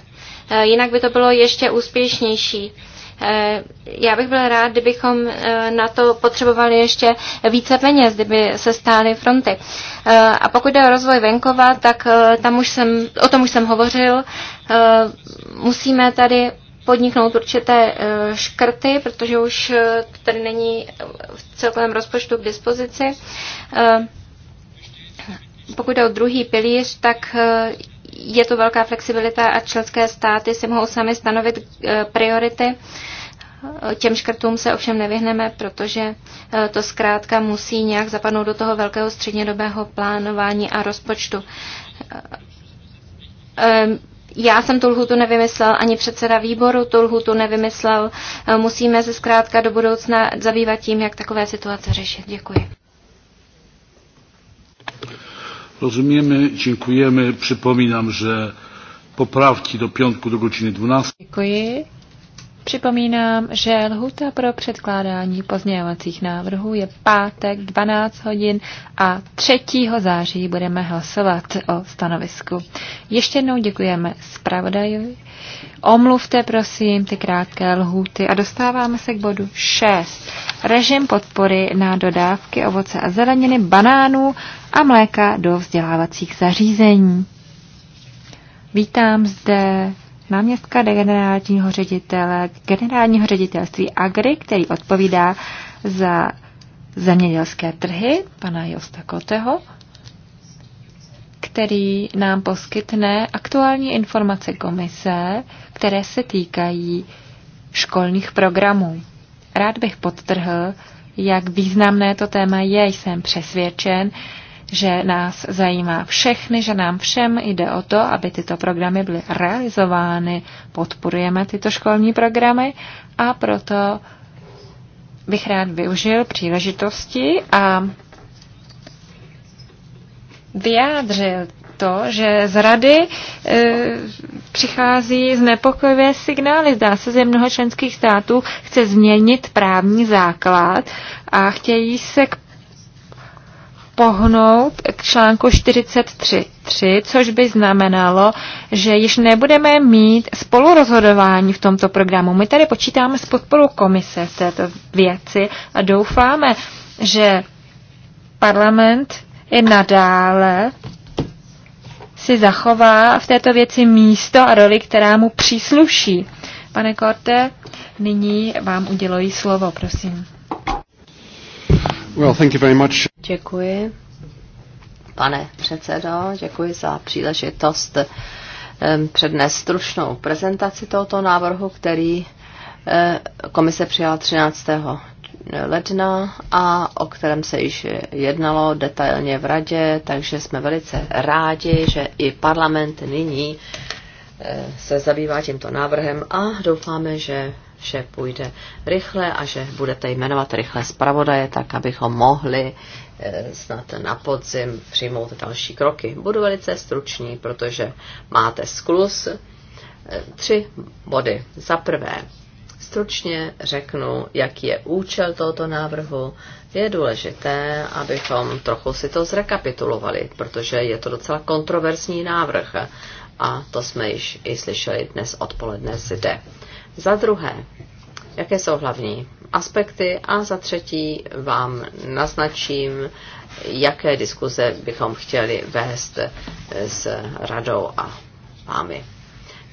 Jinak by to bylo ještě úspěšnější. Eh, já bych byl rád, kdybychom eh, na to potřebovali ještě více peněz, kdyby se stály fronty. Eh, a pokud jde o rozvoj venkova, tak tam už jsem, o tom už jsem hovořil. Musíme tady podniknout určité škrty, protože už tady není v celkovém rozpočtu k dispozici. Pokud jde o druhý pilíř, tak je tu velká flexibilita a členské státy si mohou sami stanovit eh, priority. Těm škrtům se ovšem nevyhneme, protože eh, to zkrátka musí nějak zapadnout do toho velkého střednědobého plánování a rozpočtu. Eh, já jsem tu lhutu nevymyslel, ani předseda výboru tu lhutu nevymyslel. Musíme se zkrátka do budoucna zabývat tím, jak takové situace řešit. Děkuji. Rozumiemy, dziękujemy. Przypominam, że poprawki do piątku do godziny 12. Děkuji. Připomínám, že lhuta pro předkládání pozměňovacích návrhů je pátek 12 hodin a 3. září budeme hlasovat o stanovisku. Ještě jednou děkujeme zpravodajovi. Omluvte prosím ty krátké lhůty a dostáváme se k bodu 6. Režim podpory na dodávky ovoce a zeleniny, banánů a mléka do vzdělávacích zařízení. Vítám zde náměstka generálního ředitele, generálního ředitelství Agri, který odpovídá za zemědělské trhy, pana Josta Koteho, který nám poskytne aktuální informace komise, které se týkají školních programů. Rád bych podtrhl, jak významné to téma je. Jsem přesvědčen, že nás zajímá všechny, že nám všem jde o to, aby tyto programy byly realizovány. Podporujeme tyto školní programy a proto bych rád využil příležitosti a vyjádřil to, že z rady e, přichází znepokojivé signály. Zdá se, že mnoho členských států chce změnit právní základ a chtějí se k pohnout k článku 43.3, což by znamenalo, že již nebudeme mít spolurozhodování v tomto programu. My tady počítáme s podporou komise v této věci a doufáme, že parlament i nadále si zachová v této věci místo a roli, která mu přísluší. Pane Korte, nyní vám uděluji slovo, prosím. Well, thank you very much. Děkuji. Pane předsedo, děkuji za příležitost eh, přednes stručnou prezentaci tohoto návrhu, který eh, komise přijala 13. ledna a o kterém se již jednalo detailně v radě, takže jsme velice rádi, že i parlament nyní eh, se zabývá tímto návrhem a doufáme, že že půjde rychle a že budete jmenovat rychle zpravodaje, tak abychom mohli eh, snad na podzim přijmout další kroky. Budu velice stručný, protože máte sklus. Eh, tři body. Za prvé, stručně řeknu, jaký je účel tohoto návrhu. Je důležité, abychom trochu si to zrekapitulovali, protože je to docela kontroverzní návrh a to jsme již i slyšeli dnes odpoledne zde. Za druhé, jaké jsou hlavní aspekty a za třetí vám naznačím, jaké diskuze bychom chtěli vést eh, s radou a vámi.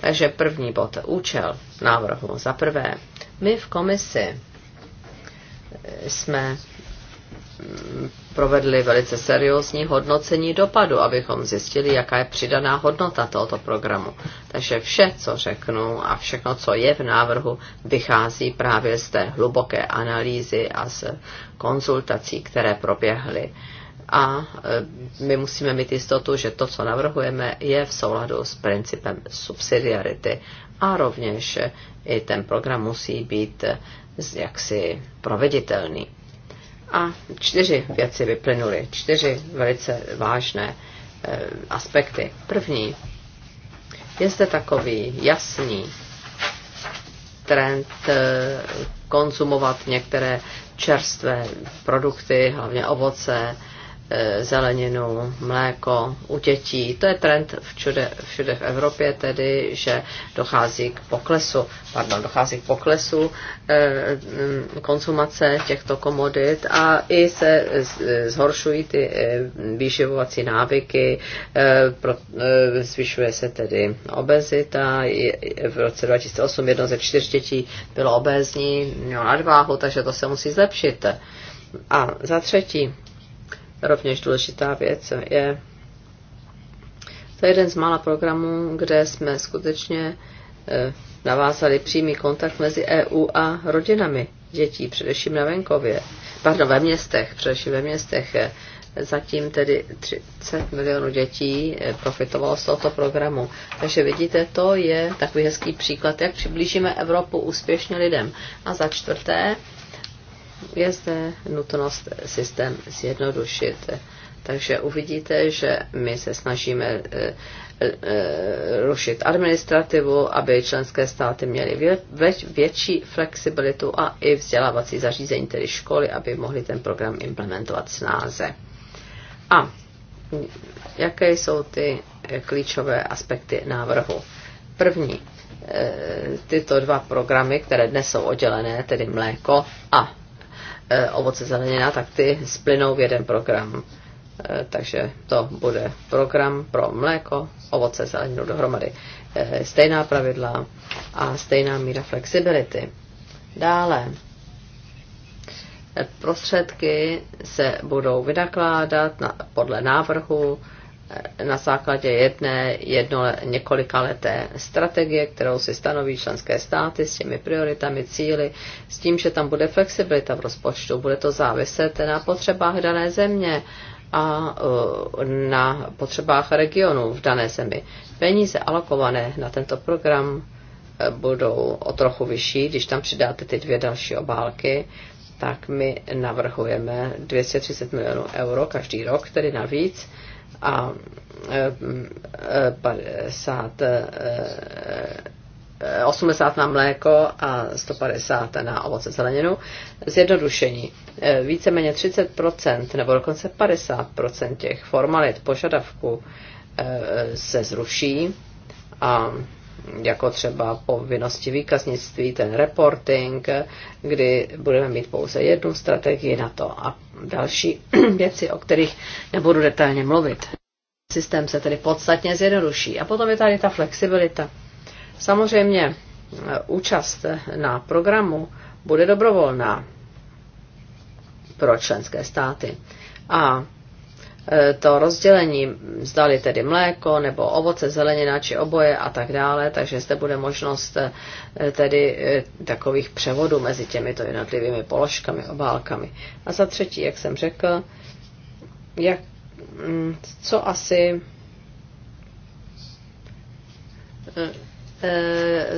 Takže první bod, účel návrhu. Za prvé, my v komisi eh, jsme provedli velice seriózní hodnocení dopadu, abychom zjistili, jaká je přidaná hodnota tohoto programu. Takže vše, co řeknu a všechno, co je v návrhu, vychází právě z té hluboké analýzy a z konzultací, které proběhly. A e, my musíme mít jistotu, že to, co navrhujeme, je v souladu s principem subsidiarity. A rovněž e, i ten program musí být e, jaksi proveditelný. A čtyři věci vyplynuly, čtyři velice vážné eh, aspekty. První, je zde takový jasný trend e, konzumovat některé čerstvé produkty, hlavně ovoce, E, zeleninu, mléko u dětí. To je trend všude, všude v Evropě, tedy, že dochází k poklesu, pardon, dochází k poklesu e, konzumace těchto komodit a i se zhoršují ty e, výživovací návyky, zvyšuje se tedy obezita. V roce 2008 jedno ze čtyř dětí bylo obézní, mělo nadváhu, takže to se musí zlepšit. A za třetí, rovněž důležitá věc je, to je jeden z mála programů, kde jsme skutečně e, navázali přímý kontakt mezi EU a rodinami dětí, především na venkově, pardon, ve městech, především ve městech. E, zatím tedy 30 milionů dětí e, profitovalo z tohoto programu. Takže vidíte, to je takový hezký příklad, jak přiblížíme Evropu úspěšně lidem. A za čtvrté, je zde nutnost systém zjednodušit. Takže uvidíte, že my se snažíme eh, eh, eh, rušit administrativu, aby členské státy měly větší flexibilitu a i vzdělávací zařízení, tedy školy, aby mohli ten program implementovat snáze. A jaké jsou ty klíčové aspekty návrhu? První, tyto dva programy, které dnes jsou oddělené, tedy mléko a E, ovoce zelenina, tak ty splynou v jeden program. E, takže to bude program pro mléko, ovoce, zeleninu dohromady. E, stejná pravidla a stejná míra flexibility. Dále prostředky se budou vynakládat podle návrhu na základě jedné, jedno, několika leté strategie, kterou si stanoví členské státy s těmi prioritami, cíly, s tím, že tam bude flexibilita v rozpočtu, bude to záviset na potřebách dané země a uh, na potřebách regionu v dané zemi. Peníze alokované na tento program uh, budou o trochu vyšší, když tam přidáte ty dvě další obálky, tak my navrhujeme 230 milionů euro každý rok, tedy navíc, a 50 e, 80 e, e, na mléko a 150 na ovoce zeleninu. Zjednodušení. Víceméně 30% nebo dokonce 50% těch formalit požadavků se zruší a jako třeba povinnosti výkaznictví, ten reporting, kdy budeme mít pouze jednu strategii na to a další <clears throat> věci, o kterých nebudu detailně mluvit. Systém se tedy podstatně zjednoduší. A potom je tady ta flexibilita. Samozřejmě e, účast na programu bude dobrovolná pro členské státy. A E, to rozdělení, zdali tedy mléko nebo ovoce, zelenina či oboje a tak dále, takže zde bude možnost e, tedy e, takových převodů mezi těmito jednotlivými položkami, obálkami. A za třetí, jak jsem řekl, jak, mm, co asi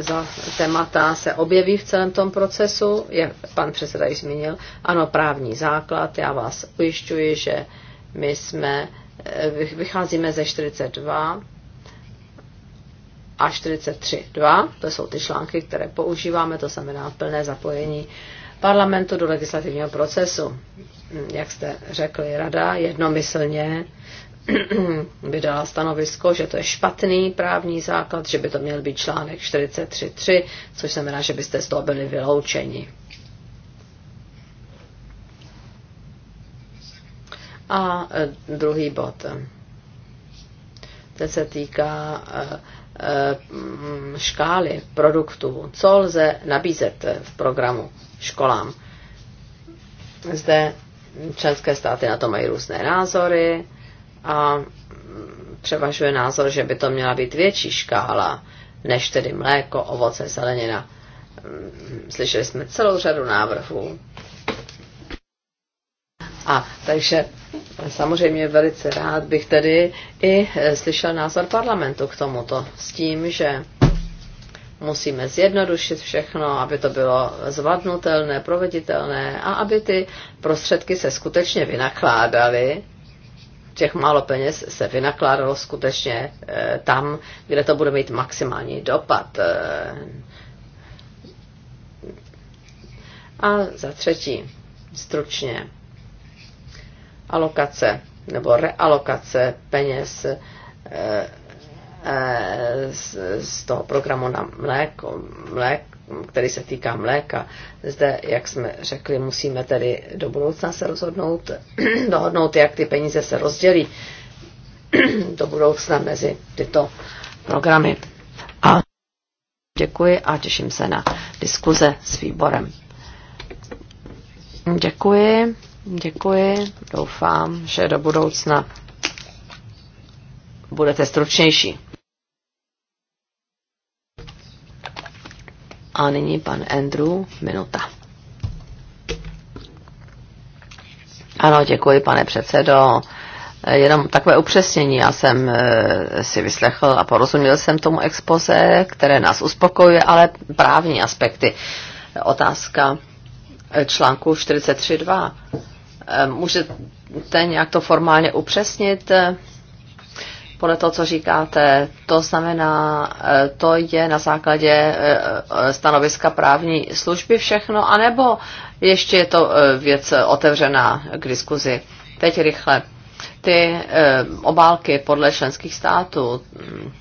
za témata se objeví v celém tom procesu, jak pan předseda již zmínil, ano, právní základ, já vás ujišťuji, že my jsme, eh, vycházíme ze 42 a 43.2, to jsou ty články, které používáme, to znamená plné zapojení parlamentu do legislativního procesu. Mm, jak jste řekli, rada jednomyslně <clears throat> vydala stanovisko, že to je špatný právní základ, že by to měl být článek 43.3, což znamená, že byste z toho byli vyloučeni. A e, druhý bod. Ten se týká e, e, škály produktů. Co lze nabízet v programu školám? Zde členské státy na to mají různé názory a převažuje názor, že by to měla být větší škála než tedy mléko, ovoce, zelenina. Slyšeli jsme celou řadu návrhů. A takže Samozřejmě velice rád bych tedy i eh, slyšel názor parlamentu k tomuto s tím, že musíme zjednodušit všechno, aby to bylo zvadnutelné, proveditelné a aby ty prostředky se skutečně vynakládaly. Těch málo peněz se vynakládalo skutečně eh, tam, kde to bude mít maximální dopad. Eh, a za třetí, stručně, alokace nebo realokace peněz eh, eh, z toho programu na mléko, mlék, který se týká mléka. Zde, jak jsme řekli, musíme tedy do budoucna se rozhodnout, <clears throat> dohodnout, jak ty peníze se rozdělí <clears throat> do budoucna mezi tyto programy. A děkuji a těším se na diskuze s výborem. Děkuji. Děkuji. Doufám, že do budoucna budete stručnější. A nyní pan Andrew, minuta. Ano, děkuji, pane předsedo. Jenom takové upřesnění. Já jsem eh, si vyslechl a porozuměl jsem tomu expoze, které nás uspokojuje, ale právní aspekty. Otázka eh, článku 43.2 Eh, můžete nějak to formálně upřesnit? Eh, podle toho, co říkáte, to znamená, eh, to je na základě stanoviska právní služby všechno, anebo ještě je to věc otevřená k diskuzi. Teď rychle. Ty obálky podle členských států, mm,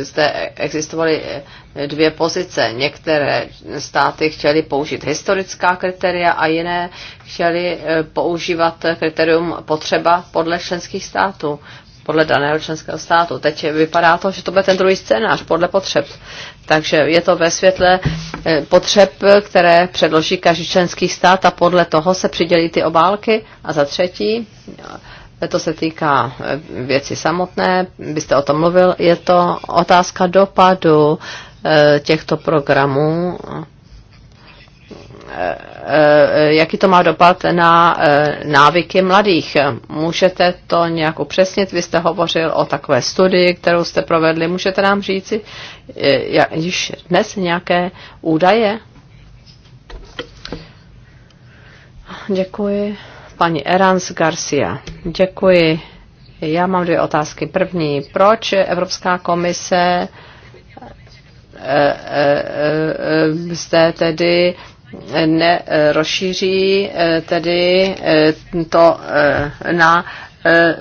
zde existovaly dvě pozice. Některé státy chtěly použít historická kritéria a jiné chtěly eh, používat kritérium potřeba podle členských států podle daného členského státu. Teď vypadá to, že to bude ten druhý scénář podle potřeb. Takže je to ve světle eh, potřeb, které předloží každý členský stát a podle toho se přidělí ty obálky. A za třetí, to se týká eh, věci samotné, byste o tom mluvil, je to otázka dopadu eh, těchto programů, eh, jaký to má dopad na návyky mladých. Můžete to nějak upřesnit? Vy jste hovořil o takové studii, kterou jste provedli. Můžete nám říci již dnes nějaké údaje? Děkuji paní Erans Garcia. Děkuji. Já mám dvě otázky. První, proč Evropská komise eh, eh, eh, zde tedy nerozšíří eh, eh, tedy eh, to na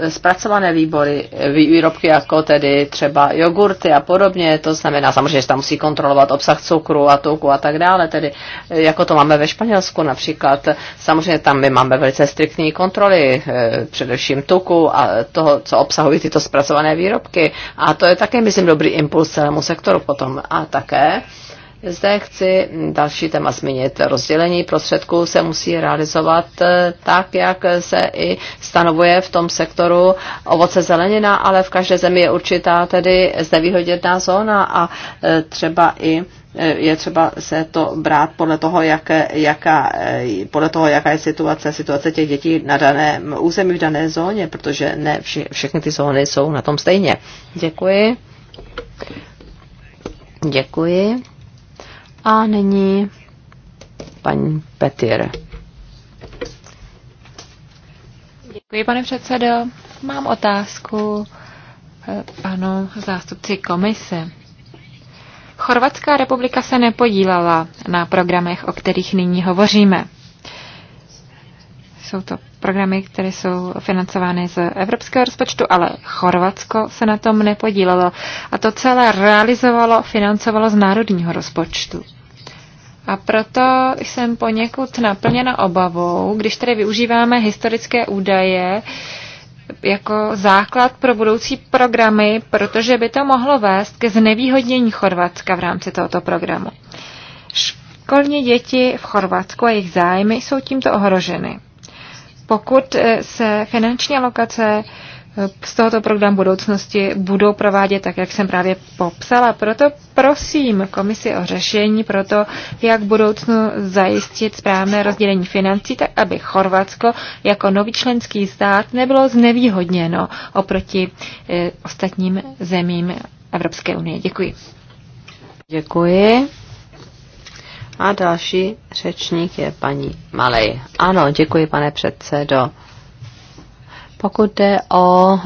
zpracované výbory, výrobky jako tedy třeba jogurty a podobně, to znamená samozřejmě, že tam musí kontrolovat obsah cukru a tuku a tak dále, tedy jako to máme ve Španělsku například, samozřejmě tam my máme velice striktní kontroly, především tuku a toho, co obsahují tyto zpracované výrobky a to je také, myslím, dobrý impuls celému sektoru potom a také zde chci další téma zmínit. Rozdělení prostředků se musí realizovat eh, tak, jak se i stanovuje v tom sektoru ovoce zelenina, ale v každé zemi je určitá tedy znevýhodněná zóna a eh, třeba i eh, je třeba se to brát podle toho, jak, jaká, podle toho, jaká je situace, situace těch dětí na daném území v dané zóně, protože ne vši, všechny ty zóny jsou na tom stejně. Děkuji. Děkuji. A nyní paní Petir. Děkuji, pane předsedo. Mám otázku eh, panu zástupci komise. Chorvatská republika se nepodílala na programech, o kterých nyní hovoříme. Jsou to programy, které jsou financovány z evropského rozpočtu, ale Chorvatsko se na tom nepodílelo. A to celé realizovalo, financovalo z národního rozpočtu. A proto jsem poněkud naplněna obavou, když tady využíváme historické údaje jako základ pro budoucí programy, protože by to mohlo vést ke znevýhodnění Chorvatska v rámci tohoto programu. Školní děti v Chorvatsku a jejich zájmy jsou tímto ohroženy pokud eh, se finanční alokace eh, z tohoto programu budoucnosti budou provádět tak, jak jsem právě popsala. Proto prosím komisi o řešení pro to, jak v budoucnu zajistit správné rozdělení financí, tak aby Chorvatsko jako nový členský stát nebylo znevýhodněno oproti eh, ostatním zemím Evropské unie. Děkuji. Děkuji. A další řečník je paní Malej. Ano, děkuji, pane předsedo. Pokud jde o e,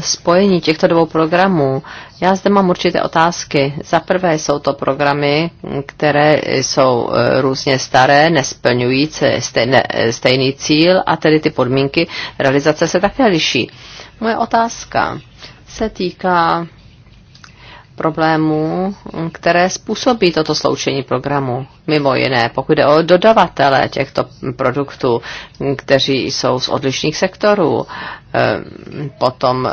spojení těchto dvou programů, já zde mám určité otázky. Za prvé jsou to programy, které jsou e, různě staré, nesplňují stejne, stejný cíl a tedy ty podmínky realizace se také liší. Moje otázka se týká problémů, které způsobí toto sloučení programu. Mimo jiné, pokud jde o dodavatele těchto produktů, kteří jsou z odlišných sektorů, eh, potom eh,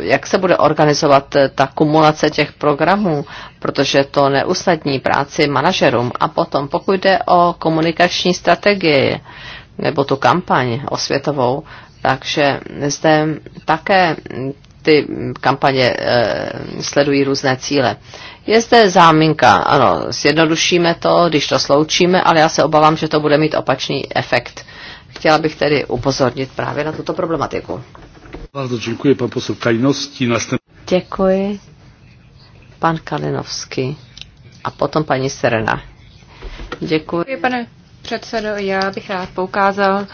jak se bude organizovat ta kumulace těch programů, protože to neusnadní práci manažerům. A potom, pokud jde o komunikační strategii nebo tu kampaň osvětovou, takže zde také ty kampaně eh, sledují různé cíle. Je zde záminka, ano, zjednodušíme to, když to sloučíme, ale já se obávám, že to bude mít opačný efekt. Chtěla bych tedy upozornit právě na tuto problematiku. Bardzo děkuji, pan posel Kalinovský. Następ... Děkuji, pan Kalinovský. A potom paní Serena. Děkuji. děkuji. pane předsedo. Já bych rád poukázal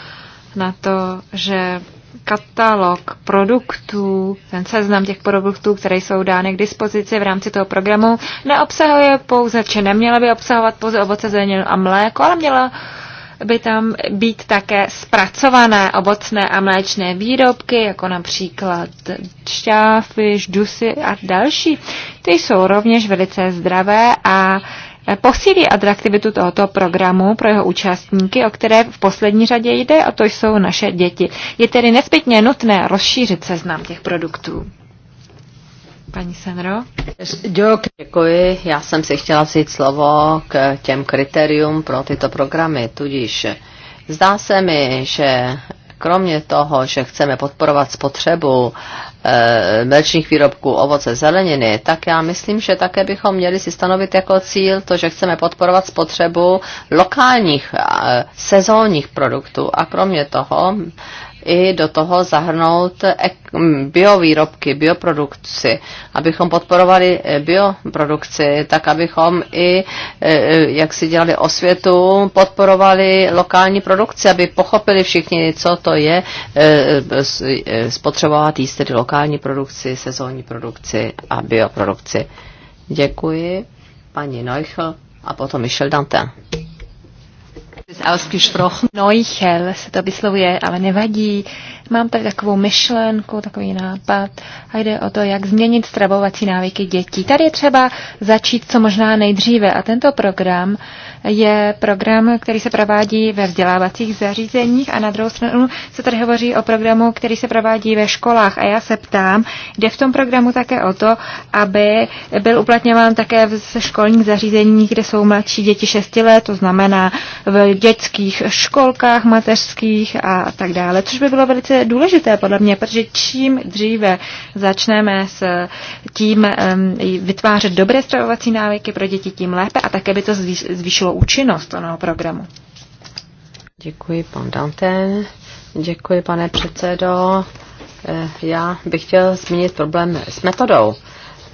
na to, že katalog produktů, ten seznam těch produktů, které jsou dány k dispozici v rámci toho programu, neobsahuje pouze, či neměla by obsahovat pouze ovoce, zeleninu a mléko, ale měla by tam být také zpracované ovocné a mléčné výrobky, jako například šťáfy, ždusy a další. Ty jsou rovněž velice zdravé a Eh, posílí atraktivitu tohoto programu pro jeho účastníky, o které v poslední řadě jde, a to jsou naše děti. Je tedy nezbytně nutné rozšířit seznam těch produktů. Paní Senro? Děkuji. Já jsem si chtěla vzít slovo k těm kritériům pro tyto programy, tudíž Zdá se mi, že kromě toho, že chceme podporovat spotřebu e, eh, mlečných výrobků, ovoce, zeleniny, tak já myslím, že také bychom měli si stanovit jako cíl to, že chceme podporovat spotřebu lokálních e, sezónních produktů. A kromě toho i do toho zahrnout biovýrobky, bioprodukci, abychom podporovali eh, bioprodukci, tak abychom i, eh, jak si dělali osvětu, podporovali lokální produkci, aby pochopili všichni, co to je eh, spotřebovat jíst tedy lokální produkci, sezónní produkci a bioprodukci. Děkuji, paní Neuchl a potom Michel Dantin. Neuchel se to vyslovuje, ale nevadí. Mám tady takovou myšlenku, takový nápad a jde o to, jak změnit stravovací návyky dětí. Tady je třeba začít co možná nejdříve a tento program je program, který se provádí ve vzdělávacích zařízeních a na druhou stranu se tady hovoří o programu, který se provádí ve školách a já se ptám, jde v tom programu také o to, aby byl uplatňován také v školních zařízeních, kde jsou mladší děti 6 let, to znamená v dětských školkách mateřských a tak dále, což by bylo velice velice důležité podle mě, protože čím dříve začneme s tím vytvářet dobré stravovací návyky pro děti, tím lépe a také by to zvýšilo účinnost toho programu. Děkuji, pan Dante. Děkuji, pane předsedo. Eh, já bych chtěl zmínit problém s metodou.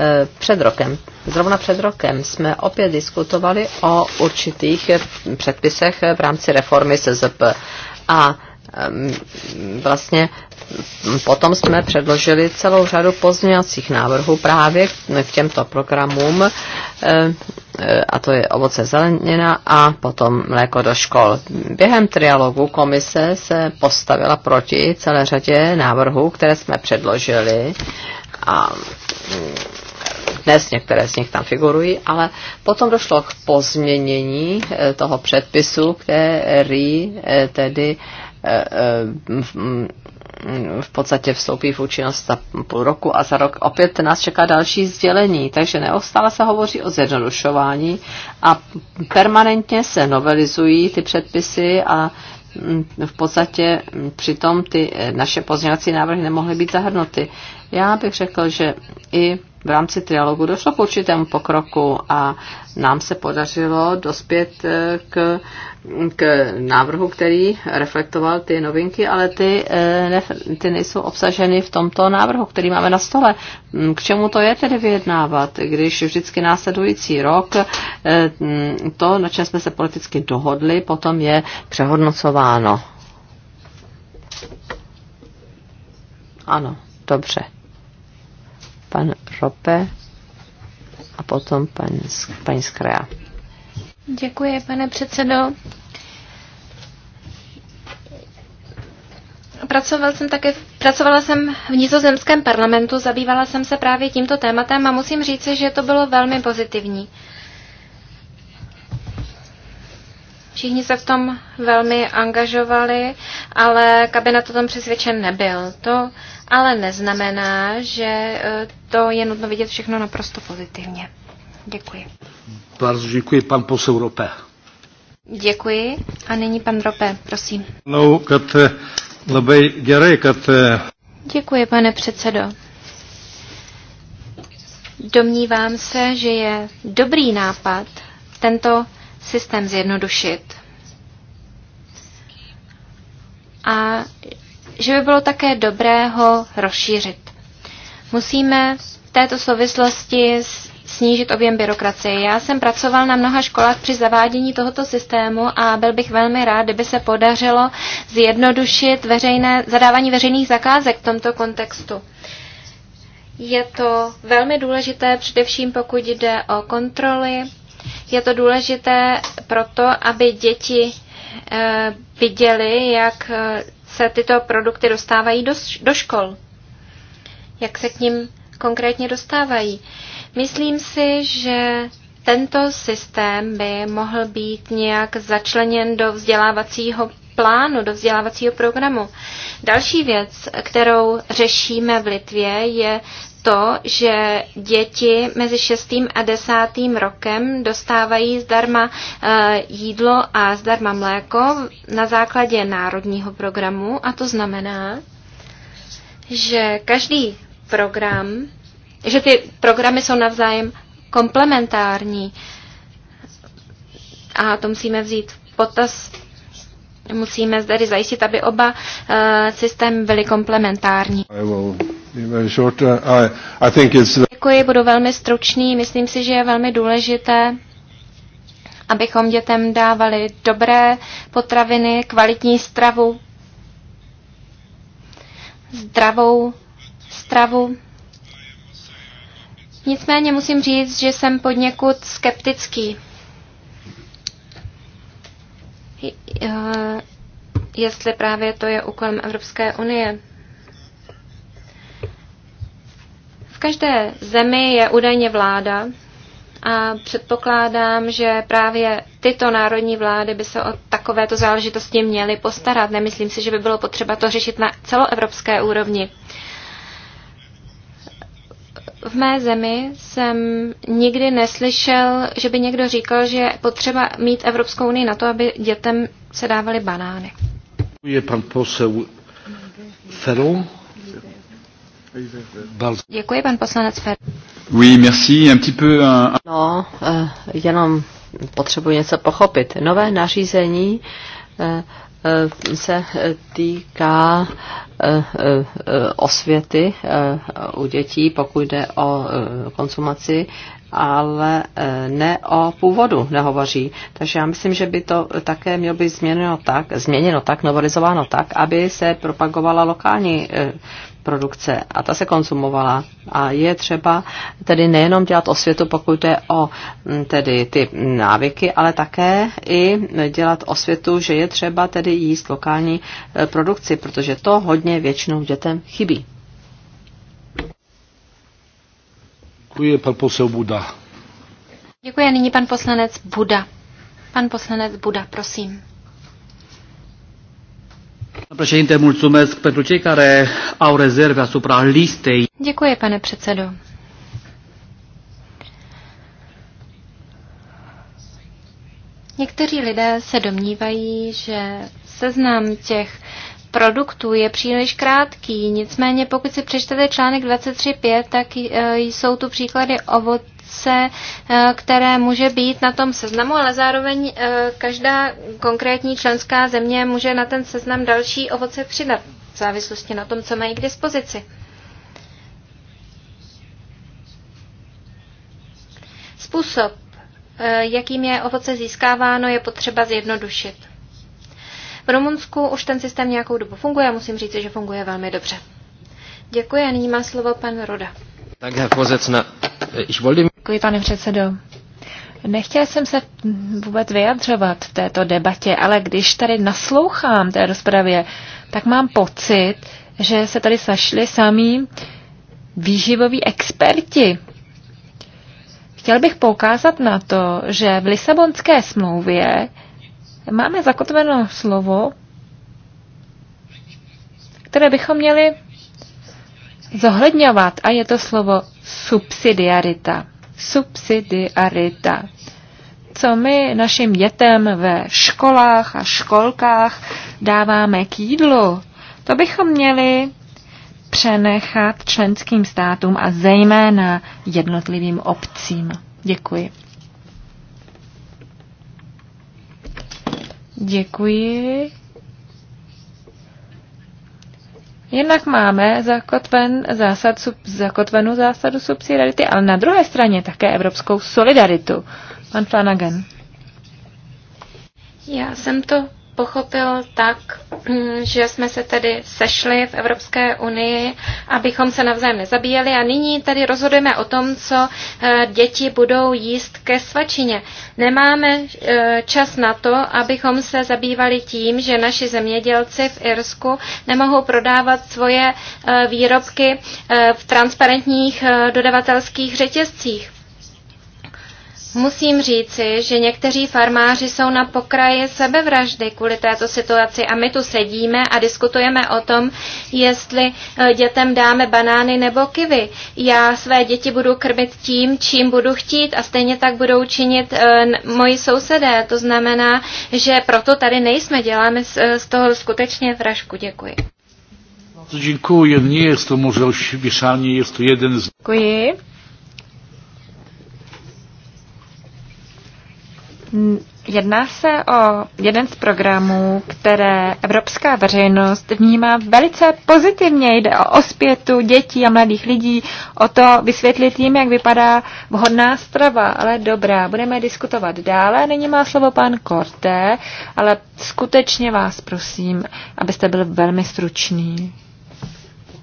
Eh, před rokem, zrovna před rokem, jsme opět diskutovali o určitých předpisech v rámci reformy SZP. A Ehm, vlastně potom jsme předložili celou řadu pozměňovacích návrhů právě k těmto programům, ehm, a to je ovoce zelenina a potom mléko do škol. Během trialogu komise se postavila proti celé řadě návrhů, které jsme předložili a mm, dnes některé z nich tam figurují, ale potom došlo k pozměnění eh, toho předpisu, který eh, tedy Eh, eh, mm, v podstatě vstoupí v účinnost za půl roku a za rok opět nás čeká další sdělení. Takže neustále se hovoří o zjednodušování a permanentně se novelizují ty předpisy a mm, v podstatě mm, přitom ty eh, naše pozměňovací návrhy nemohly být zahrnuty. Já bych řekl, že i v rámci trialogu došlo k určitému pokroku a nám se podařilo dospět eh, k, k návrhu, který reflektoval ty novinky, ale ty, eh, ne, ty nejsou obsaženy v tomto návrhu, který máme na stole. Mm, k čemu to je tedy vyjednávat, když vždycky následující rok eh, mm, to, na čem jsme se politicky dohodli, potom je přehodnocováno. Ano, dobře pan Rope a potom pan, paní Skrea. Děkuji, pane předsedo. Pracoval jsem také, pracovala jsem v nizozemském parlamentu, zabývala jsem se právě tímto tématem a musím říci, že to bylo velmi pozitivní. Všichni se v tom velmi angažovali, ale kabinet o tom přesvědčen nebyl. To ale neznamená, že eh, to je nutno vidět všechno naprosto pozitivně. Děkuji. Bardzo děkuji, pan posel Rope. Děkuji. A nyní pan Rope, prosím. No, kad, eh, labai gerai, kad... Eh, děkuji, pane předsedo. Domnívám se, že je dobrý nápad tento systém zjednodušit. A že by bylo také dobré ho rozšířit. Musíme v této souvislosti snížit objem byrokracie. Já jsem pracoval na mnoha školách při zavádění tohoto systému a byl bych velmi rád, kdyby se podařilo zjednodušit veřejné, zadávání veřejných zakázek v tomto kontextu. Je to velmi důležité, především pokud jde o kontroly je to důležité proto, aby děti eh, viděli, jak eh, se tyto produkty dostávají do, do škol, jak se k ním konkrétně dostávají. Myslím si, že tento systém by mohl být nějak začleněn do vzdělávacího plánu, do vzdělávacího programu. Další věc, kterou řešíme v Litvě, je to, že děti mezi 6. a 10. rokem dostávají zdarma eh, jídlo a zdarma mléko na základě národního programu a to znamená, že každý program, že ty programy jsou navzájem komplementární a to musíme vzít v potaz Musíme tedy zajistit, aby oba eh, systémy byly komplementární. Děkuji, budu velmi stručný. Myslím si, že je velmi důležité abychom dětem dávali dobré potraviny, kvalitní stravu, zdravou stravu. Nicméně musím říct, že jsem podněkud skeptický. Eh, jestli právě to je úkolem Evropské unie. V každé zemi je údajně vláda a předpokládám, že právě tyto národní vlády by se o takovéto záležitosti měly postarat. Nemyslím si, že by bylo potřeba to řešit na celoevropské úrovni. Uh, v mé zemi jsem nikdy neslyšel, že by někdo říkal, že je potřeba mít Evropskou unii na to, aby dětem se dávaly banány. Je pan posel Ferron. Děkuji, pan poslanec Fer. Oui, merci, un petit peu... Un... No, eh, jenom potřebuji něco pochopit. Nové nařízení eh, Eh, se týká eh, eh, osvěty u dětí, pokud jde o konsumaci, ale ne o původu nehovoří. Takže já myslím, že by to také mělo být změněno tak, změněno tak, novelizováno tak, aby se propagovala lokální produkce a ta se konzumovala. A je třeba tedy nejenom dělat osvětu, pokud je o mm, tedy ty návyky, ale také i dělat osvětu, že je třeba tedy jíst lokální e, produkci, protože to hodně většinou dětem chybí. Děkuji, pan poslanec Buda. Děkuji, nyní pan poslanec Buda. Pan poslanec Buda, prosím. Președinte, mulțumesc pentru cei care au rezerve asupra listei. Děkuji, pane předsedo. Někteří lidé se domnívají, že seznam těch produktů je příliš krátký, nicméně pokud si přečtete článek 23.5, tak e, jsou tu příklady ovoce organizace, eh, které může být na tom seznamu, ale zároveň eh, každá konkrétní členská země může na ten seznam další ovoce přidat v závislosti na tom, co mají k dispozici. Způsob, eh, jakým je ovoce získáváno, je potřeba zjednodušit. V Rumunsku už ten systém nějakou dobu funguje a musím říct, že funguje velmi dobře. Děkuji a nyní má slovo pan Roda. Děkuji, pane předsedo. Nechtěl jsem se vůbec vyjadřovat v této debatě, ale když tady naslouchám té rozpravě, tak mám pocit, že se tady sešli samí výživoví experti. Chtěl bych poukázat na to, že v Lisabonské smlouvě máme zakotveno slovo, které bychom měli zohledňovat. A je to slovo subsidiarita. Subsidiarita. Co my našim dětem ve školách a školkách dáváme k jídlu, to bychom měli přenechat členským státům a zejména jednotlivým obcím. Děkuji. Děkuji. Jednak máme zakotven zásad, sub, zakotvenou zásadu subsidiarity, ale na druhé straně také evropskou solidaritu. Pan Flanagan. Já jsem to pochopil tak, <clears throat> že jsme se tedy sešli v Evropské unii, abychom se navzájem nezabíjeli a nyní tedy rozhodujeme o tom, co eh, děti budou jíst ke svačině. Nemáme eh, čas na to, abychom se zabývali tím, že naši zemědělci v Irsku nemohou prodávat svoje eh, výrobky v transparentních dodavatelských řetězcích. Musím říci, že někteří farmáři jsou na pokraji sebevraždy kvůli této situaci a my tu sedíme a diskutujeme o tom, jestli eh, dětem dáme banány nebo kivy. Já své děti budu krmit tím, čím budu chtít a stejně tak budou činit eh, moji sousedé. To znamená, že proto tady nejsme, děláme eh, z toho skutečně vražku. Děkuji. Děkuji, nie jest to może ośmieszanie, jest to jeden z... Děkuji. Jedná se o jeden z programů, které evropská veřejnost vnímá velice pozitivně. Jde o ospětu dětí a mladých lidí, o to vysvětlit jim, jak vypadá vhodná strava. Ale dobrá, budeme diskutovat dále. Nyní má slovo pan Korte, ale skutečně vás prosím, abyste byl velmi stručný.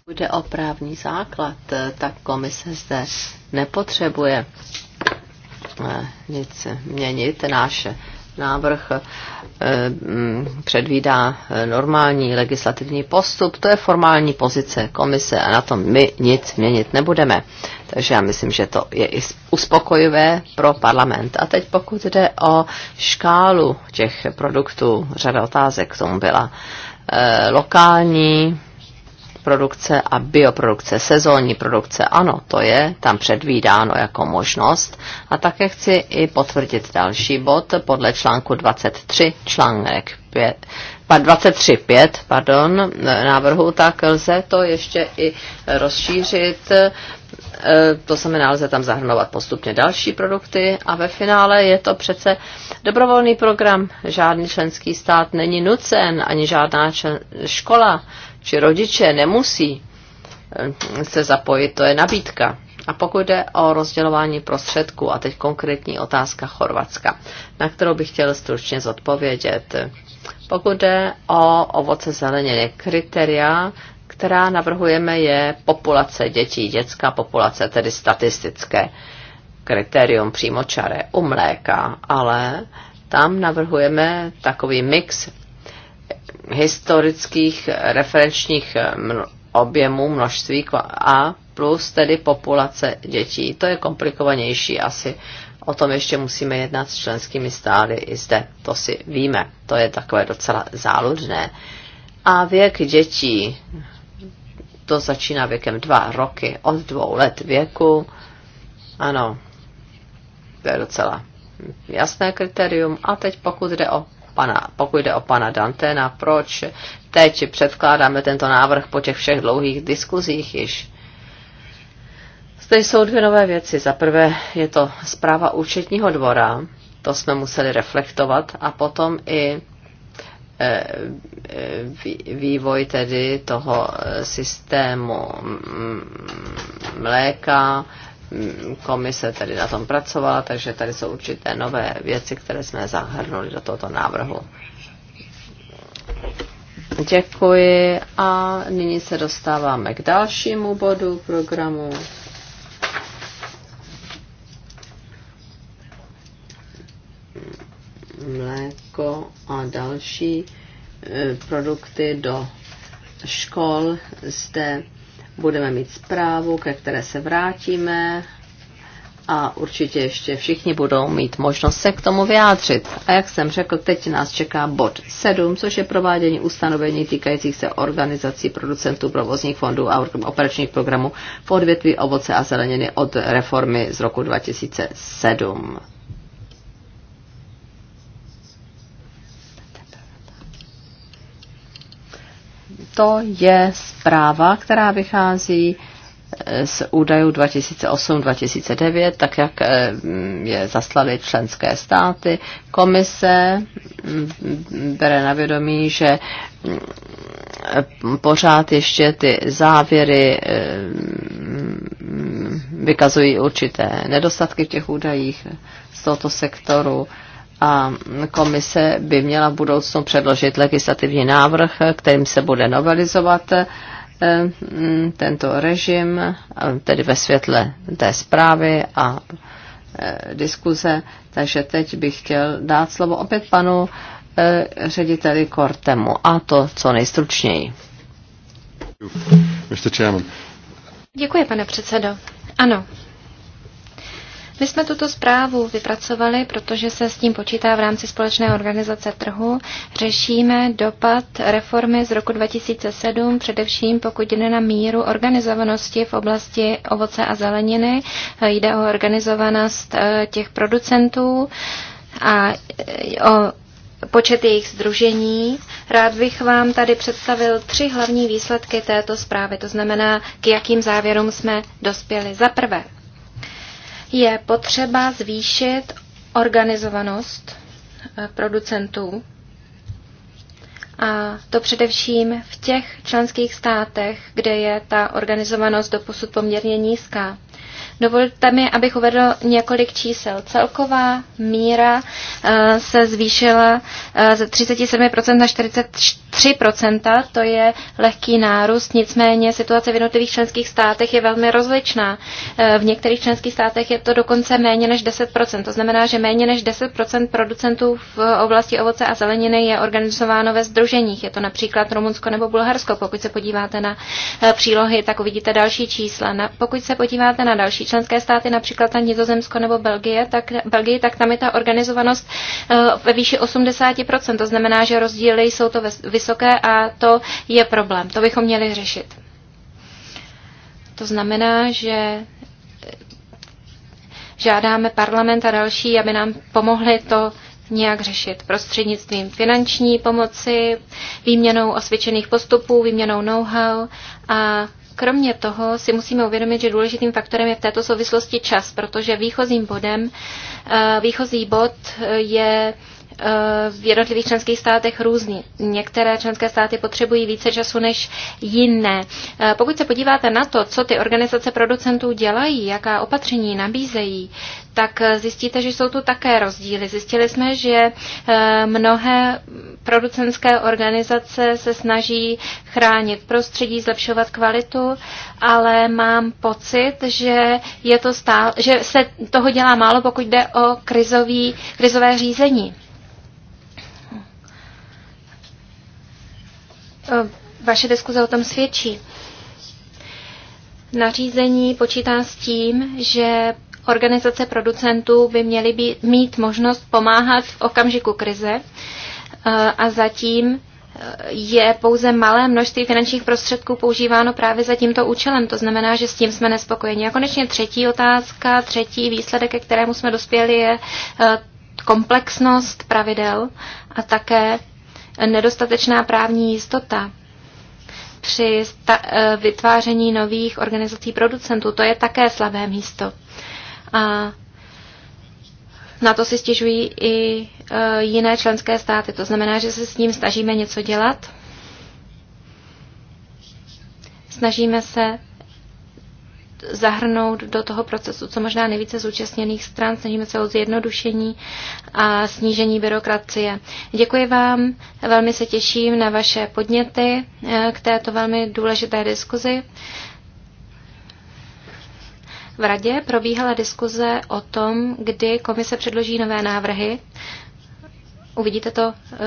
Bude o právní základ, tak komise zde nepotřebuje Eh, nic měnit. Náš návrh eh, mm, předvídá eh, normální legislativní postup. To je formální pozice komise a na tom my nic měnit nebudeme. Takže já myslím, že to je i uspokojivé pro parlament. A teď pokud jde o škálu těch produktů, řada otázek k tomu byla lokální, produkce a bioprodukce, sezónní produkce. Ano, to je tam předvídáno jako možnost. A také chci i potvrdit další bod podle článku 23, článek 5, 23.5 pardon, návrhu, tak lze to ještě i rozšířit. E, to znamená, lze tam zahrnovat postupně další produkty a ve finále je to přece dobrovolný program. Žádný členský stát není nucen, ani žádná škola či rodiče nemusí eh, se zapojit, to je nabídka. A pokud jde o rozdělování prostředků, a teď konkrétní otázka Chorvatska, na kterou bych chtěl stručně zodpovědět. Pokud jde o ovoce zeleniny, kritéria, která navrhujeme, je populace dětí, dětská populace, tedy statistické kritérium přímočaré u mléka, ale tam navrhujeme takový mix historických referenčních eh, objemů, množství a plus tedy populace dětí. To je komplikovanější asi. O tom ještě musíme jednat s členskými stády i zde. To si víme. To je takové docela záludné. A věk dětí, to začíná věkem dva roky, od dvou let věku. Ano, to je docela jasné kritérium. A teď pokud jde o pana, pokud jde o pana Dantena, proč teď předkládáme tento návrh po těch všech dlouhých diskuzích již? Zde jsou dvě nové věci. Za prvé je to zpráva účetního dvora, to jsme museli reflektovat, a potom i e, e, vývoj tedy toho e, systému mléka, komise tedy na tom pracovala, takže tady jsou určité nové věci, které jsme zahrnuli do tohoto návrhu. Děkuji a nyní se dostáváme k dalšímu bodu programu. Mléko a další eh, produkty do škol zde budeme mít zprávu, ke které se vrátíme a určitě ještě všichni budou mít možnost se k tomu vyjádřit. A jak jsem řekl, teď nás čeká bod 7, což je provádění ustanovení týkajících se organizací producentů provozních fondů a operačních programů v odvětví ovoce a zeleniny od reformy z roku 2007. to je zpráva, která vychází eh, z údajů 2008-2009, tak jak eh, je zaslali členské státy. Komise mm, bere na vědomí, že mm, pořád ještě ty závěry eh, mm, vykazují určité nedostatky v těch údajích z tohoto sektoru a komise by měla v budoucnu předložit legislativní návrh, kterým se bude novelizovat eh, mm, tento režim, tedy ve světle té zprávy a eh, diskuze. Takže teď bych chtěl dát slovo opět panu eh, řediteli Kortemu a to co nejstručněji. Děkuji, pane předsedo. Ano, my jsme tuto zprávu vypracovali, protože se s tím počítá v rámci společné organizace trhu. Řešíme dopad reformy z roku 2007, především pokud jde na míru organizovanosti v oblasti ovoce a zeleniny. Jde o organizovanost eh, těch producentů a eh, o počet jejich združení. Rád bych vám tady představil tři hlavní výsledky této zprávy, to znamená, k jakým závěrům jsme dospěli. Za prvé, je potřeba zvýšit organizovanost eh, producentů. A to především v těch členských státech, kde je ta organizovanost doposud poměrně nízká. Dovolte mi, abych uvedl několik čísel. Celková míra eh, se zvýšila eh, ze 37% na 43%, to je lehký nárůst, nicméně situace v jednotlivých členských státech je velmi rozličná. Eh, v některých členských státech je to dokonce méně než 10%, to znamená, že méně než 10% producentů v oblasti ovoce a zeleniny je organizováno ve združeních. Je to například Rumunsko nebo Bulharsko. Pokud se podíváte na přílohy, tak uvidíte další čísla. Pokud se podíváte na další členské státy, například na Nizozemsko nebo Belgie, tak, Belgii, tak tam je ta organizovanost eh, ve výši 80%. To znamená, že rozdíly jsou to vysoké a to je problém. To bychom měli řešit. To znamená, že eh, žádáme parlament a další, aby nám pomohli to nějak řešit prostřednictvím finanční pomoci, výměnou osvědčených postupů, výměnou know-how a Kromě toho si musíme uvědomit, že důležitým faktorem je v této souvislosti čas, protože výchozím bodem, eh, výchozí bod eh, je v jednotlivých členských státech různý. Některé členské státy potřebují více času než jiné. Eh, pokud se podíváte na to, co ty organizace producentů dělají, jaká opatření nabízejí, tak eh, zjistíte, že jsou tu také rozdíly. Zjistili jsme, že eh, mnohé producentské organizace se snaží chránit prostředí, zlepšovat kvalitu, ale mám pocit, že, je to stále, že se toho dělá málo, pokud jde o krizový, krizové řízení. Eh, vaše diskuze o tom svědčí. Nařízení počítá s tím, že organizace producentů by měly být, mít možnost pomáhat v okamžiku krize eh, a zatím eh, je pouze malé množství finančních prostředků používáno právě za tímto účelem. To znamená, že s tím jsme nespokojeni. A konečně třetí otázka, třetí výsledek, ke kterému jsme dospěli, je komplexnost pravidel a také nedostatečná právní jistota při eh, vytváření nových organizací producentů. To je také slabé místo. A na to si stěžují i eh, jiné členské státy. To znamená, že se s ním snažíme něco dělat. Snažíme se zahrnout do toho procesu co možná nejvíce zúčastněných stran, snažíme se o zjednodušení a snížení byrokracie. Děkuji vám, velmi se těším na vaše podněty eh, k této velmi důležité diskuzi. V radě probíhala diskuze o tom, kdy komise předloží nové návrhy. Uvidíte to eh,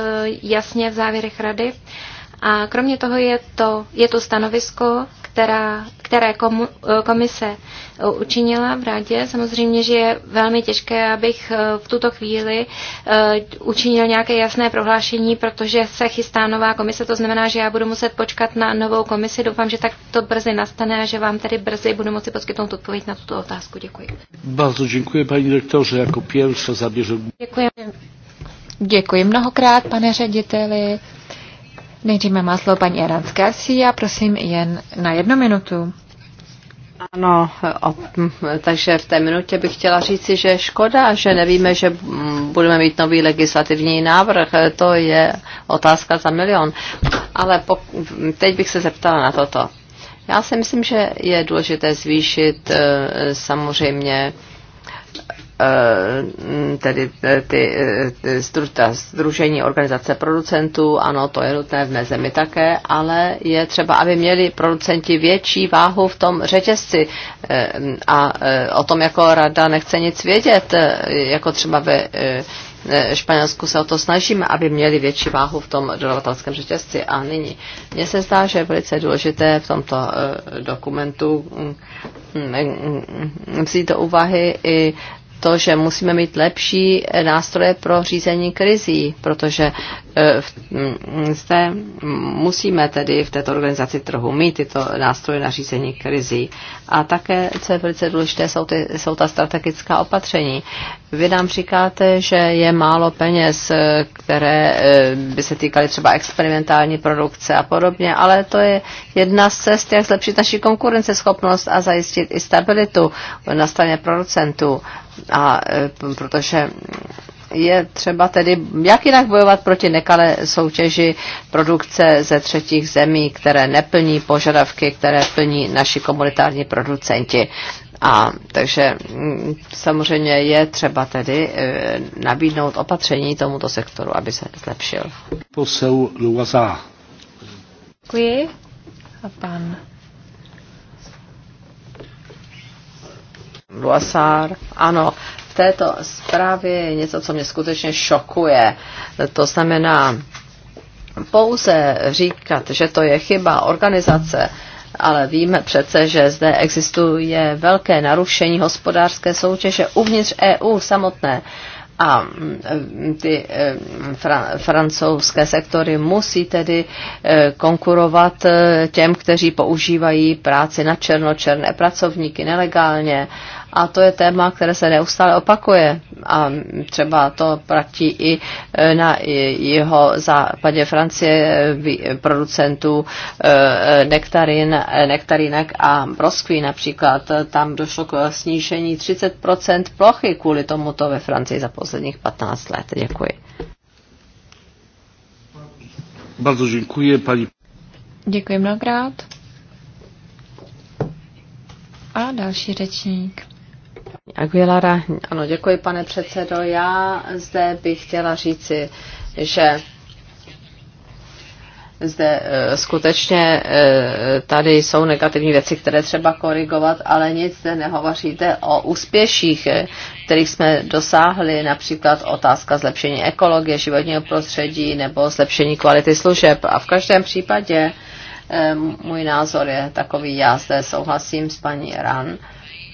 jasně v závěrech rady. A kromě toho je to, je to stanovisko, která, které komu, eh, komise eh, učinila v radě. Samozřejmě, že je velmi těžké, abych eh, v tuto chvíli učinil nějaké jasné prohlášení, protože se chystá nová komise, to znamená, že já budu muset počkat na novou komisi. Doufám, že tak to brzy nastane a že vám tady brzy budu moci poskytnout odpověď na tuto otázku. Děkuji. Bardzo děkuji, paní rektorze, jako pierwsza zaběřu. Děkuji. Děkuji mnohokrát, pane řediteli. Nejdříve má slovo paní si, já prosím jen na jednu minutu. Ano, o, takže v té minutě bych chtěla říci, že škoda, že nevíme, že budeme mít nový legislativní návrh. To je otázka za milion. Ale po, teď bych se zeptala na toto. Já si myslím, že je důležité zvýšit eh, samozřejmě Eh, tedy eh, ty, eh, ty, ta združení organizace producentů, ano, to je nutné v mé zemi také, ale je třeba, aby měli producenti větší váhu v tom řetězci a o tom jako rada nechce nic vědět, jako třeba ve Španělsku se o to snažíme, aby měli větší váhu v tom dodavatelském řetězci. A nyní, mně se zdá, že je velice důležité v tomto dokumentu mm, mm, mm, vzít do úvahy i to, že musíme mít lepší eh, nástroje pro řízení krizí, protože eh, mm, zde musíme tedy v této organizaci trhu mít tyto nástroje na řízení krizí. A také, co je velice důležité, jsou, ty, jsou ta strategická opatření. Vy nám říkáte, že je málo peněz, eh, které by se týkaly třeba experimentální produkce a podobně, ale to je jedna z cest, jak zlepšit naši konkurenceschopnost a zajistit i stabilitu na straně producentů. A e, protože je třeba tedy, jak jinak bojovat proti nekalé soutěži produkce ze třetích zemí, které neplní požadavky, které plní naši komunitární producenti. A takže mm, samozřejmě je třeba tedy e, nabídnout opatření tomuto sektoru, aby se zlepšil. Děkuji. A pan Luasár. Ano, v této zprávě je něco, co mě skutečně šokuje. To znamená, pouze říkat, že to je chyba organizace, ale víme přece, že zde existuje velké narušení hospodářské soutěže uvnitř EU samotné a mm, ty mm, fra, francouzské sektory musí tedy e, konkurovat e, těm, kteří používají práci na černo, černé pracovníky nelegálně a to je téma, které se neustále opakuje. A třeba to platí i e, na jeho západě Francie e, e, producentů nektarin, nektarinek a broskví například. Tam došlo k snížení 30% plochy kvůli tomuto ve Francii za posledních 15 let. Děkuji. Bardzo dziękuję pani. Děkuji mnohokrát. A další řečník. Aguilara. Ano, děkuji, pane předsedo. Já zde bych chtěla říci, že zde e, skutečně e, tady jsou negativní věci, které třeba korigovat, ale nic zde nehovoříte o úspěších, e, kterých jsme dosáhli, například otázka zlepšení ekologie, životního prostředí nebo zlepšení kvality služeb. A v každém případě můj názor je takový, já zde souhlasím s paní Ran,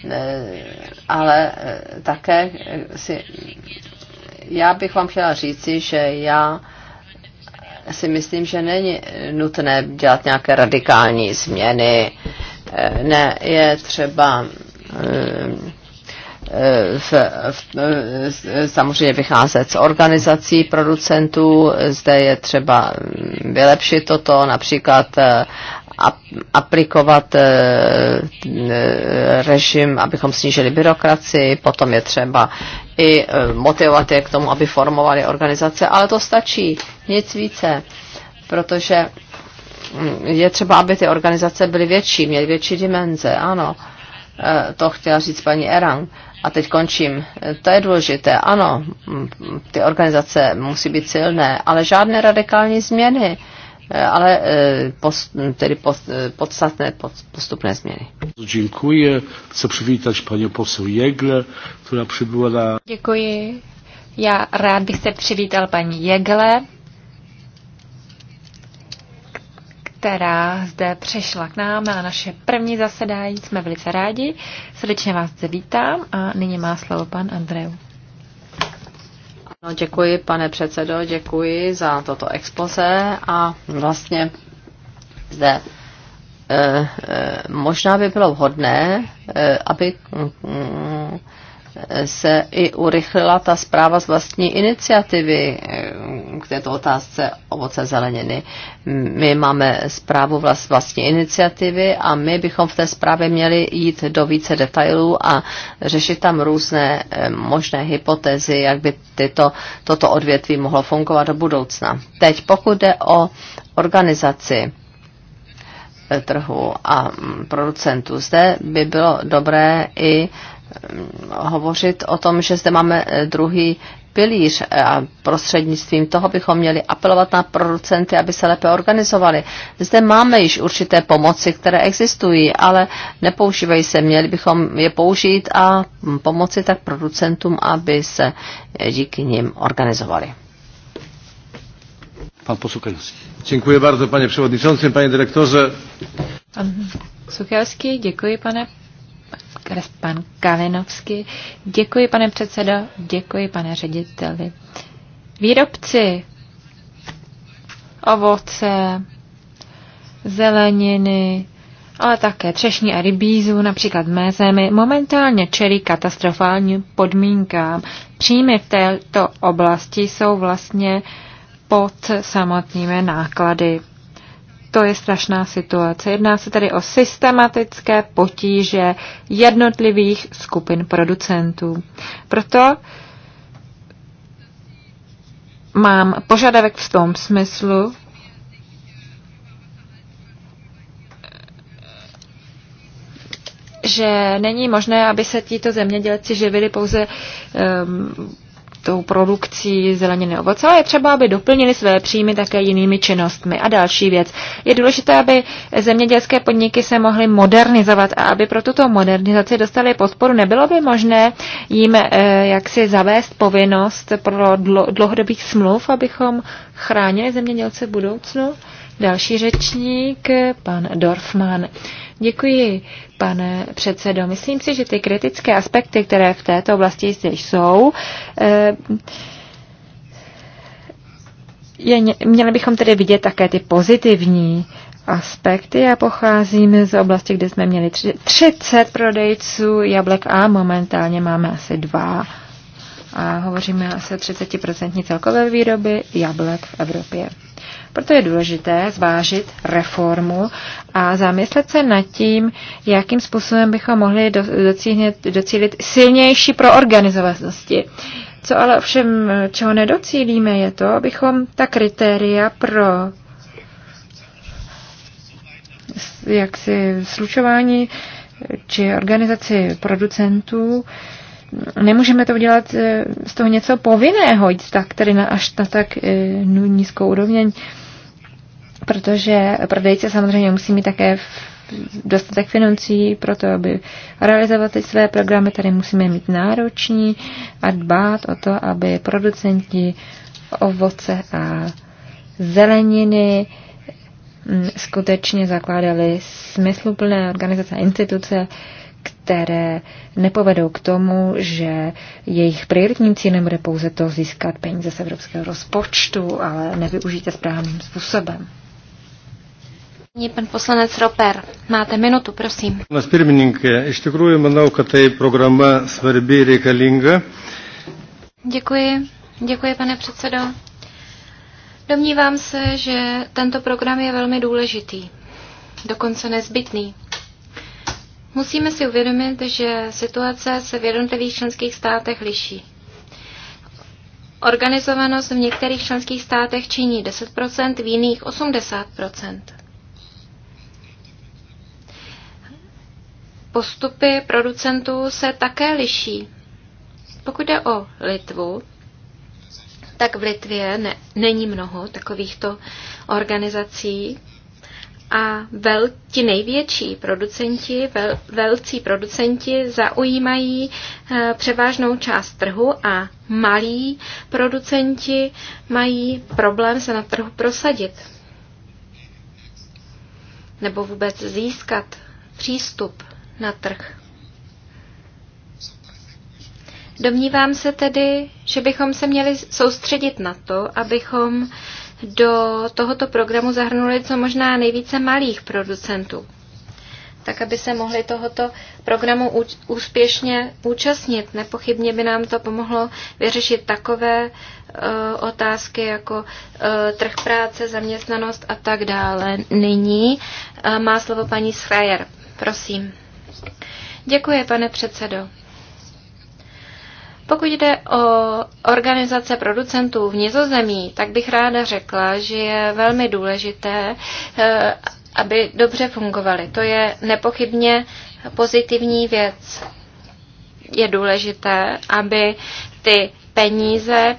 Eh, ale eh, také eh, si, já bych vám chtěla říci, že já si myslím, že není nutné dělat nějaké radikální změny. Ne, je třeba v, v, samozřejmě vycházet z organizací producentů. Zde je třeba vylepšit toto, například eh, aplikovat eh, režim, abychom snížili byrokracii, potom je třeba i eh, motivovat je k tomu, aby formovali organizace, ale to stačí, nic více, protože mm, je třeba, aby ty organizace byly větší, měly větší dimenze, ano, to chtěla říct paní Erang, a teď končím, to je důležité, ano, ty organizace musí být silné, ale žádné radikální změny, ale eh, post, tedy post, eh, podstatné postupné změny. Děkuji, chci přivítat paní posel Jegle, která přibyla na... Děkuji. Já rád bych se přivítal paní Jegle, která zde přešla k nám na naše první zasedání. Jsme velice rádi. Srdečně vás zde vítám a nyní má slovo pan Andreu. No, děkuji, pane předsedo, děkuji za toto expoze a vlastně zde e, e, možná by bylo vhodné, e, aby mm, mm, se i urychlila ta zpráva z vlastní iniciativy eh, k této otázce ovoce zeleniny. My máme zprávu vlast, vlastní iniciativy a my bychom v té zprávě měli jít do více detailů a řešit tam různé eh, možné hypotézy, jak by tyto, toto odvětví mohlo fungovat do budoucna. Teď pokud jde o organizaci, eh, trhu a mm, producentů. Zde by bylo dobré i hovořit o tom, že zde máme eh, druhý pilíř eh, a prostřednictvím toho bychom měli apelovat na producenty, aby se lépe organizovali. Zde máme již určité pomoci, které existují, ale nepoužívají se. Měli bychom je použít a pomoci tak producentům, aby se eh, díky nim organizovali. Pan Děkuji bardzo, pane předsedající, pane direktorze. Pan Sukelský, děkuji, pane pan Kalinovský. Děkuji, pane předsedo, děkuji, pane řediteli. Výrobci ovoce, zeleniny, ale také třešní a rybízu, například mé zemi, momentálně čelí katastrofálním podmínkám. Příjmy v této oblasti jsou vlastně pod samotnými náklady. To je strašná situace. Jedná se tedy o systematické potíže jednotlivých skupin producentů. Proto mám požadavek v tom smyslu, že není možné, aby se tito zemědělci živili pouze um, tou produkcí zeleniny ovoce, ale je třeba, aby doplnili své příjmy také jinými činnostmi. A další věc. Je důležité, aby zemědělské podniky se mohly modernizovat a aby pro tuto modernizaci dostali podporu. Nebylo by možné jim eh, jaksi zavést povinnost pro dlouhodobých smluv, abychom chránili zemědělce v budoucnu? Další řečník, pan Dorfman. Děkuji, pane předsedo. Myslím si, že ty kritické aspekty, které v této oblasti zde jsou, eh, je, měli bychom tedy vidět také ty pozitivní aspekty. Já pocházím z oblasti, kde jsme měli 30 prodejců jablek a momentálně máme asi dva. A hovoříme asi o 30% celkové výroby jablek v Evropě. Proto je důležité zvážit reformu a zamyslet se nad tím, jakým způsobem bychom mohli docílit, docílit silnější pro organizovanosti. Co ale ovšem, čeho nedocílíme, je to, abychom ta kritéria pro jaksi slučování či organizaci producentů, nemůžeme to udělat eh, z toho něco povinného, jít tak tedy na až na tak eh, nízkou úroveň protože prodejce samozřejmě musí mít také dostatek financí pro to, aby realizovat ty své programy. Tady musíme mít nároční a dbát o to, aby producenti ovoce a zeleniny mm, skutečně zakládali smysluplné organizace a instituce, které nepovedou k tomu, že jejich prioritním cílem bude pouze to získat peníze z evropského rozpočtu, ale nevyužijte správným způsobem. Nyní pan poslanec Roper. Máte minutu, prosím. Pane pirmininkė, iš tikrųjų manau, kad tai programa svarbi reikalinga. Děkuji, děkuji pane předsedo. Domnívám se, že tento program je velmi důležitý, dokonce nezbytný. Musíme si uvědomit, že situace se v jednotlivých členských státech liší. Organizovanost v některých členských státech činí 10%, v jiných 80%. postupy producentů se také liší. Pokud jde o Litvu, tak v Litvě ne, není mnoho takovýchto organizací a vel, ti největší producenti, vel, velcí producenti zaujímají e, převážnou část trhu a malí producenti mají problém se na trhu prosadit nebo vůbec získat přístup na trh. Domnívám se tedy, že bychom se měli soustředit na to, abychom do tohoto programu zahrnuli co možná nejvíce malých producentů, tak aby se mohli tohoto programu úspěšně účastnit. Nepochybně by nám to pomohlo vyřešit takové uh, otázky jako uh, trh práce, zaměstnanost a tak dále. Nyní uh, má slovo paní Schreier. Prosím. Děkuji, pane předsedo. Pokud jde o organizace producentů v Nizozemí, tak bych ráda řekla, že je velmi důležité, eh, aby dobře fungovaly. To je nepochybně pozitivní věc. Je důležité, aby ty peníze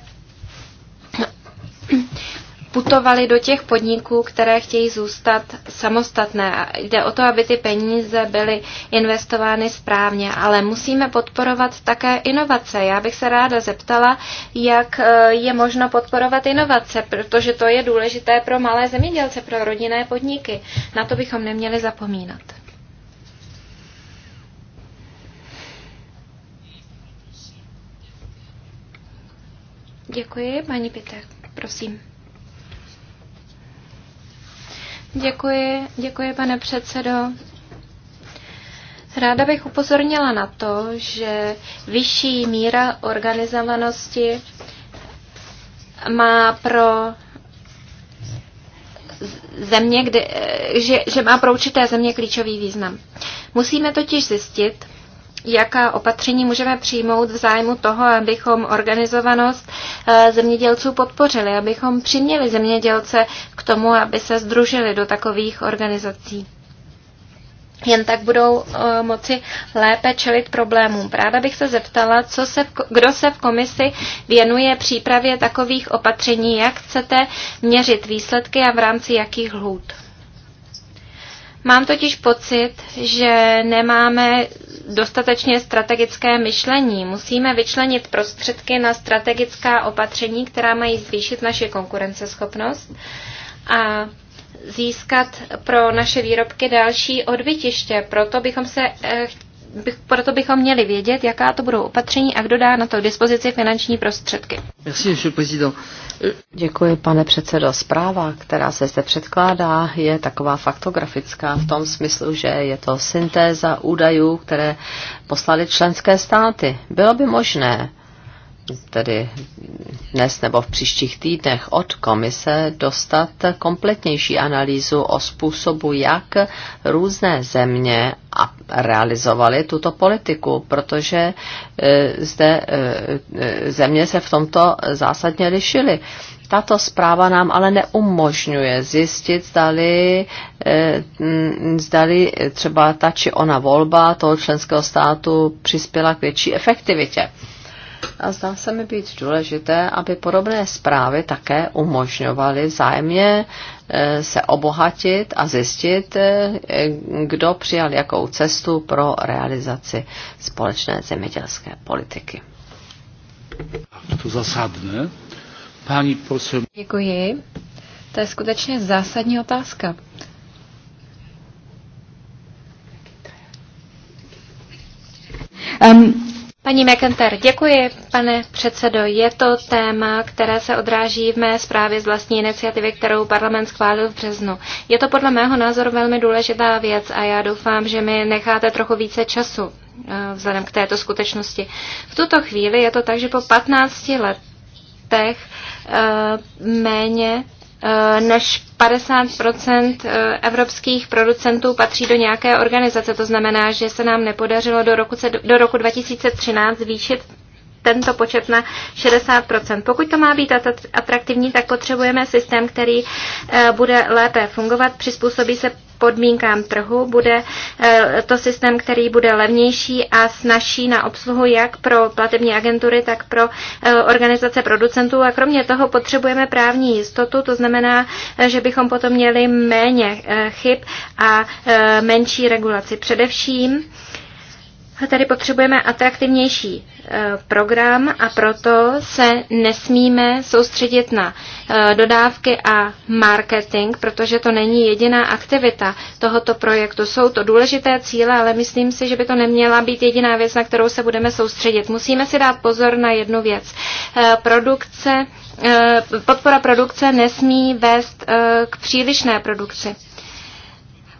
putovali do těch podniků, které chtějí zůstat samostatné. A jde o to, aby ty peníze byly investovány správně, ale musíme podporovat také inovace. Já bych se ráda zeptala, jak eh, je možno podporovat inovace, protože to je důležité pro malé zemědělce, pro rodinné podniky. Na to bychom neměli zapomínat. Děkuji, paní Pětek, prosím. Děkuji, děkuji pane předsedo. Ráda bych upozornila na to, že vyšší míra organizovanosti má pro země, kde, že, že má pro určité země klíčový význam. Musíme totiž zjistit, jaká opatření můžeme přijmout v zájmu toho, abychom organizovanost eh, zemědělců podpořili, abychom přiměli zemědělce k tomu, aby se združili do takových organizací. Jen tak budou uh, moci lépe čelit problémům. Ráda bych se zeptala, co se v, kdo se v komisi věnuje přípravě takových opatření, jak chcete měřit výsledky a v rámci jakých lhůt. Mám totiž pocit, že nemáme dostatečně strategické myšlení. Musíme vyčlenit prostředky na strategická opatření, která mají zvýšit naši konkurenceschopnost a získat pro naše výrobky další odbytiště. Proto bychom se eh, bych, proto bychom měli vědět, jaká to budou opatření a kdo dá na to dispozici finanční prostředky. Merci, euh, Děkuji, pane předsedo. Zpráva, která se zde předkládá, je taková faktografická v tom smyslu, že je to syntéza údajů, které poslali členské státy. Bylo by možné tedy dnes nebo v příštích týdnech od komise dostat kompletnější analýzu o způsobu, jak různé země realizovaly tuto politiku, protože e, zde e, e, země se v tomto zásadně lišily. Tato zpráva nám ale neumožňuje zjistit, zdali, zdali třeba ta či ona volba toho členského státu přispěla k větší efektivitě a zdá se mi být důležité, aby podobné zprávy také umožňovaly zájemně e, se obohatit a zjistit, e, kdo přijal jakou cestu pro realizaci společné zemědělské politiky. To zasadne. Pani prosím. Děkuji. To je skutečně zásadní otázka. Um, Paní McEnter, děkuji, pane předsedo. Je to téma, které se odráží v mé zprávě z vlastní iniciativy, kterou parlament schválil v březnu. Je to podle mého názoru velmi důležitá věc a já doufám, že mi necháte trochu více času eh, vzhledem k této skutečnosti. V tuto chvíli je to tak, že po 15 letech eh, méně Eh, než 50 eh, evropských producentů patří do nějaké organizace. To znamená, že se nám nepodařilo do roku, do roku 2013 zvýšit tento počet na 60%. Pokud to má být atraktivní, tak potřebujeme systém, který eh, bude lépe fungovat, přizpůsobí se podmínkám trhu. Bude eh, to systém, který bude levnější a snažší na obsluhu jak pro platební agentury, tak pro eh, organizace producentů. A kromě toho potřebujeme právní jistotu, to znamená, že bychom potom měli méně chyb a menší regulaci. Především Tady potřebujeme atraktivnější e, program a proto se nesmíme soustředit na e, dodávky a marketing, protože to není jediná aktivita tohoto projektu. Jsou to důležité cíle, ale myslím si, že by to neměla být jediná věc, na kterou se budeme soustředit. Musíme si dát pozor na jednu věc. E, produkce, podpora produkce nesmí vést k přílišné produkci.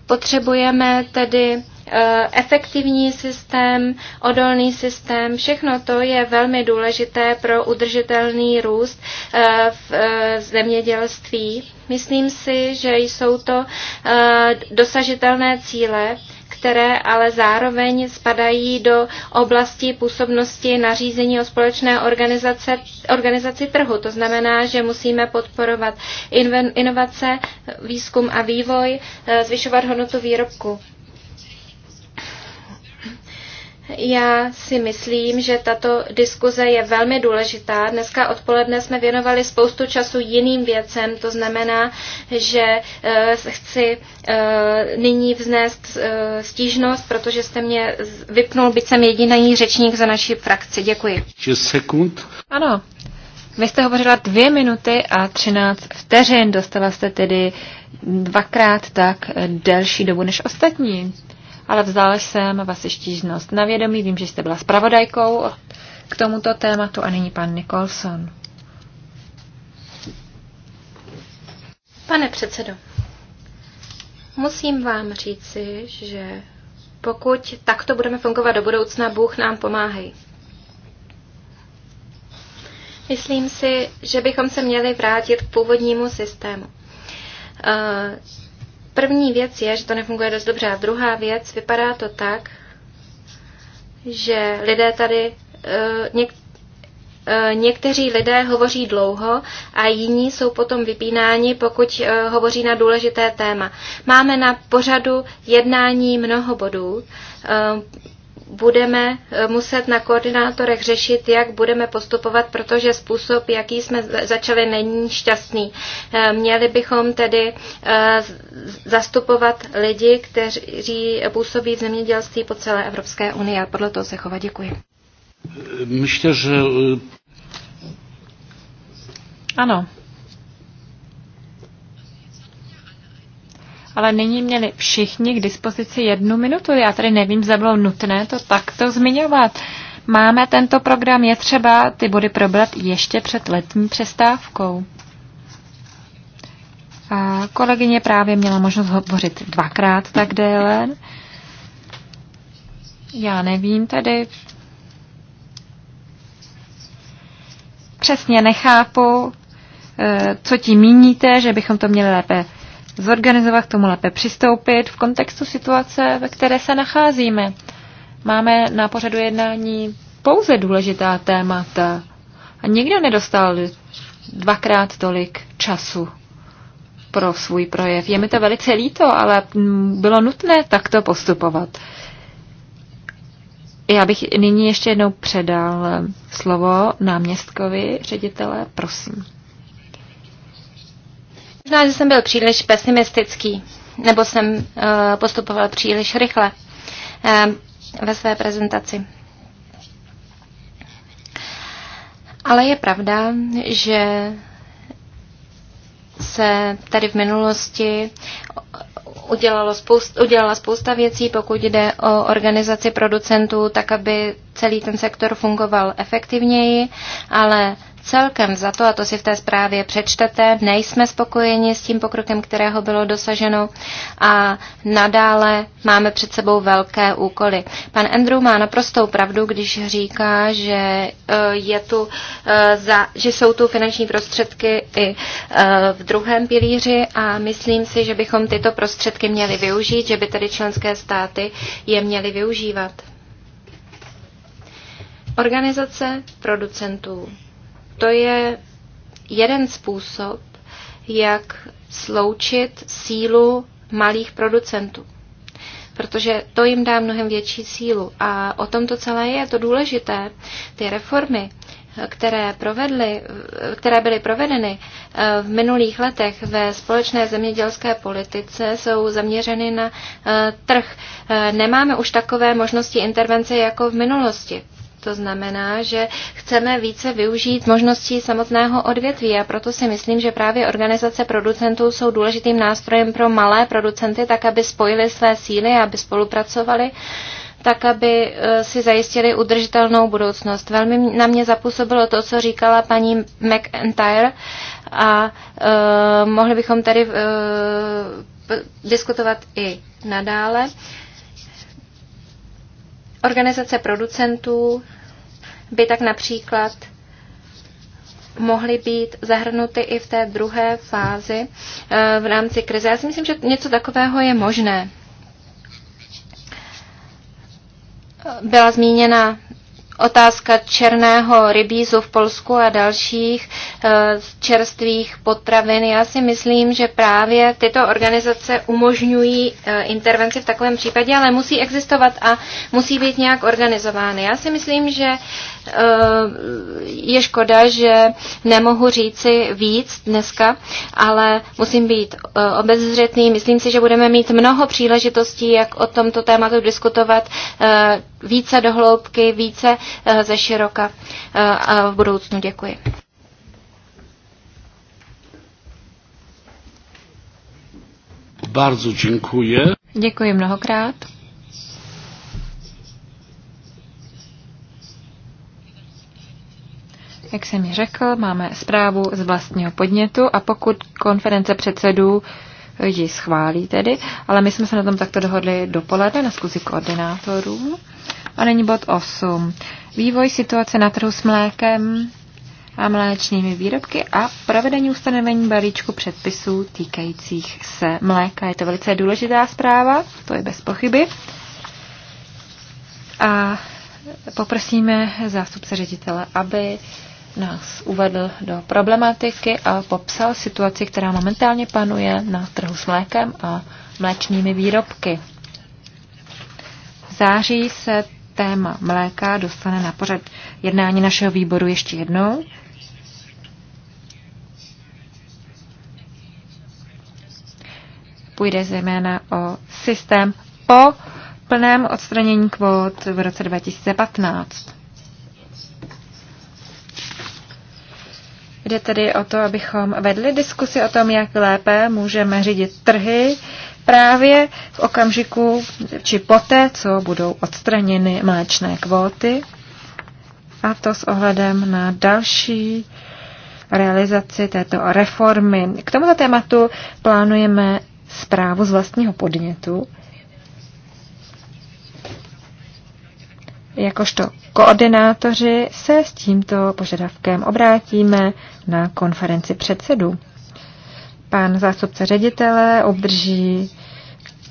Potřebujeme tedy Eh, efektivní systém, odolný systém, všechno to je velmi důležité pro udržitelný růst eh, v eh, zemědělství. Myslím si, že jsou to dosažitelné cíle, které ale zároveň spadají do oblasti působnosti nařízení o společné organizace, organizaci trhu. To znamená, že musíme podporovat inovace, výzkum a vývoj, zvyšovat hodnotu výrobku. Já si myslím, že tato diskuze je velmi důležitá. Dneska odpoledne jsme věnovali spoustu času jiným věcem, to znamená, že eh, chci eh, nyní vznést eh, stížnost, protože jste mě vypnul, byť jsem jediný řečník za naši frakci. Děkuji. sekund. Ano, vy jste hovořila dvě minuty a třináct vteřin. Dostala jste tedy dvakrát tak delší dobu než ostatní ale vzdal jsem vaši stížnost na vědomí. Vím, že jste byla spravodajkou k tomuto tématu a nyní pan Nicholson. Pane předsedo, musím vám říci, že pokud takto budeme fungovat do budoucna, Bůh nám pomáhej. Myslím si, že bychom se měli vrátit k původnímu systému. Eh, První věc je, že to nefunguje dost dobře. A druhá věc, vypadá to tak, že lidé tady, eh, něk, eh, někteří lidé hovoří dlouho a jiní jsou potom vypínáni, pokud eh, hovoří na důležité téma. Máme na pořadu jednání mnoho bodů budeme eh, muset na koordinátorech řešit, jak budeme postupovat, protože způsob, jaký jsme začali, není šťastný. Eh, měli bychom tedy eh, zastupovat lidi, kteří působí v zemědělství po celé Evropské unii a podle toho se chovat. Děkuji. Myslím, že... Ano, ale nyní měli všichni k dispozici jednu minutu. Já tady nevím, zda bylo nutné to takto zmiňovat. Máme tento program, je třeba ty body probrat ještě před letní přestávkou. A kolegyně právě měla možnost hovořit dvakrát tak déle. Já nevím tady. Přesně nechápu, eh, co tím míníte, že bychom to měli lépe zorganizovat, k tomu lépe přistoupit v kontextu situace, ve které se nacházíme. Máme na pořadu jednání pouze důležitá témata a nikdo nedostal dvakrát tolik času pro svůj projev. Je mi to velice líto, ale bylo nutné takto postupovat. Já bych nyní ještě jednou předal slovo náměstkovi ředitele, prosím. Možná, že jsem byl příliš pesimistický, nebo jsem eh, postupoval příliš rychle eh, ve své prezentaci. Ale je pravda, že se tady v minulosti udělalo spousta, udělala spousta věcí, pokud jde o organizaci producentů, tak aby celý ten sektor fungoval efektivněji, ale Celkem za to, a to si v té zprávě přečtete, nejsme spokojeni s tím pokrokem, kterého bylo dosaženo a nadále máme před sebou velké úkoly. Pan Andrew má naprostou pravdu, když říká, že, eh, je tu, eh, za, že jsou tu finanční prostředky i eh, v druhém pilíři a myslím si, že bychom tyto prostředky měli využít, že by tedy členské státy je měly využívat. Organizace producentů. To je jeden způsob, jak sloučit sílu malých producentů protože to jim dá mnohem větší sílu. A o tom to celé je, to důležité. Ty reformy, které, provedly, které byly provedeny eh, v minulých letech ve společné zemědělské politice, jsou zaměřeny na eh, trh. Eh, nemáme už takové možnosti intervence jako v minulosti. To znamená, že chceme více využít možností samotného odvětví a proto si myslím, že právě organizace producentů jsou důležitým nástrojem pro malé producenty, tak aby spojili své síly, aby spolupracovali tak aby e, si zajistili udržitelnou budoucnost. Velmi na mě zapůsobilo to, co říkala paní McIntyre a uh, mohli bychom tady uh, e, diskutovat i nadále. Organizace producentů by tak například mohly být zahrnuty i v té druhé fázi eh, v rámci krize. Já si myslím, že něco takového je možné. Byla zmíněna otázka černého rybízu v Polsku a dalších eh, čerstvých potravin. Já si myslím, že právě tyto organizace umožňují eh, intervenci v takovém případě, ale musí existovat a musí být nějak organizovány. Já si myslím, že Eh, je škoda, že nemohu říci víc dneska, ale musím být eh, obezřetný. Myslím si, že budeme mít mnoho příležitostí, jak o tomto tématu diskutovat eh, více dohloubky, více ze široka v budoucnu. Děkuji. Bardzo dziękuję. Děkuji mnohokrát. Jak jsem ji řekl, máme zprávu z vlastního podnětu a pokud konference předsedů ji schválí tedy, ale my jsme se na tom takto dohodli dopoledne na zkuzi koordinátorů. A není bod 8. Vývoj situace na trhu s mlékem a mléčnými výrobky a provedení ustanovení balíčku předpisů týkajících se mléka. Je to velice důležitá zpráva, to je bez pochyby. A poprosíme zástupce ředitele, aby nás uvedl do problematiky a popsal situaci, která momentálně panuje na trhu s mlékem a mléčnými výrobky. V září se téma mléka dostane na pořad jednání našeho výboru ještě jednou. Půjde zejména o systém po plném odstranění kvót v roce 2015. Jde tedy o to, abychom vedli diskusi o tom, jak lépe můžeme řídit trhy právě v okamžiku či poté, co budou odstraněny mléčné kvóty, a to s ohledem na další realizaci této reformy. K tomuto tématu plánujeme zprávu z vlastního podnětu, Jakožto koordinátoři se s tímto požadavkem obrátíme na konferenci předsedů. Pan zástupce ředitele obdrží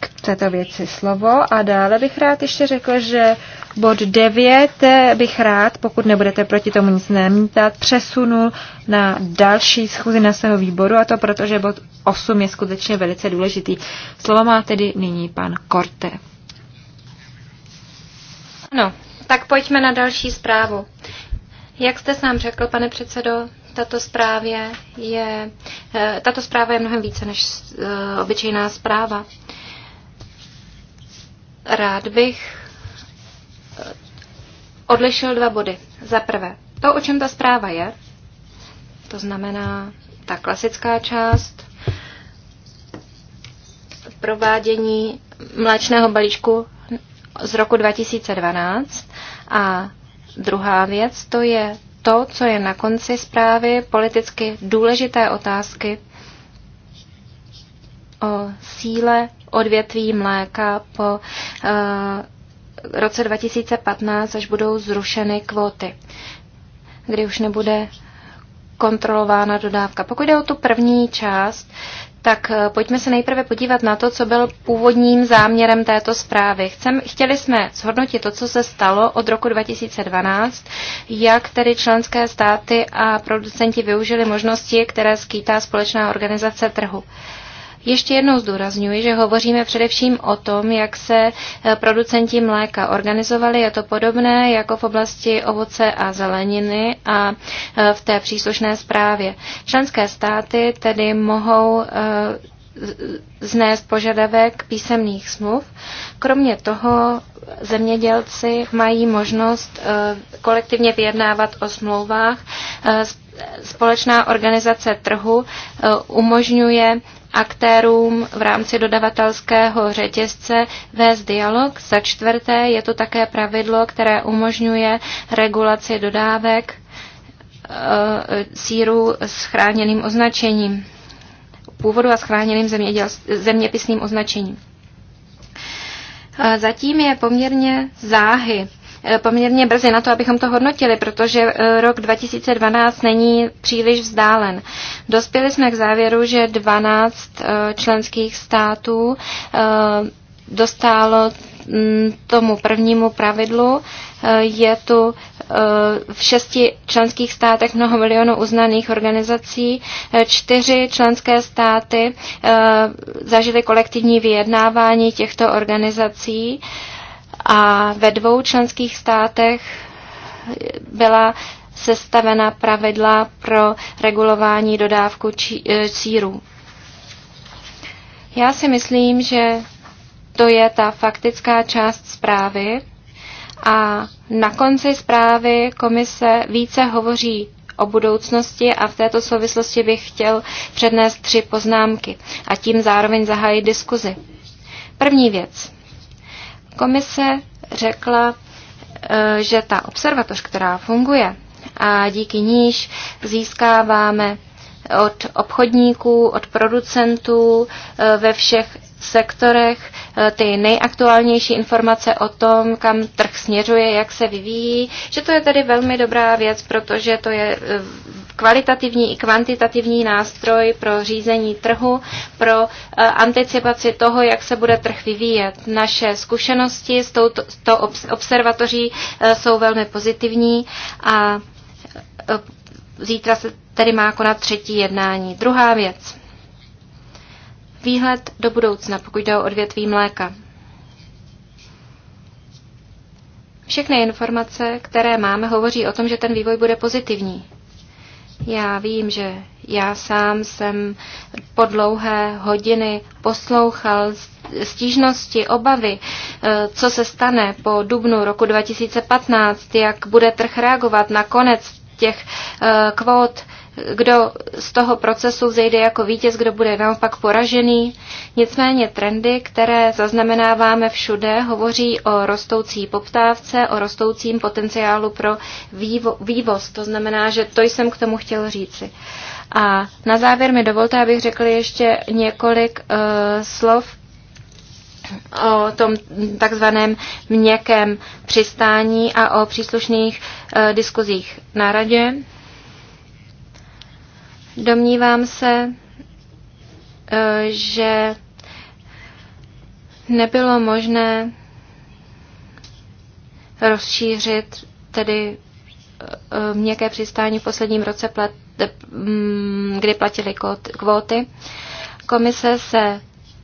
k této věci slovo a dále bych rád ještě řekl, že bod 9 bych rád, pokud nebudete proti tomu nic nemítat, přesunul na další schůzi na svého výboru a to proto, že bod 8 je skutečně velice důležitý. Slovo má tedy nyní pan Korte. Ano, tak pojďme na další zprávu. Jak jste sám řekl, pane předsedo, tato, zprávě je, eh, tato zpráva je mnohem více než eh, obyčejná zpráva. Rád bych eh, odlišil dva body. Za prvé, to, o čem ta zpráva je, to znamená ta klasická část provádění mléčného balíčku z roku 2012. A druhá věc, to je to, co je na konci zprávy, politicky důležité otázky o síle odvětví mléka po uh, roce 2015, až budou zrušeny kvóty, kdy už nebude kontrolována dodávka. Pokud jde o tu první část, tak eh, pojďme se nejprve podívat na to, co byl původním záměrem této zprávy. Chcem, chtěli jsme zhodnotit to, co se stalo od roku 2012, jak tedy členské státy a producenti využili možnosti, které skýtá společná organizace trhu. Uh, ještě jednou zdůrazňuji, že hovoříme především o tom, jak se eh, producenti mléka organizovali. Je to podobné jako v oblasti ovoce a zeleniny a eh, v té příslušné zprávě. Členské státy tedy mohou eh, znést požadavek písemných smluv. Kromě toho zemědělci mají možnost kolektivně vyjednávat o smlouvách. Společná organizace trhu umožňuje aktérům v rámci dodavatelského řetězce vést dialog. Za čtvrté je to také pravidlo, které umožňuje regulaci dodávek e, síru s chráněným označením původu a s chráněným zeměpisným označením. E, zatím je poměrně záhy Eh, poměrně brzy na to, abychom to hodnotili, protože eh, rok 2012 není příliš vzdálen. Dospěli jsme k závěru, že 12 eh, členských států dostálo mm, tomu prvnímu pravidlu. Je tu v šesti členských státech mnoho milionů uznaných organizací. Čtyři členské státy zažily kolektivní vyjednávání těchto organizací a ve dvou členských státech byla sestavena pravidla pro regulování dodávku e, sírů. Já si myslím, že to je ta faktická část zprávy a na konci zprávy komise více hovoří o budoucnosti a v této souvislosti bych chtěl přednést tři poznámky a tím zároveň zahájit diskuzi. První věc. Komise řekla, e, že ta observatoř, která funguje a díky níž získáváme od obchodníků, od producentů e, ve všech sektorech e, ty nejaktuálnější informace o tom, kam trh směřuje, jak se vyvíjí, že to je tedy velmi dobrá věc, protože to je kvalitativní i kvantitativní nástroj pro řízení trhu, pro eh, anticipaci toho, jak se bude trh vyvíjet. Naše zkušenosti s touto observatoří eh, jsou velmi pozitivní a eh, zítra se tedy má konat třetí jednání. Druhá věc. Výhled do budoucna, pokud jde o odvětví mléka. Všechny informace, které máme, hovoří o tom, že ten vývoj bude pozitivní. Já vím, že já sám jsem po dlouhé hodiny poslouchal stížnosti, obavy, eh, co se stane po dubnu roku 2015, jak bude trh reagovat na konec těch eh, kvót kdo z toho procesu zejde jako vítěz, kdo bude naopak poražený. Nicméně trendy, které zaznamenáváme všude, hovoří o rostoucí poptávce, o rostoucím potenciálu pro vývo- vývoz. To znamená, že to jsem k tomu chtěl říci. A na závěr mi dovolte, abych řekl ještě několik uh, slov o tom takzvaném měkkém přistání a o příslušných uh, diskuzích na radě. Domnívám se, eh, že nebylo možné rozšířit tedy eh, eh, měkké přistání v posledním roce, plat, mm, kdy platili kvóty. Komise se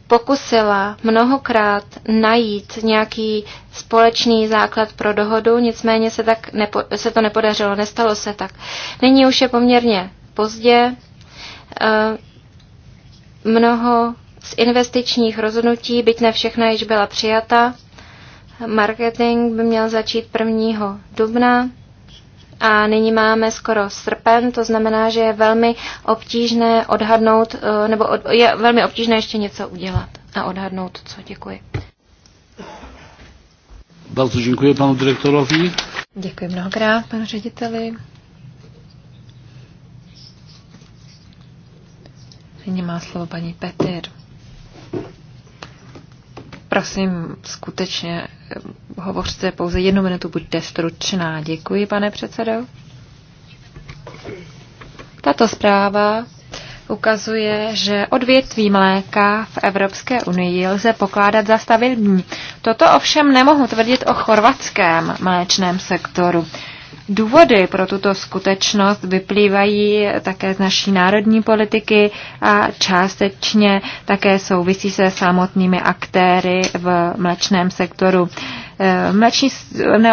pokusila mnohokrát najít nějaký společný základ pro dohodu, nicméně se, tak nepo, se to nepodařilo, nestalo se tak. Nyní už je poměrně pozdě. Eh, mnoho z investičních rozhodnutí, byť ne všechna již byla přijata. Marketing by měl začít 1. dubna a nyní máme skoro srpen, to znamená, že je velmi obtížné odhadnout, eh, nebo je velmi obtížné ještě něco udělat a odhadnout, co děkuji. Bardzo děkuji panu direktorovi. Děkuji mnohokrát, panu řediteli. Nyní má slovo paní Petr. Prosím, skutečně eh, hovořte pouze jednu minutu, buďte stručná. Děkuji, pane předsedo. Tato zpráva ukazuje, že odvětví mléka v Evropské unii lze pokládat za stabilní. Toto ovšem nemohu tvrdit o chorvatském mléčném sektoru. Důvody pro tuto skutečnost vyplývají také z naší národní politiky a částečně také souvisí se samotnými aktéry v mlečném sektoru. Eh, Mléční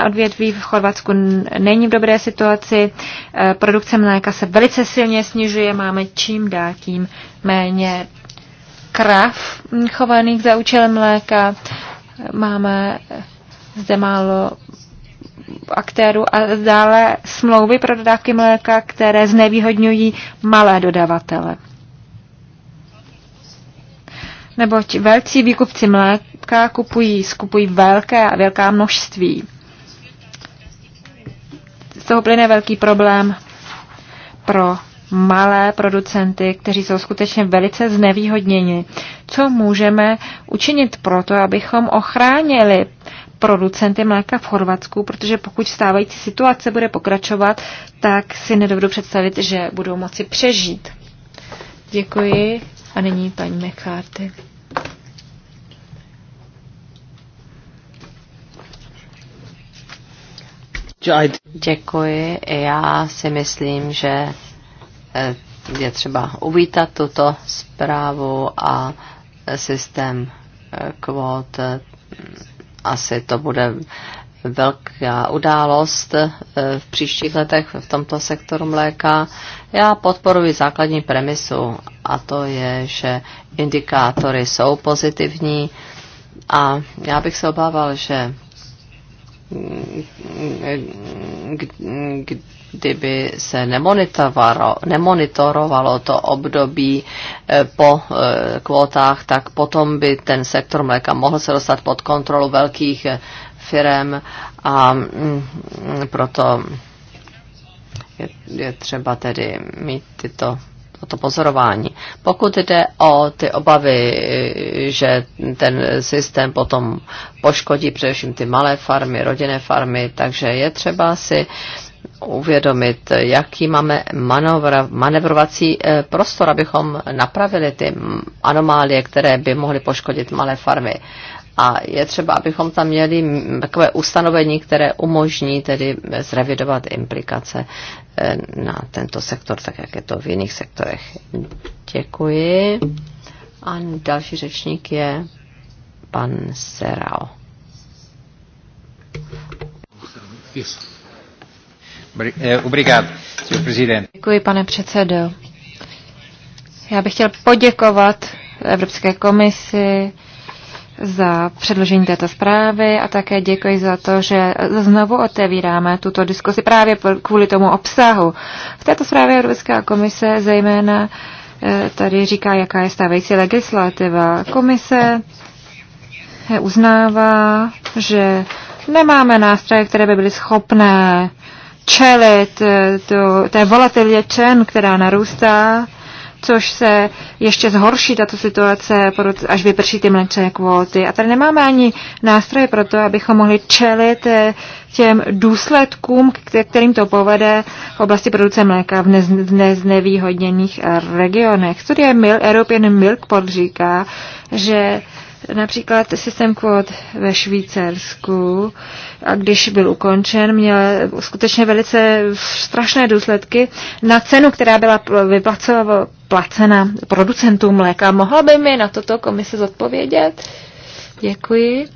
odvětví v Chorvatsku není v dobré situaci, eh, produkce mléka se velice silně snižuje, máme čím dál tím méně krav chovaných za účelem mléka, máme zde málo aktérů a dále smlouvy pro dodávky mléka, které znevýhodňují malé dodavatele. Neboť velcí výkupci mléka kupují, skupují velké a velká množství. Z toho plyne velký problém pro malé producenty, kteří jsou skutečně velice znevýhodněni. Co můžeme učinit proto, abychom ochránili producenty mléka v Chorvatsku, protože pokud stávající situace bude pokračovat, tak si nedovedu představit, že budou moci přežít. Děkuji a nyní paní McCarthy. Děkuji. Já si myslím, že eh, je třeba uvítat tuto zprávu a systém eh, kvót eh, asi to bude velká událost eh, v příštích letech v tomto sektoru mléka. Já podporuji základní premisu a to je, že indikátory jsou pozitivní a já bych se obával, že mm, mm, mm, kdyby se nemonitorovalo, nemonitorovalo to období eh, po eh, kvótách, tak potom by ten sektor mléka mohl se dostat pod kontrolu velkých eh, firm a mm, proto je, je třeba tedy mít tyto to pozorování. Pokud jde o ty obavy, že ten systém potom poškodí především ty malé farmy, rodinné farmy, takže je třeba si uh, uvědomit, jaký máme manovra, manevrovací eh, prostor, abychom napravili ty anomálie, které by mohly poškodit malé farmy. A je třeba, abychom tam měli takové ustanovení, které umožní tedy zrevidovat implikace eh, na tento sektor, tak jak je to v jiných sektorech. Děkuji. A další řečník je pan Serao. Yes. Eh, děkuji, pane předsedo. Já bych chtěl poděkovat Evropské komisi za předložení této zprávy a také děkuji za to, že znovu otevíráme tuto diskusi právě kvůli tomu obsahu. V této zprávě Evropská komise zejména eh, tady říká, jaká je stávající legislativa. Komise eh, uznává, že nemáme nástroje, které by byly schopné čelit to, eh, té volatilitě cen, která narůstá, což se ještě zhorší tato situace, až vyprší ty mléčné kvóty. A tady nemáme ani nástroje pro to, abychom mohli čelit eh, těm důsledkům, kterým to povede v oblasti produkce mléka v, v neznevýhodněných regionech. Studie Mil, European Milk Pod říká, že Například systém kvót ve Švýcarsku, a když byl ukončen, měl skutečně velice strašné důsledky na cenu, která byla placena producentům mléka. Mohla by mi na toto komise zodpovědět? Děkuji.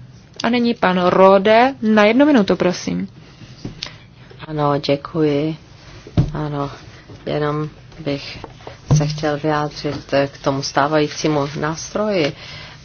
A nyní pan Rode. Na jednu minutu, prosím. Ano, děkuji. Ano, jenom bych se chtěl vyjádřit k tomu stávajícímu nástroji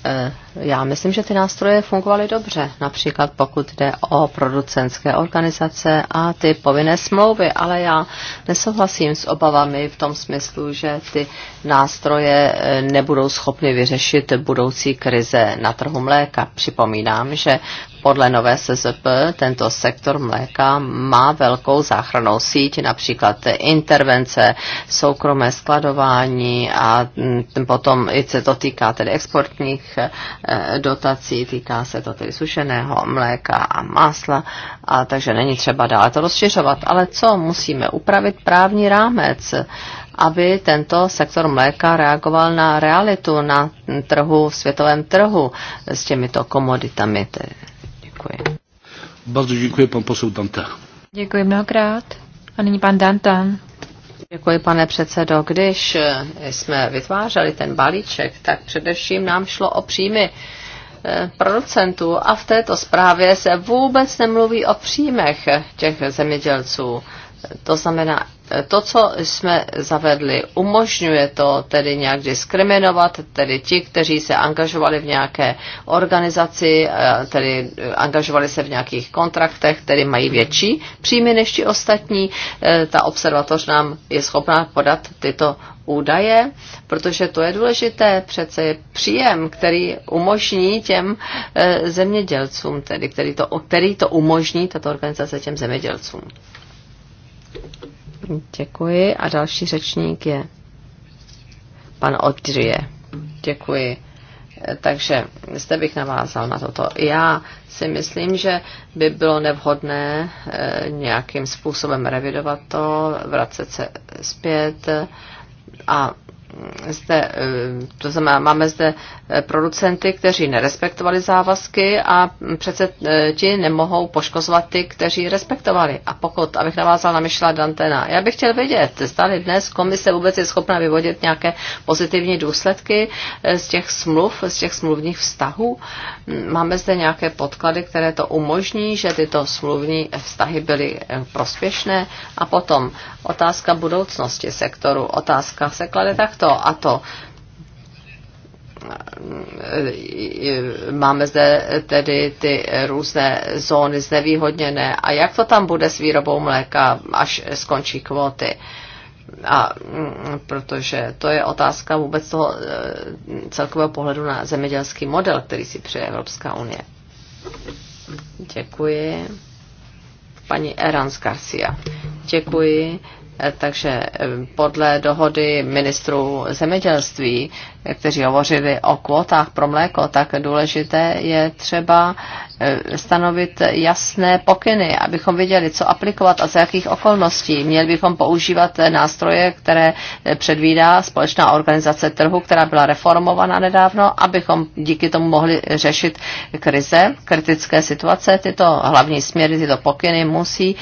Eh, já myslím, že ty nástroje fungovaly dobře, například pokud jde o producentské organizace a ty povinné smlouvy, ale já nesouhlasím s obavami v tom smyslu, že ty nástroje eh, nebudou schopny vyřešit budoucí krize na trhu mléka. Připomínám, že podle nové SZP tento sektor mléka má velkou záchranou síť, například intervence, soukromé skladování a mm, potom i se to týká tedy exportních eh, dotací, týká se to tedy sušeného mléka a másla, a takže není třeba dále to rozšiřovat. Ale co musíme upravit právní rámec? aby tento sektor mléka reagoval na realitu na trhu, světovém trhu s těmito komoditami. Tedy. Děkuji. Bardzo děkuji, pan posel Dante. Děkuji mnohokrát. A nyní pan Dantan. Děkuji, pane předsedo. Když eh, jsme vytvářeli ten balíček, tak především nám šlo o příjmy eh, producentů a v této zprávě se vůbec nemluví o příjmech těch zemědělců. To znamená, to, co jsme zavedli, umožňuje to tedy nějak diskriminovat, tedy ti, kteří se angažovali v nějaké organizaci, eh, tedy eh, angažovali se v nějakých kontraktech, tedy mají větší příjmy než ti ostatní. Eh, ta observatoř nám je schopná podat tyto údaje, protože to je důležité, přece je příjem, který umožní těm zemědělcům, tedy který to, který to umožní tato organizace těm zemědělcům. Děkuji a další řečník je pan Odrie. Děkuji. Takže zde bych navázal na toto. Já si myslím, že by bylo nevhodné eh, nějakým způsobem revidovat to, vracet se zpět a zde, eh, to znamená, máme zde eh, producenty, kteří nerespektovali závazky a přece eh, ti nemohou poškozovat ty, kteří respektovali. A pokud, abych navázal na Michela Dantena, já bych chtěl vědět, zdali dnes komise vůbec je schopna vyvodit nějaké pozitivní důsledky z těch smluv, z těch smluvních vztahů. Hm, máme zde nějaké podklady, které to umožní, že tyto smluvní vztahy byly prospěšné a potom otázka budoucnosti sektoru. Otázka se klade takto a to máme zde tedy ty různé zóny znevýhodněné. A jak to tam bude s výrobou mléka, až skončí kvóty? A protože to je otázka vůbec toho eh, celkového pohledu na zemědělský model, který si přeje Evropská unie. Děkuji paní Erans Garcia. Děkuji. Eh, Takže eh, podle dohody ministrů zemědělství kteří hovořili o kvotách pro mléko, tak důležité je třeba eh, stanovit jasné pokyny, abychom věděli, co aplikovat a za jakých okolností. Měli bychom používat nástroje, které eh, předvídá společná organizace trhu, která byla reformovaná nedávno, abychom díky tomu mohli řešit krize, kritické situace. Tyto hlavní směry, tyto pokyny musí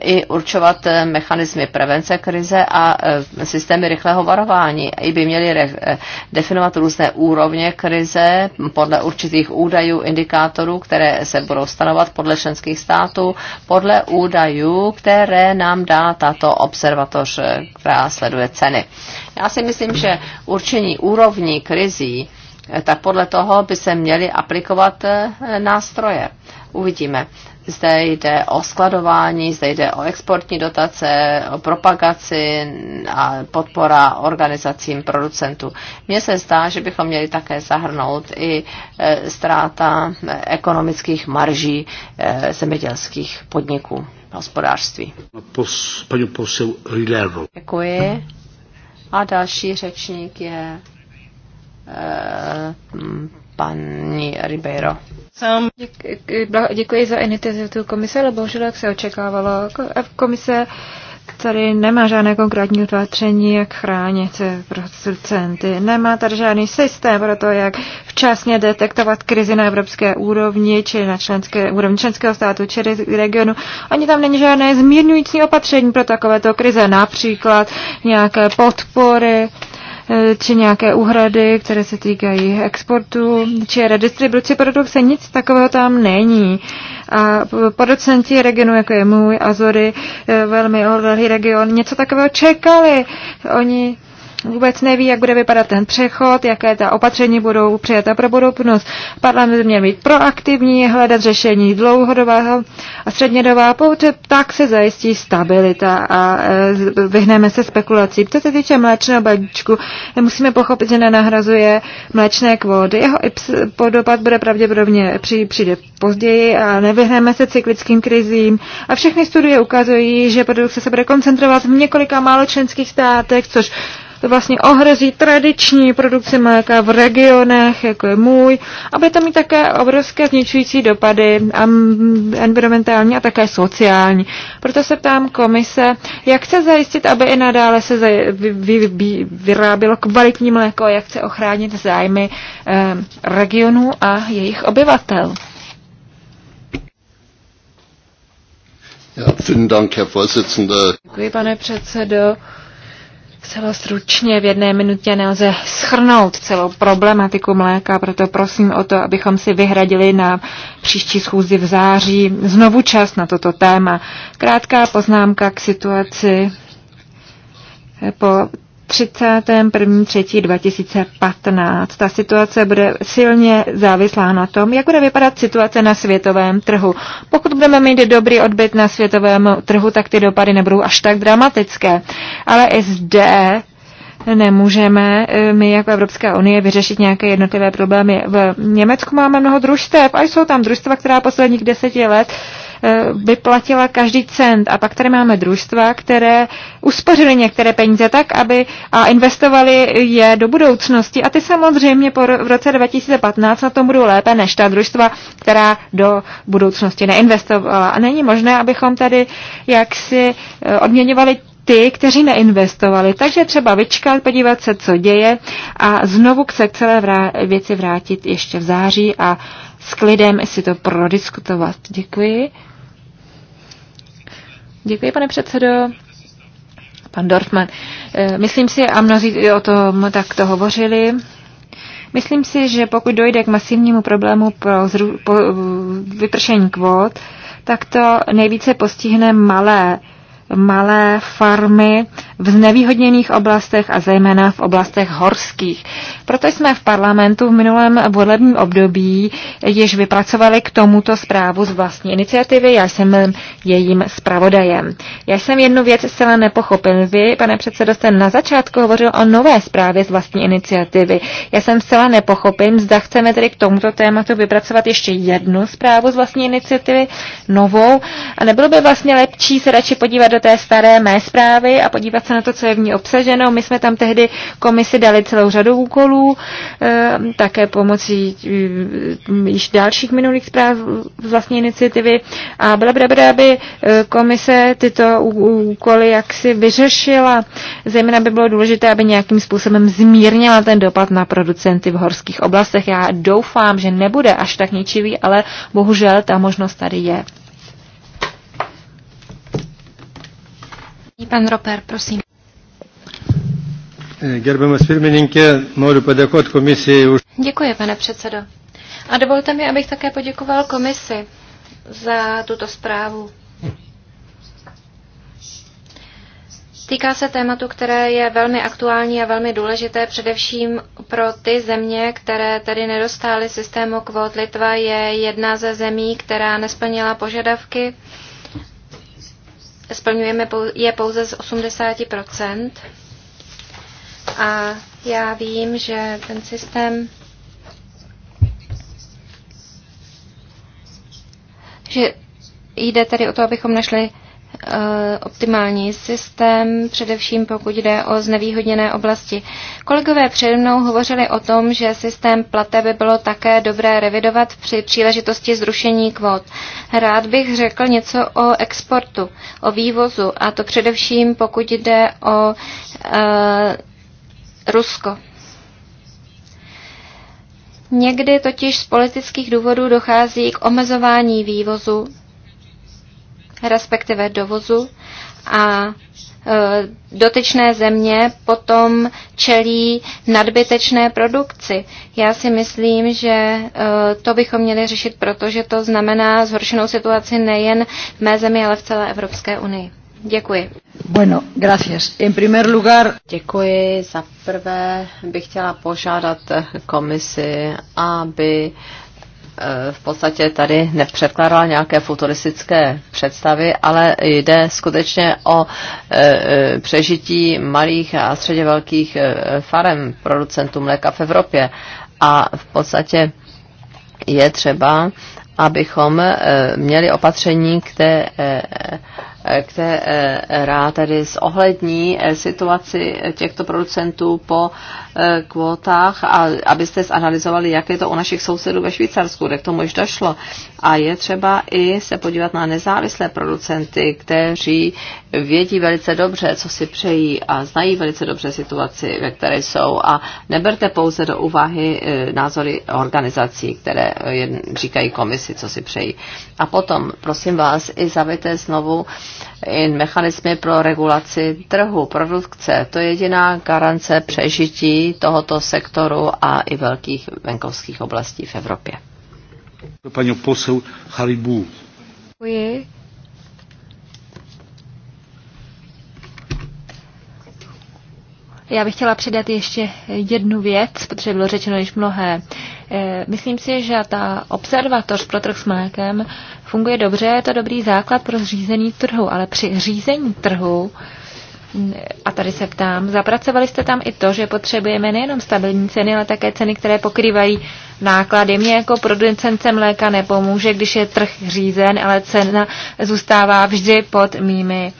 i určovat eh, mechanismy prevence krize a systémy rychlého varování. I by měly re- definovat různé úrovně krize podle určitých údajů, indikátorů, které se budou stanovat podle členských států, podle údajů, které nám dá tato observatoř, která sleduje ceny. Já si myslím, že určení úrovní krizí, eh, tak podle toho by se měly aplikovat eh, nástroje. Uvidíme. Zde jde o skladování, zde jde o exportní dotace, o propagaci a podpora organizacím producentů. Mně se zdá, že bychom měli také zahrnout i e, ztráta e, ekonomických marží e, zemědělských podniků hospodářství. Děkuji. A další řečník je paní Ribeiro. Sam. Děkuji za iniciativu komise, ale bohužel, jak se očekávalo, eh, komise tady nemá žádné konkrétní opatření, jak chránit producenty. Nemá tady žádný systém pro to, jak včasně detektovat krizi na evropské úrovni, či na členské, úrovni členského státu, či regionu. Ani tam není žádné zmírňující opatření pro takovéto krize, například nějaké podpory E, či nějaké úhrady, které se týkají exportu či redistribuci produkce. Nic takového tam není. A producenti regionu, jako je můj, Azory, e, velmi odlehlý region, něco takového čekali. Oni vůbec neví, jak bude vypadat ten přechod, jaké ta opatření budou přijata pro budoucnost. Parlament měl být proaktivní, hledat řešení dlouhodobého a střednědobá, pouze tak se zajistí stabilita a e, vyhneme se spekulacím. Co se týče mléčného balíčku, musíme pochopit, že nenahrazuje mléčné kvóty. Jeho podopad bude pravděpodobně při přijde později a nevyhneme se cyklickým krizím. A všechny studie ukazují, že produkce se bude koncentrovat v několika málo členských státech, což to vlastně ohrozí tradiční produkci mléka v regionech, jako je můj, a bude to mít také obrovské zničující dopady environmentální a také sociální. Proto se ptám komise, jak chce zajistit, aby i nadále se vyrábělo kvalitní mléko, jak chce ochránit zájmy regionů a jejich obyvatel. Děkuji, pane předsedo celostručně v jedné minutě nelze schrnout celou problematiku mléka, proto prosím o to, abychom si vyhradili na příští schůzi v září znovu čas na toto téma. Krátká poznámka k situaci po 31.3.2015. Ta situace bude silně závislá na tom, jak bude vypadat situace na světovém trhu. Pokud budeme mít dobrý odbyt na světovém trhu, tak ty dopady nebudou až tak dramatické. Ale i zde nemůžeme eh, my jako Evropská unie vyřešit nějaké jednotlivé problémy. V Německu máme mnoho družstev a jsou tam družstva, která posledních deseti let by eh, platila každý cent. A pak tady máme družstva, které uspořily některé peníze tak, aby a investovali je do budoucnosti. A ty samozřejmě po, v roce 2015 na tom budou lépe než ta družstva, která do budoucnosti neinvestovala. A není možné, abychom tady jaksi eh, odměňovali ty, kteří neinvestovali. Takže třeba vyčkat, podívat se, co děje a znovu se k celé vrá- věci vrátit ještě v září a s klidem si to prodiskutovat. Děkuji. Děkuji, pane předsedo. Pan Dorfman. Eh, myslím si, a mnozí o tom takto hovořili, myslím si, že pokud dojde k masivnímu problému pro zru, po, eh, vypršení kvót, tak to nejvíce postihne malé malé farmy v znevýhodněných oblastech a zejména v oblastech horských. Proto jsme v parlamentu v minulém volebním období již vypracovali k tomuto zprávu z vlastní iniciativy. Já jsem jejím zpravodajem. Já jsem jednu věc zcela nepochopil. Vy, pane předsedo, jste na začátku hovořil o nové zprávě z vlastní iniciativy. Já jsem zcela nepochopil, zda chceme tedy k tomuto tématu vypracovat ještě jednu zprávu z vlastní iniciativy, novou. A nebylo by vlastně lepší se radši podívat do té staré mé zprávy a podívat se na to, co je v ní obsaženo. My jsme tam tehdy komisi dali celou řadu úkolů, ehm, také pomocí ehm, již dalších minulých zpráv z vlastní iniciativy a byla by dobré, aby eh, komise tyto úkoly jaksi vyřešila. Zejména by bylo důležité, aby nějakým způsobem zmírnila ten dopad na producenty v horských oblastech. Já doufám, že nebude až tak ničivý, ale bohužel ta možnost tady je. Pan Roper, prosím. Eh, gerbiamas pirmininkė, noriu padėkoti komisijai už. Děkuji, pane předsedo. A dovolte mi, abych také poděkoval komisi za tuto zprávu. Týká se tématu, které je velmi aktuální a velmi důležité, především pro ty země, které tady nedostály systému kvót. Litva je jedna ze zemí, která nesplnila požadavky splňujeme je pouze z 80 A já vím, že ten systém že jde tedy o to, abychom našli Eh, optimální systém, především pokud jde o znevýhodněné oblasti. Kolegové přede mnou hovořili o tom, že systém plate by bylo také dobré revidovat při příležitosti zrušení kvót. Rád bych řekl něco o exportu, o vývozu, a to především pokud jde o e, Rusko. Někdy totiž z politických důvodů dochází k omezování vývozu respektive dovozu a e, dotyčné země potom čelí nadbytečné produkci. Já si myslím, že e, to bychom měli řešit, protože to znamená zhoršenou situaci nejen v mé zemi, ale v celé Evropské unii. Děkuji. Bueno, gracias. En primer lugar... Děkuji. Za prvé bych chtěla požádat komisi, aby uh, v podstatě tady nepředkládala nějaké futuristické představy, ale jde skutečně o e, e, přežití malých a středně velkých e, farem producentů mléka v Evropě. A v podstatě je třeba, abychom měli opatření, které která tedy zohlední eh, situaci těchto producentů po eh, kvótách a abyste zanalizovali, jak je to u našich sousedů ve Švýcarsku, kde k tomu již došlo. A je třeba i se podívat na nezávislé producenty, kteří vědí velice dobře, co si přejí a znají velice dobře situaci, ve které jsou. A neberte pouze do úvahy eh, názory organizací, které říkají komisi, co si přejí. A potom, prosím vás, i zavěte znovu mechanismy pro regulaci trhu, produkce. To je jediná garance přežití tohoto sektoru a i velkých venkovských oblastí v Evropě. Paní posel Haribu. Děkuji. Já bych chtěla přidat ještě jednu věc, protože bylo řečeno již mnohé. Eh, myslím si, že ta observatoř pro trh s mlékem funguje dobře, je to dobrý základ pro řízení trhu, ale při řízení trhu a tady se ptám, zapracovali jste tam i to, že potřebujeme nejenom stabilní ceny, ale také ceny, které pokrývají náklady. Mě jako producentce mléka nepomůže, když je trh řízen, ale cena zůstává vždy pod mými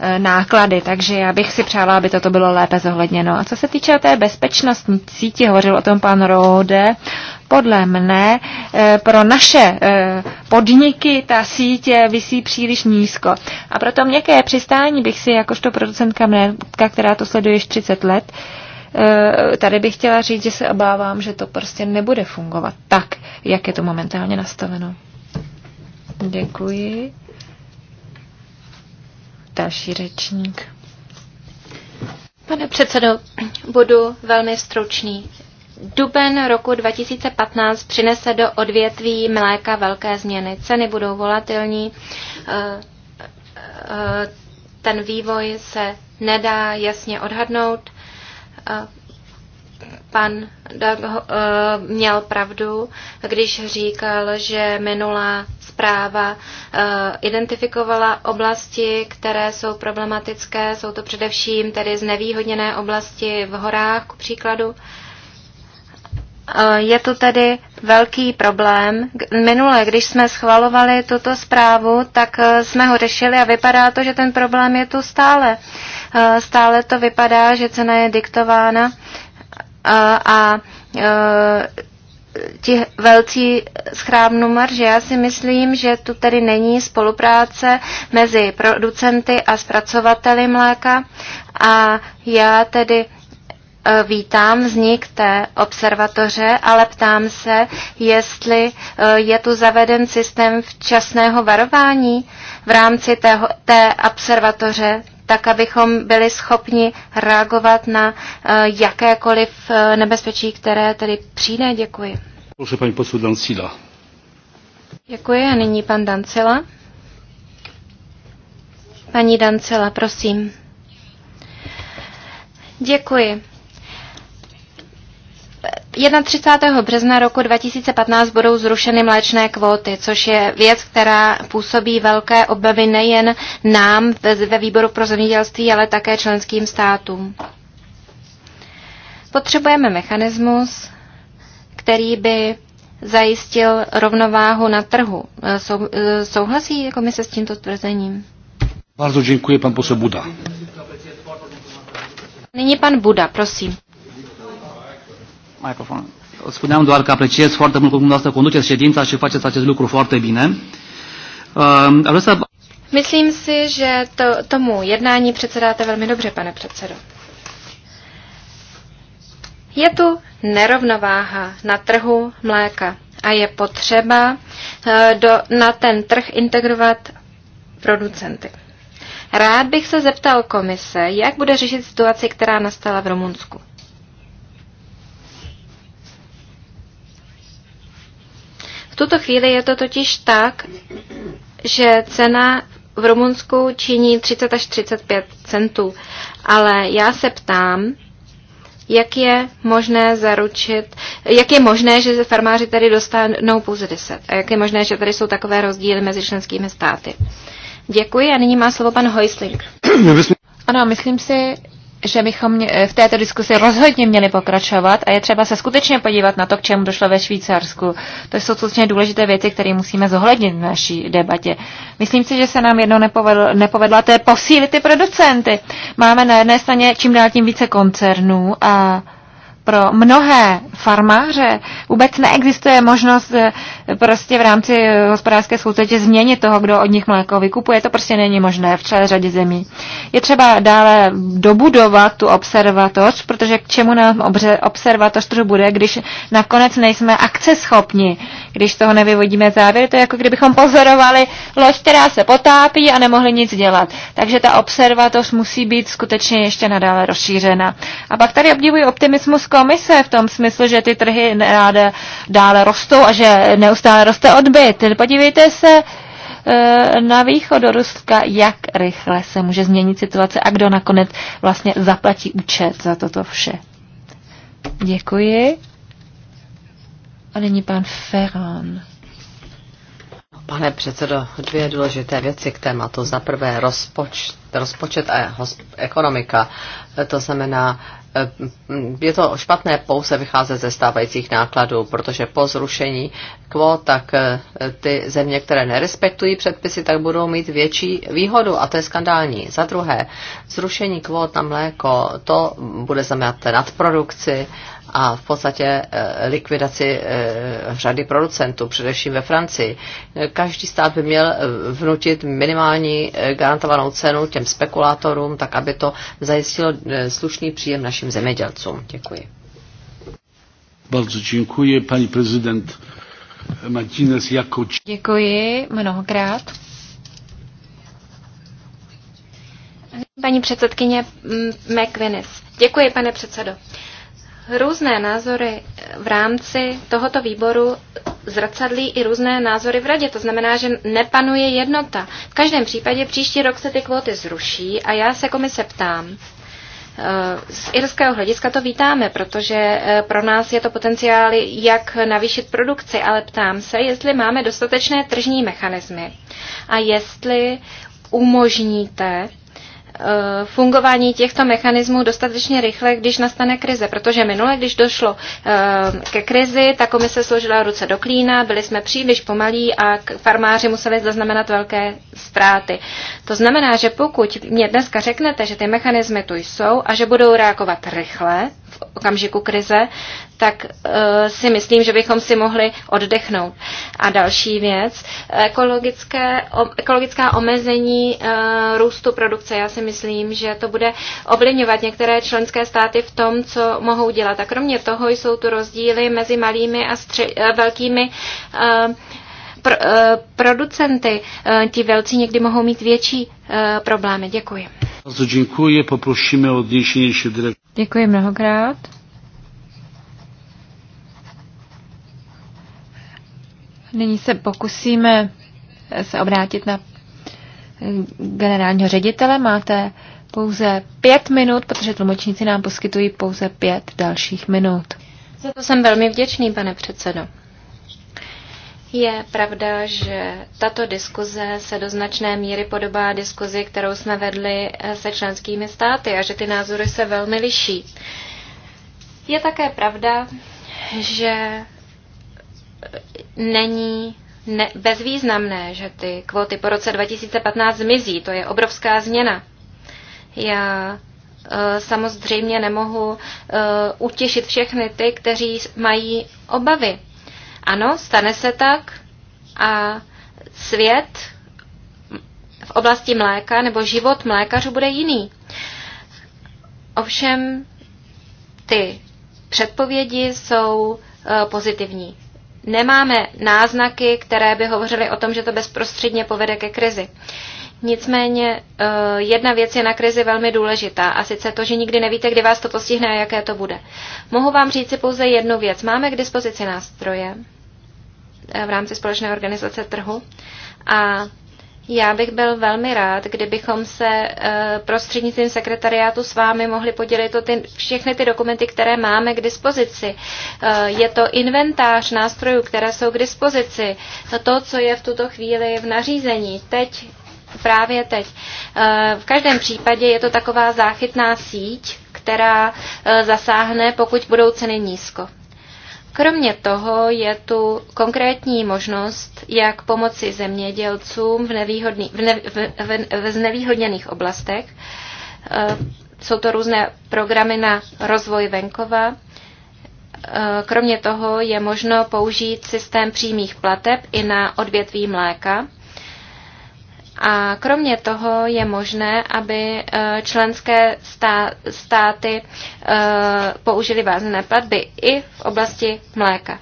e, náklady, takže já bych si přála, aby toto bylo lépe zohledněno. A co se týče té bezpečnostní sítě, hovořil o tom pan Rode, podle mne eh, pro naše eh, podniky ta sítě visí příliš nízko. A proto měkké přistání bych si jakožto producentka mléka, která to sleduje již 30 let, eh, tady bych chtěla říct, že se obávám, že to prostě nebude fungovat tak, jak je to momentálně nastaveno. Děkuji. Další řečník. Pane předsedo, budu velmi stručný. Duben roku 2015 přinese do odvětví mléka velké změny. Ceny budou volatilní, eh, eh, ten vývoj se nedá jasně odhadnout. Eh, pan Doug měl pravdu, když říkal, že minulá zpráva identifikovala oblasti, které jsou problematické. Jsou to především tedy znevýhodněné oblasti v horách, k příkladu. Eh, je tu tedy velký problém. Minule, když jsme schvalovali tuto zprávu, tak eh, jsme ho řešili a vypadá to, že ten problém je tu stále. Eh, stále to vypadá, že cena je diktována a, a ti velcí schrábnu marže. Já si myslím, že tu tedy není spolupráce mezi producenty a zpracovateli mléka a já tedy Eh, vítám vznik té observatoře, ale ptám se, jestli eh, je tu zaveden systém včasného varování v rámci tého, té observatoře, tak abychom byli schopni reagovat na eh, jakékoliv nebezpečí, které tedy přijde. Děkuji. Prosím, paní poslu Dancila. Děkuji a nyní pan Dancila. Paní Dancila, prosím. Děkuji. 31. března roku 2015 budou zrušeny mléčné kvóty, což je věc, která působí velké obavy nejen nám ve výboru pro zemědělství, ale také členským státům. Potřebujeme mechanismus, který by zajistil rovnováhu na trhu. E, sou, e, souhlasí komise s tímto tvrzením? Bardzo děkuji, pan posel Buda. Nyní pan Buda, prosím microfon. Spuneam doar că apreciez foarte mult cum dumneavoastră conduceți ședința și faceți acest lucru foarte bine. Uh, să... Myslím si, že to, tomu jednání předsedáte velmi dobře, pane předsedo. Je tu nerovnováha na trhu mléka a je potřeba uh, do, na ten trh integrovat producenty. Rád bych se zeptal komise, jak bude řešit situaci, která nastala v Rumunsku. tuto chvíli je to totiž tak, že cena v Rumunsku činí 30 až 35 centů. Ale já se ptám, jak je možné zaručit, jak je možné, že farmáři tady dostanou pouze 10 a jak je možné, že tady jsou takové rozdíly mezi členskými státy. Děkuji a nyní má slovo pan Hoisling. Ano, myslím si, že bychom eh, v této diskusi rozhodně měli pokračovat a je třeba se skutečně podívat na to, k čemu došlo ve Švýcarsku. To jsou skutečně důležité věci, které musíme zohlednit v naší debatě. Myslím si, že se nám jedno nepovedlo, nepovedlo to je posílit ty producenty. Máme na jedné straně čím dál tím více koncernů a pro mnohé farmáře vůbec neexistuje možnost eh, prostě v rámci eh, hospodářské soutěže změnit toho, kdo od nich mléko vykupuje. To prostě není možné v celé řadě zemí. Je třeba dále dobudovat tu observatoř, protože k čemu nám obře, observatoř to bude, když nakonec nejsme akceschopni, když toho nevyvodíme závěr. To je jako kdybychom pozorovali loď, která se potápí a nemohli nic dělat. Takže ta observatoř musí být skutečně ještě nadále rozšířena. A pak tady obdivuji optimismus komise v tom smyslu, že ty trhy ráda dále rostou a že neustále roste odbyt. Podívejte se e, na východ do Ruska, jak rychle se může změnit situace a kdo nakonec vlastně zaplatí účet za toto vše. Děkuji. A nyní pan Ferran. Pane předsedo, dvě důležité věci k tématu. Za prvé rozpočet, rozpočet a hosp, ekonomika. To znamená Eh, je to špatné pouze vycházet ze stávajících nákladů, protože po zrušení kvót, tak eh, ty země, které nerespektují předpisy, tak budou mít větší výhodu a to je skandální. Za druhé, zrušení kvót na mléko, to bude znamenat nadprodukci a v podstatě eh, likvidaci eh, řady producentů, především ve Francii. Každý stát by měl eh, vnutit minimální garantovanou cenu těm spekulátorům, tak aby to zajistilo slušný příjem našim zemědělcům. Děkuji. Bardzo děkuji, paní prezident Martínez Jakoč. Děkuji mnohokrát. Paní předsedkyně McVinnis. Děkuji, pane předsedo různé názory v rámci tohoto výboru zrcadlí i různé názory v radě. To znamená, že nepanuje jednota. V každém případě příští rok se ty kvóty zruší a já se komise ptám. Eh, z irského hlediska to vítáme, protože eh, pro nás je to potenciál, jak navýšit produkci, ale ptám se, jestli máme dostatečné tržní mechanismy a jestli umožníte Eh, fungování těchto mechanismů dostatečně rychle, když nastane krize, protože minule, když došlo eh, ke krizi, ta komise složila ruce do klína, byli jsme příliš pomalí a farmáři museli zaznamenat velké ztráty. To znamená, že pokud mě dneska řeknete, že ty mechanismy tu jsou a že budou reagovat rychle, okamžiku krize, tak eh, si myslím, že bychom si mohli oddechnout. A další věc, ekologické, ekologická omezení eh, růstu produkce. Já si myslím, že to bude ovlivňovat některé členské státy v tom, co mohou dělat. A kromě toho jsou tu rozdíly mezi malými a stři- eh, velkými E, pro, eh, producenty. Eh, ti velcí někdy mohou mít větší eh, problémy. Děkuji. Děkuji, poprosíme o odniesienie się Děkuji mnohokrát. Nyní se pokusíme se obrátit na generálního ředitele. Máte pouze pět minut, protože tlumočníci nám poskytují pouze pět dalších minut. Za to jsem velmi vděčný, pane předsedo. Je pravda, že tato diskuze se do značné míry podobá diskuzi, kterou jsme vedli eh, se členskými státy a že ty názory se velmi liší. Je také pravda, že eh, není ne, bezvýznamné, že ty kvóty po roce 2015 zmizí. To je obrovská změna. Já eh, samozřejmě nemohu utěšit všechny ty, kteří mají obavy ano, stane se tak a svět v oblasti mléka nebo život mlékařů bude jiný. Ovšem ty předpovědi jsou eh, pozitivní. Nemáme náznaky, které by hovořily o tom, že to bezprostředně povede ke krizi. Nicméně eh, jedna věc je na krizi velmi důležitá a sice to, že nikdy nevíte, kdy vás to postihne a jaké to bude. Mohu vám říci pouze jednu věc. Máme k dispozici nástroje, Eh, v rámci společné organizace trhu. A já bych byl velmi rád, kdybychom se eh, prostřednictvím sekretariátu s vámi mohli podělit o ty, všechny ty dokumenty, které máme k dispozici. Eh, je to inventář nástrojů, které jsou k dispozici. To, co je v tuto chvíli v nařízení. Teď, právě teď. V každém případě je to taková záchytná síť, která zasáhne, pokud budou ceny nízko. Kromě toho je tu konkrétní možnost, jak pomoci zemědělcům v, nevýhodný, v, ne, v, v, v znevýhodněných oblastech. Eh, jsou to různé programy na rozvoj venkova. Eh, kromě toho je možno použít systém přímých plateb i na odvětví mléka. A kromě toho je možné, aby e, členské státy e, použily vázané platby i v oblasti mléka.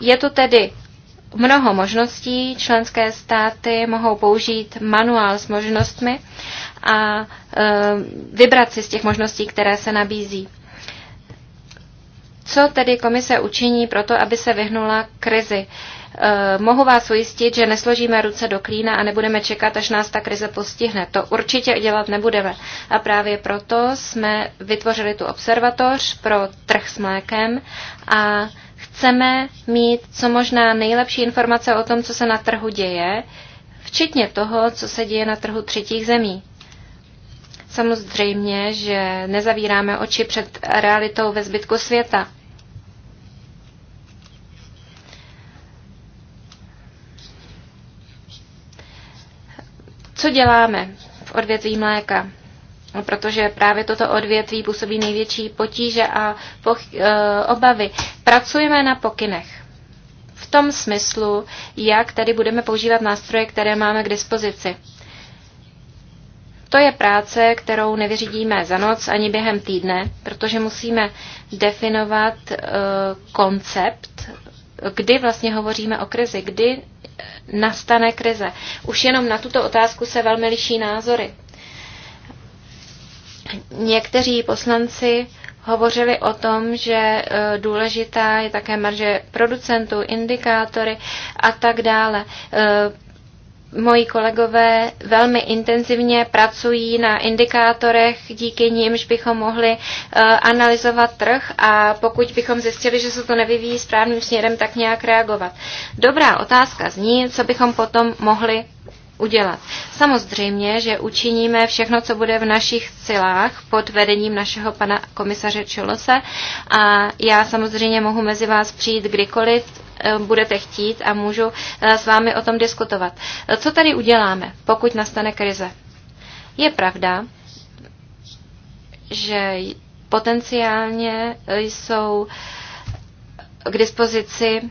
Je tu tedy mnoho možností, členské státy mohou použít manuál s možnostmi a e, vybrat si z těch možností, které se nabízí. Co tedy komise učiní pro to, aby se vyhnula krizi? Eh, mohu vás ujistit, že nesložíme ruce do klína a nebudeme čekat, až nás ta krize postihne. To určitě dělat nebudeme. A právě proto jsme vytvořili tu observatoř pro trh s mlékem a chceme mít co možná nejlepší informace o tom, co se na trhu děje, včetně toho, co se děje na trhu třetích zemí. Samozřejmě, že nezavíráme oči před realitou ve zbytku světa. Co děláme v odvětví mléka? No, protože právě toto odvětví působí největší potíže a poch- eh, obavy. Pracujeme na pokynech. V tom smyslu, jak tady budeme používat nástroje, které máme k dispozici. To je práce, kterou nevyřídíme za noc ani během týdne, protože musíme definovat e, koncept, kdy vlastně hovoříme o krizi, kdy nastane krize. Už jenom na tuto otázku se velmi liší názory. Někteří poslanci hovořili o tom, že e, důležitá je také marže producentů, indikátory a tak dále. E, moji kolegové velmi intenzivně pracují na indikátorech, díky nimž bychom mohli eh, analyzovat trh a pokud bychom zjistili, že se to nevyvíjí správným směrem, tak nějak reagovat. Dobrá otázka zní, co bychom potom mohli udělat. Samozřejmě, že učiníme všechno, co bude v našich silách pod vedením našeho pana komisaře Čolose a já samozřejmě mohu mezi vás přijít kdykoliv Eh, budete chtít a můžu eh, s vámi o tom diskutovat. Eh, co tady uděláme, pokud nastane krize? Je pravda, že potenciálně jsou k dispozici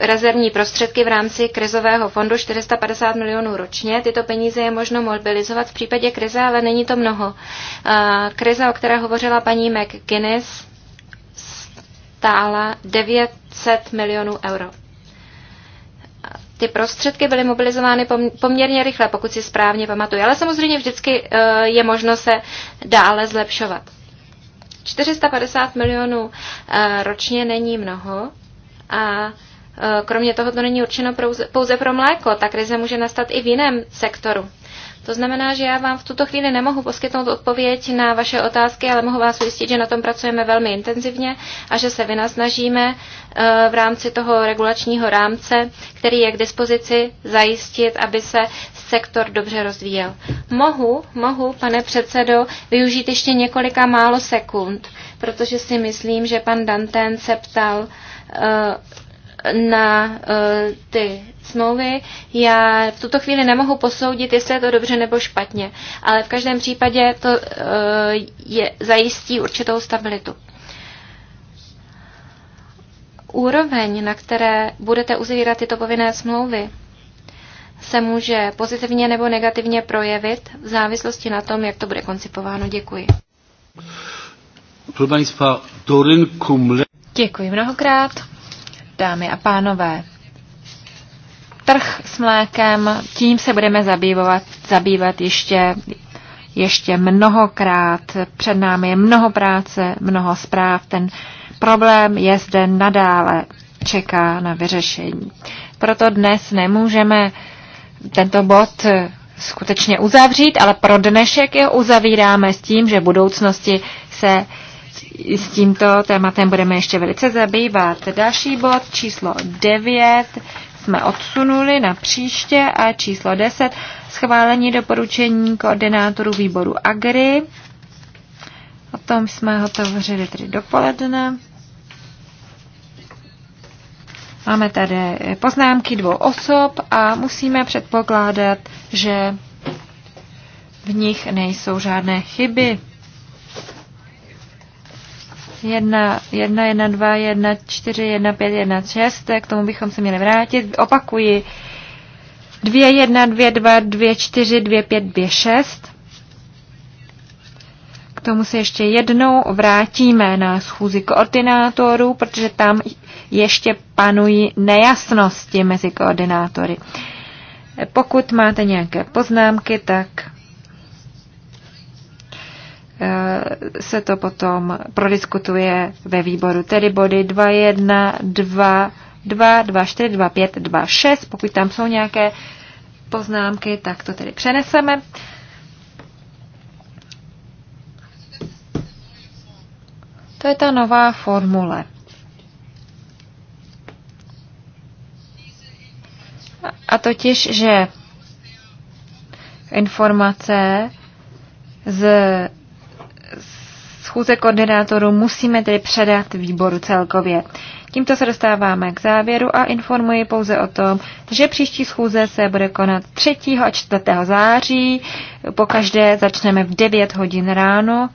rezervní prostředky v rámci krizového fondu 450 milionů ročně. Tyto peníze je možno mobilizovat v případě krize, ale není to mnoho. Krize, o které hovořila paní McGuinness, stála 900 milionů euro. Ty prostředky byly mobilizovány poměrně rychle, pokud si správně pamatuju, ale samozřejmě vždycky eh, je možno se dále zlepšovat. 450 milionů eh, ročně není mnoho a eh, kromě toho to není určeno pouze pro mléko, ta krize může nastat i v jiném sektoru. To znamená, že já vám v tuto chvíli nemohu poskytnout odpověď na vaše otázky, ale mohu vás ujistit, že na tom pracujeme velmi intenzivně a že se vynasnažíme eh, v rámci toho regulačního rámce, který je k dispozici, zajistit, aby se sektor dobře rozvíjel. Mohu, mohu, pane předsedo, využít ještě několika málo sekund, protože si myslím, že pan Danten se ptal eh, na eh, ty smlouvy. Já v tuto chvíli nemohu posoudit, jestli je to dobře nebo špatně, ale v každém případě to eh, je, zajistí určitou stabilitu. Úroveň, na které budete uzavírat tyto povinné smlouvy, se může pozitivně nebo negativně projevit v závislosti na tom, jak to bude koncipováno. Děkuji. Děkuji mnohokrát dámy a pánové. Trh s mlékem, tím se budeme zabývat, zabývat ještě, ještě mnohokrát. Před námi je mnoho práce, mnoho zpráv. Ten problém je zde nadále, čeká na vyřešení. Proto dnes nemůžeme tento bod skutečně uzavřít, ale pro dnešek je uzavíráme s tím, že v budoucnosti se s tímto tématem budeme ještě velice zabývat. Další bod číslo 9 jsme odsunuli na příště a číslo 10 schválení doporučení koordinátorů výboru AGRI. O tom jsme hotovořili tedy dopoledne. Máme tady poznámky dvou osob a musíme předpokládat, že v nich nejsou žádné chyby. 1, 1, 1, 2, 1, 4, 1, 5, 1, 6, k tomu bychom se měli vrátit. Opakuji, 2, 1, 2, 2, 2, 4, 2, 5, 2, 6. K tomu se ještě jednou vrátíme na schůzi koordinátorů, protože tam ještě panují nejasnosti mezi koordinátory. Pokud máte nějaké poznámky, tak Eh, se to potom prodiskutuje ve výboru. Tedy body 2, 1, 2, 2, 2, 4, 2, 5, 2, 6. Pokud tam jsou nějaké poznámky, tak to tedy přeneseme. To je ta nová formule. A totiž, že informace z schůze koordinátorů musíme tedy předat výboru celkově. Tímto se dostáváme k závěru a informuji pouze o tom, že příští schůze se bude konat 3. a 4. září. Po každé začneme v 9 hodin ráno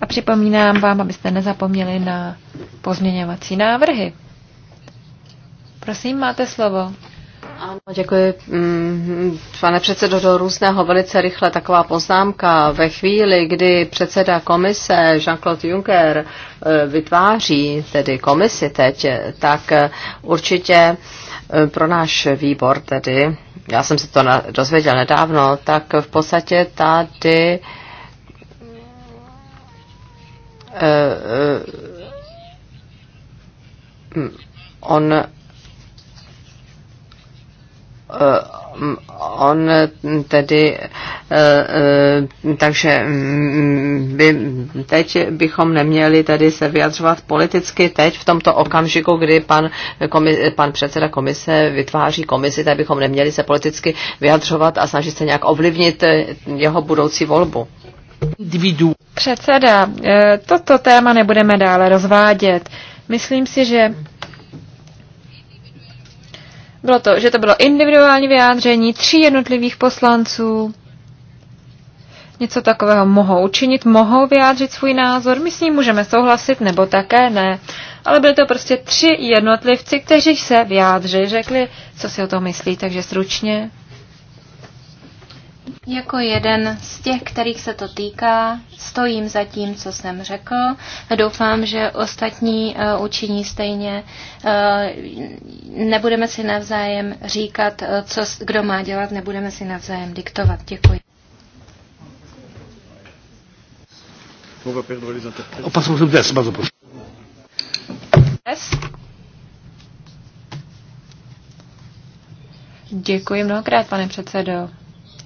a připomínám vám, abyste nezapomněli na pozměňovací návrhy. Prosím, máte slovo. Ano, děkuji, mm, pane předsedo, do různého velice rychle taková poznámka. Ve chvíli, kdy předseda komise Jean-Claude Juncker eh, vytváří tedy komisi teď, tak eh, určitě eh, pro náš výbor tedy, já jsem se to dozvěděl nedávno, tak v podstatě tady mm, on Eh, on tedy, eh, eh, takže by, mm, teď bychom neměli tady se vyjadřovat politicky, teď v tomto okamžiku, kdy pan, komi, pan předseda komise vytváří komisi, tak bychom neměli se politicky vyjadřovat a snažit se nějak ovlivnit jeho budoucí volbu. Předseda, toto téma nebudeme dále rozvádět. Myslím si, že bylo to, že to bylo individuální vyjádření tří jednotlivých poslanců. Něco takového mohou učinit, mohou vyjádřit svůj názor, my s ním můžeme souhlasit nebo také ne. Ale byly to prostě tři jednotlivci, kteří se vyjádřili, řekli, co si o tom myslí, takže stručně. Jako jeden z těch, kterých se to týká, stojím za tím, co jsem řekl. Doufám, že ostatní uh, učiní stejně. Uh, nebudeme si navzájem říkat, uh, co kdo má dělat, nebudeme si navzájem diktovat. Děkuji. Děkuji mnohokrát, pane předsedo.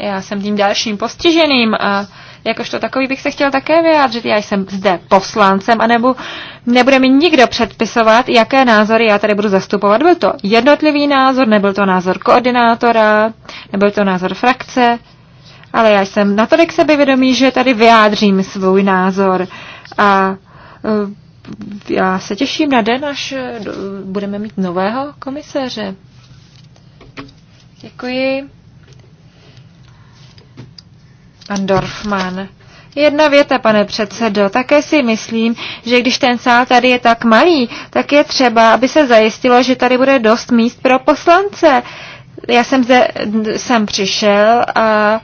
Já jsem tím dalším postiženým a jakožto takový bych se chtěl také vyjádřit. Já jsem zde poslancem a nebo nebude mi nikdo předpisovat, jaké názory já tady budu zastupovat. Byl to jednotlivý názor, nebyl to názor koordinátora, nebyl to názor frakce, ale já jsem natolik sebevědomý, že tady vyjádřím svůj názor a eh, já se těším na den, až eh, budeme mít nového komisaře. Děkuji. Pan Dorfman. Jedna věta, pane předsedo. Také si myslím, že když ten sál tady je tak malý, tak je třeba, aby se zajistilo, že tady bude dost míst pro poslance. Já jsem zde, jsem přišel a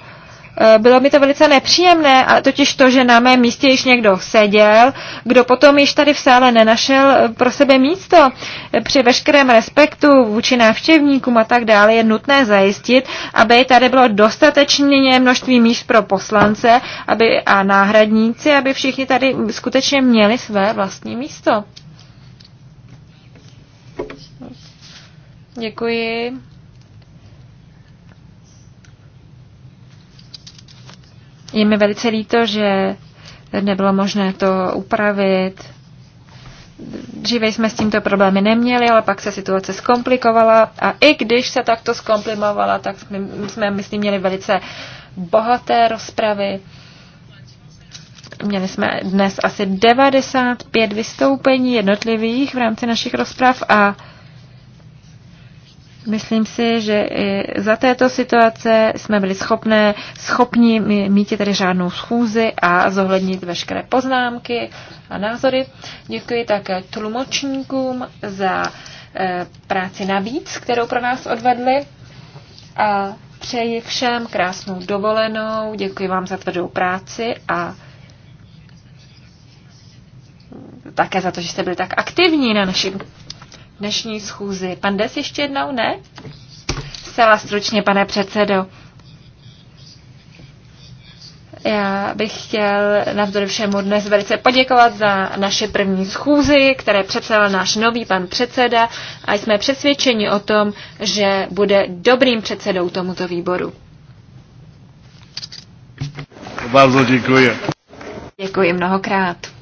Eh, bylo mi to velice nepříjemné, a totiž to, že na mém místě již někdo seděl, kdo potom již tady v sále nenašel eh, pro sebe místo. Eh, při veškerém respektu vůči návštěvníkům a tak dále je nutné zajistit, aby tady bylo dostatečně množství míst pro poslance aby, a náhradníci, aby všichni tady skutečně měli své vlastní místo. Děkuji. Je mi velice líto, že nebylo možné to upravit. Dříve jsme s tímto problémy neměli, ale pak se situace zkomplikovala a i když se takto zkomplikovala, tak jsme, jsme myslím, měli velice bohaté rozpravy. Měli jsme dnes asi 95 vystoupení jednotlivých v rámci našich rozprav a Myslím si, že i za této situace jsme byli schopné, schopni mít tady žádnou schůzi a zohlednit veškeré poznámky a názory. Děkuji také tlumočníkům za e, práci navíc, kterou pro nás odvedli a přeji všem krásnou dovolenou, děkuji vám za tvrdou práci a také za to, že jste byli tak aktivní na našem dnešní schůzi. Pan Des ještě jednou, ne? Zcela stručně, pane předsedo. Já bych chtěl navzdory všemu dnes velice poděkovat za naše první schůzi, které předsedal náš nový pan předseda a jsme přesvědčeni o tom, že bude dobrým předsedou tomuto výboru. Bardzo děkuji. Děkuji mnohokrát.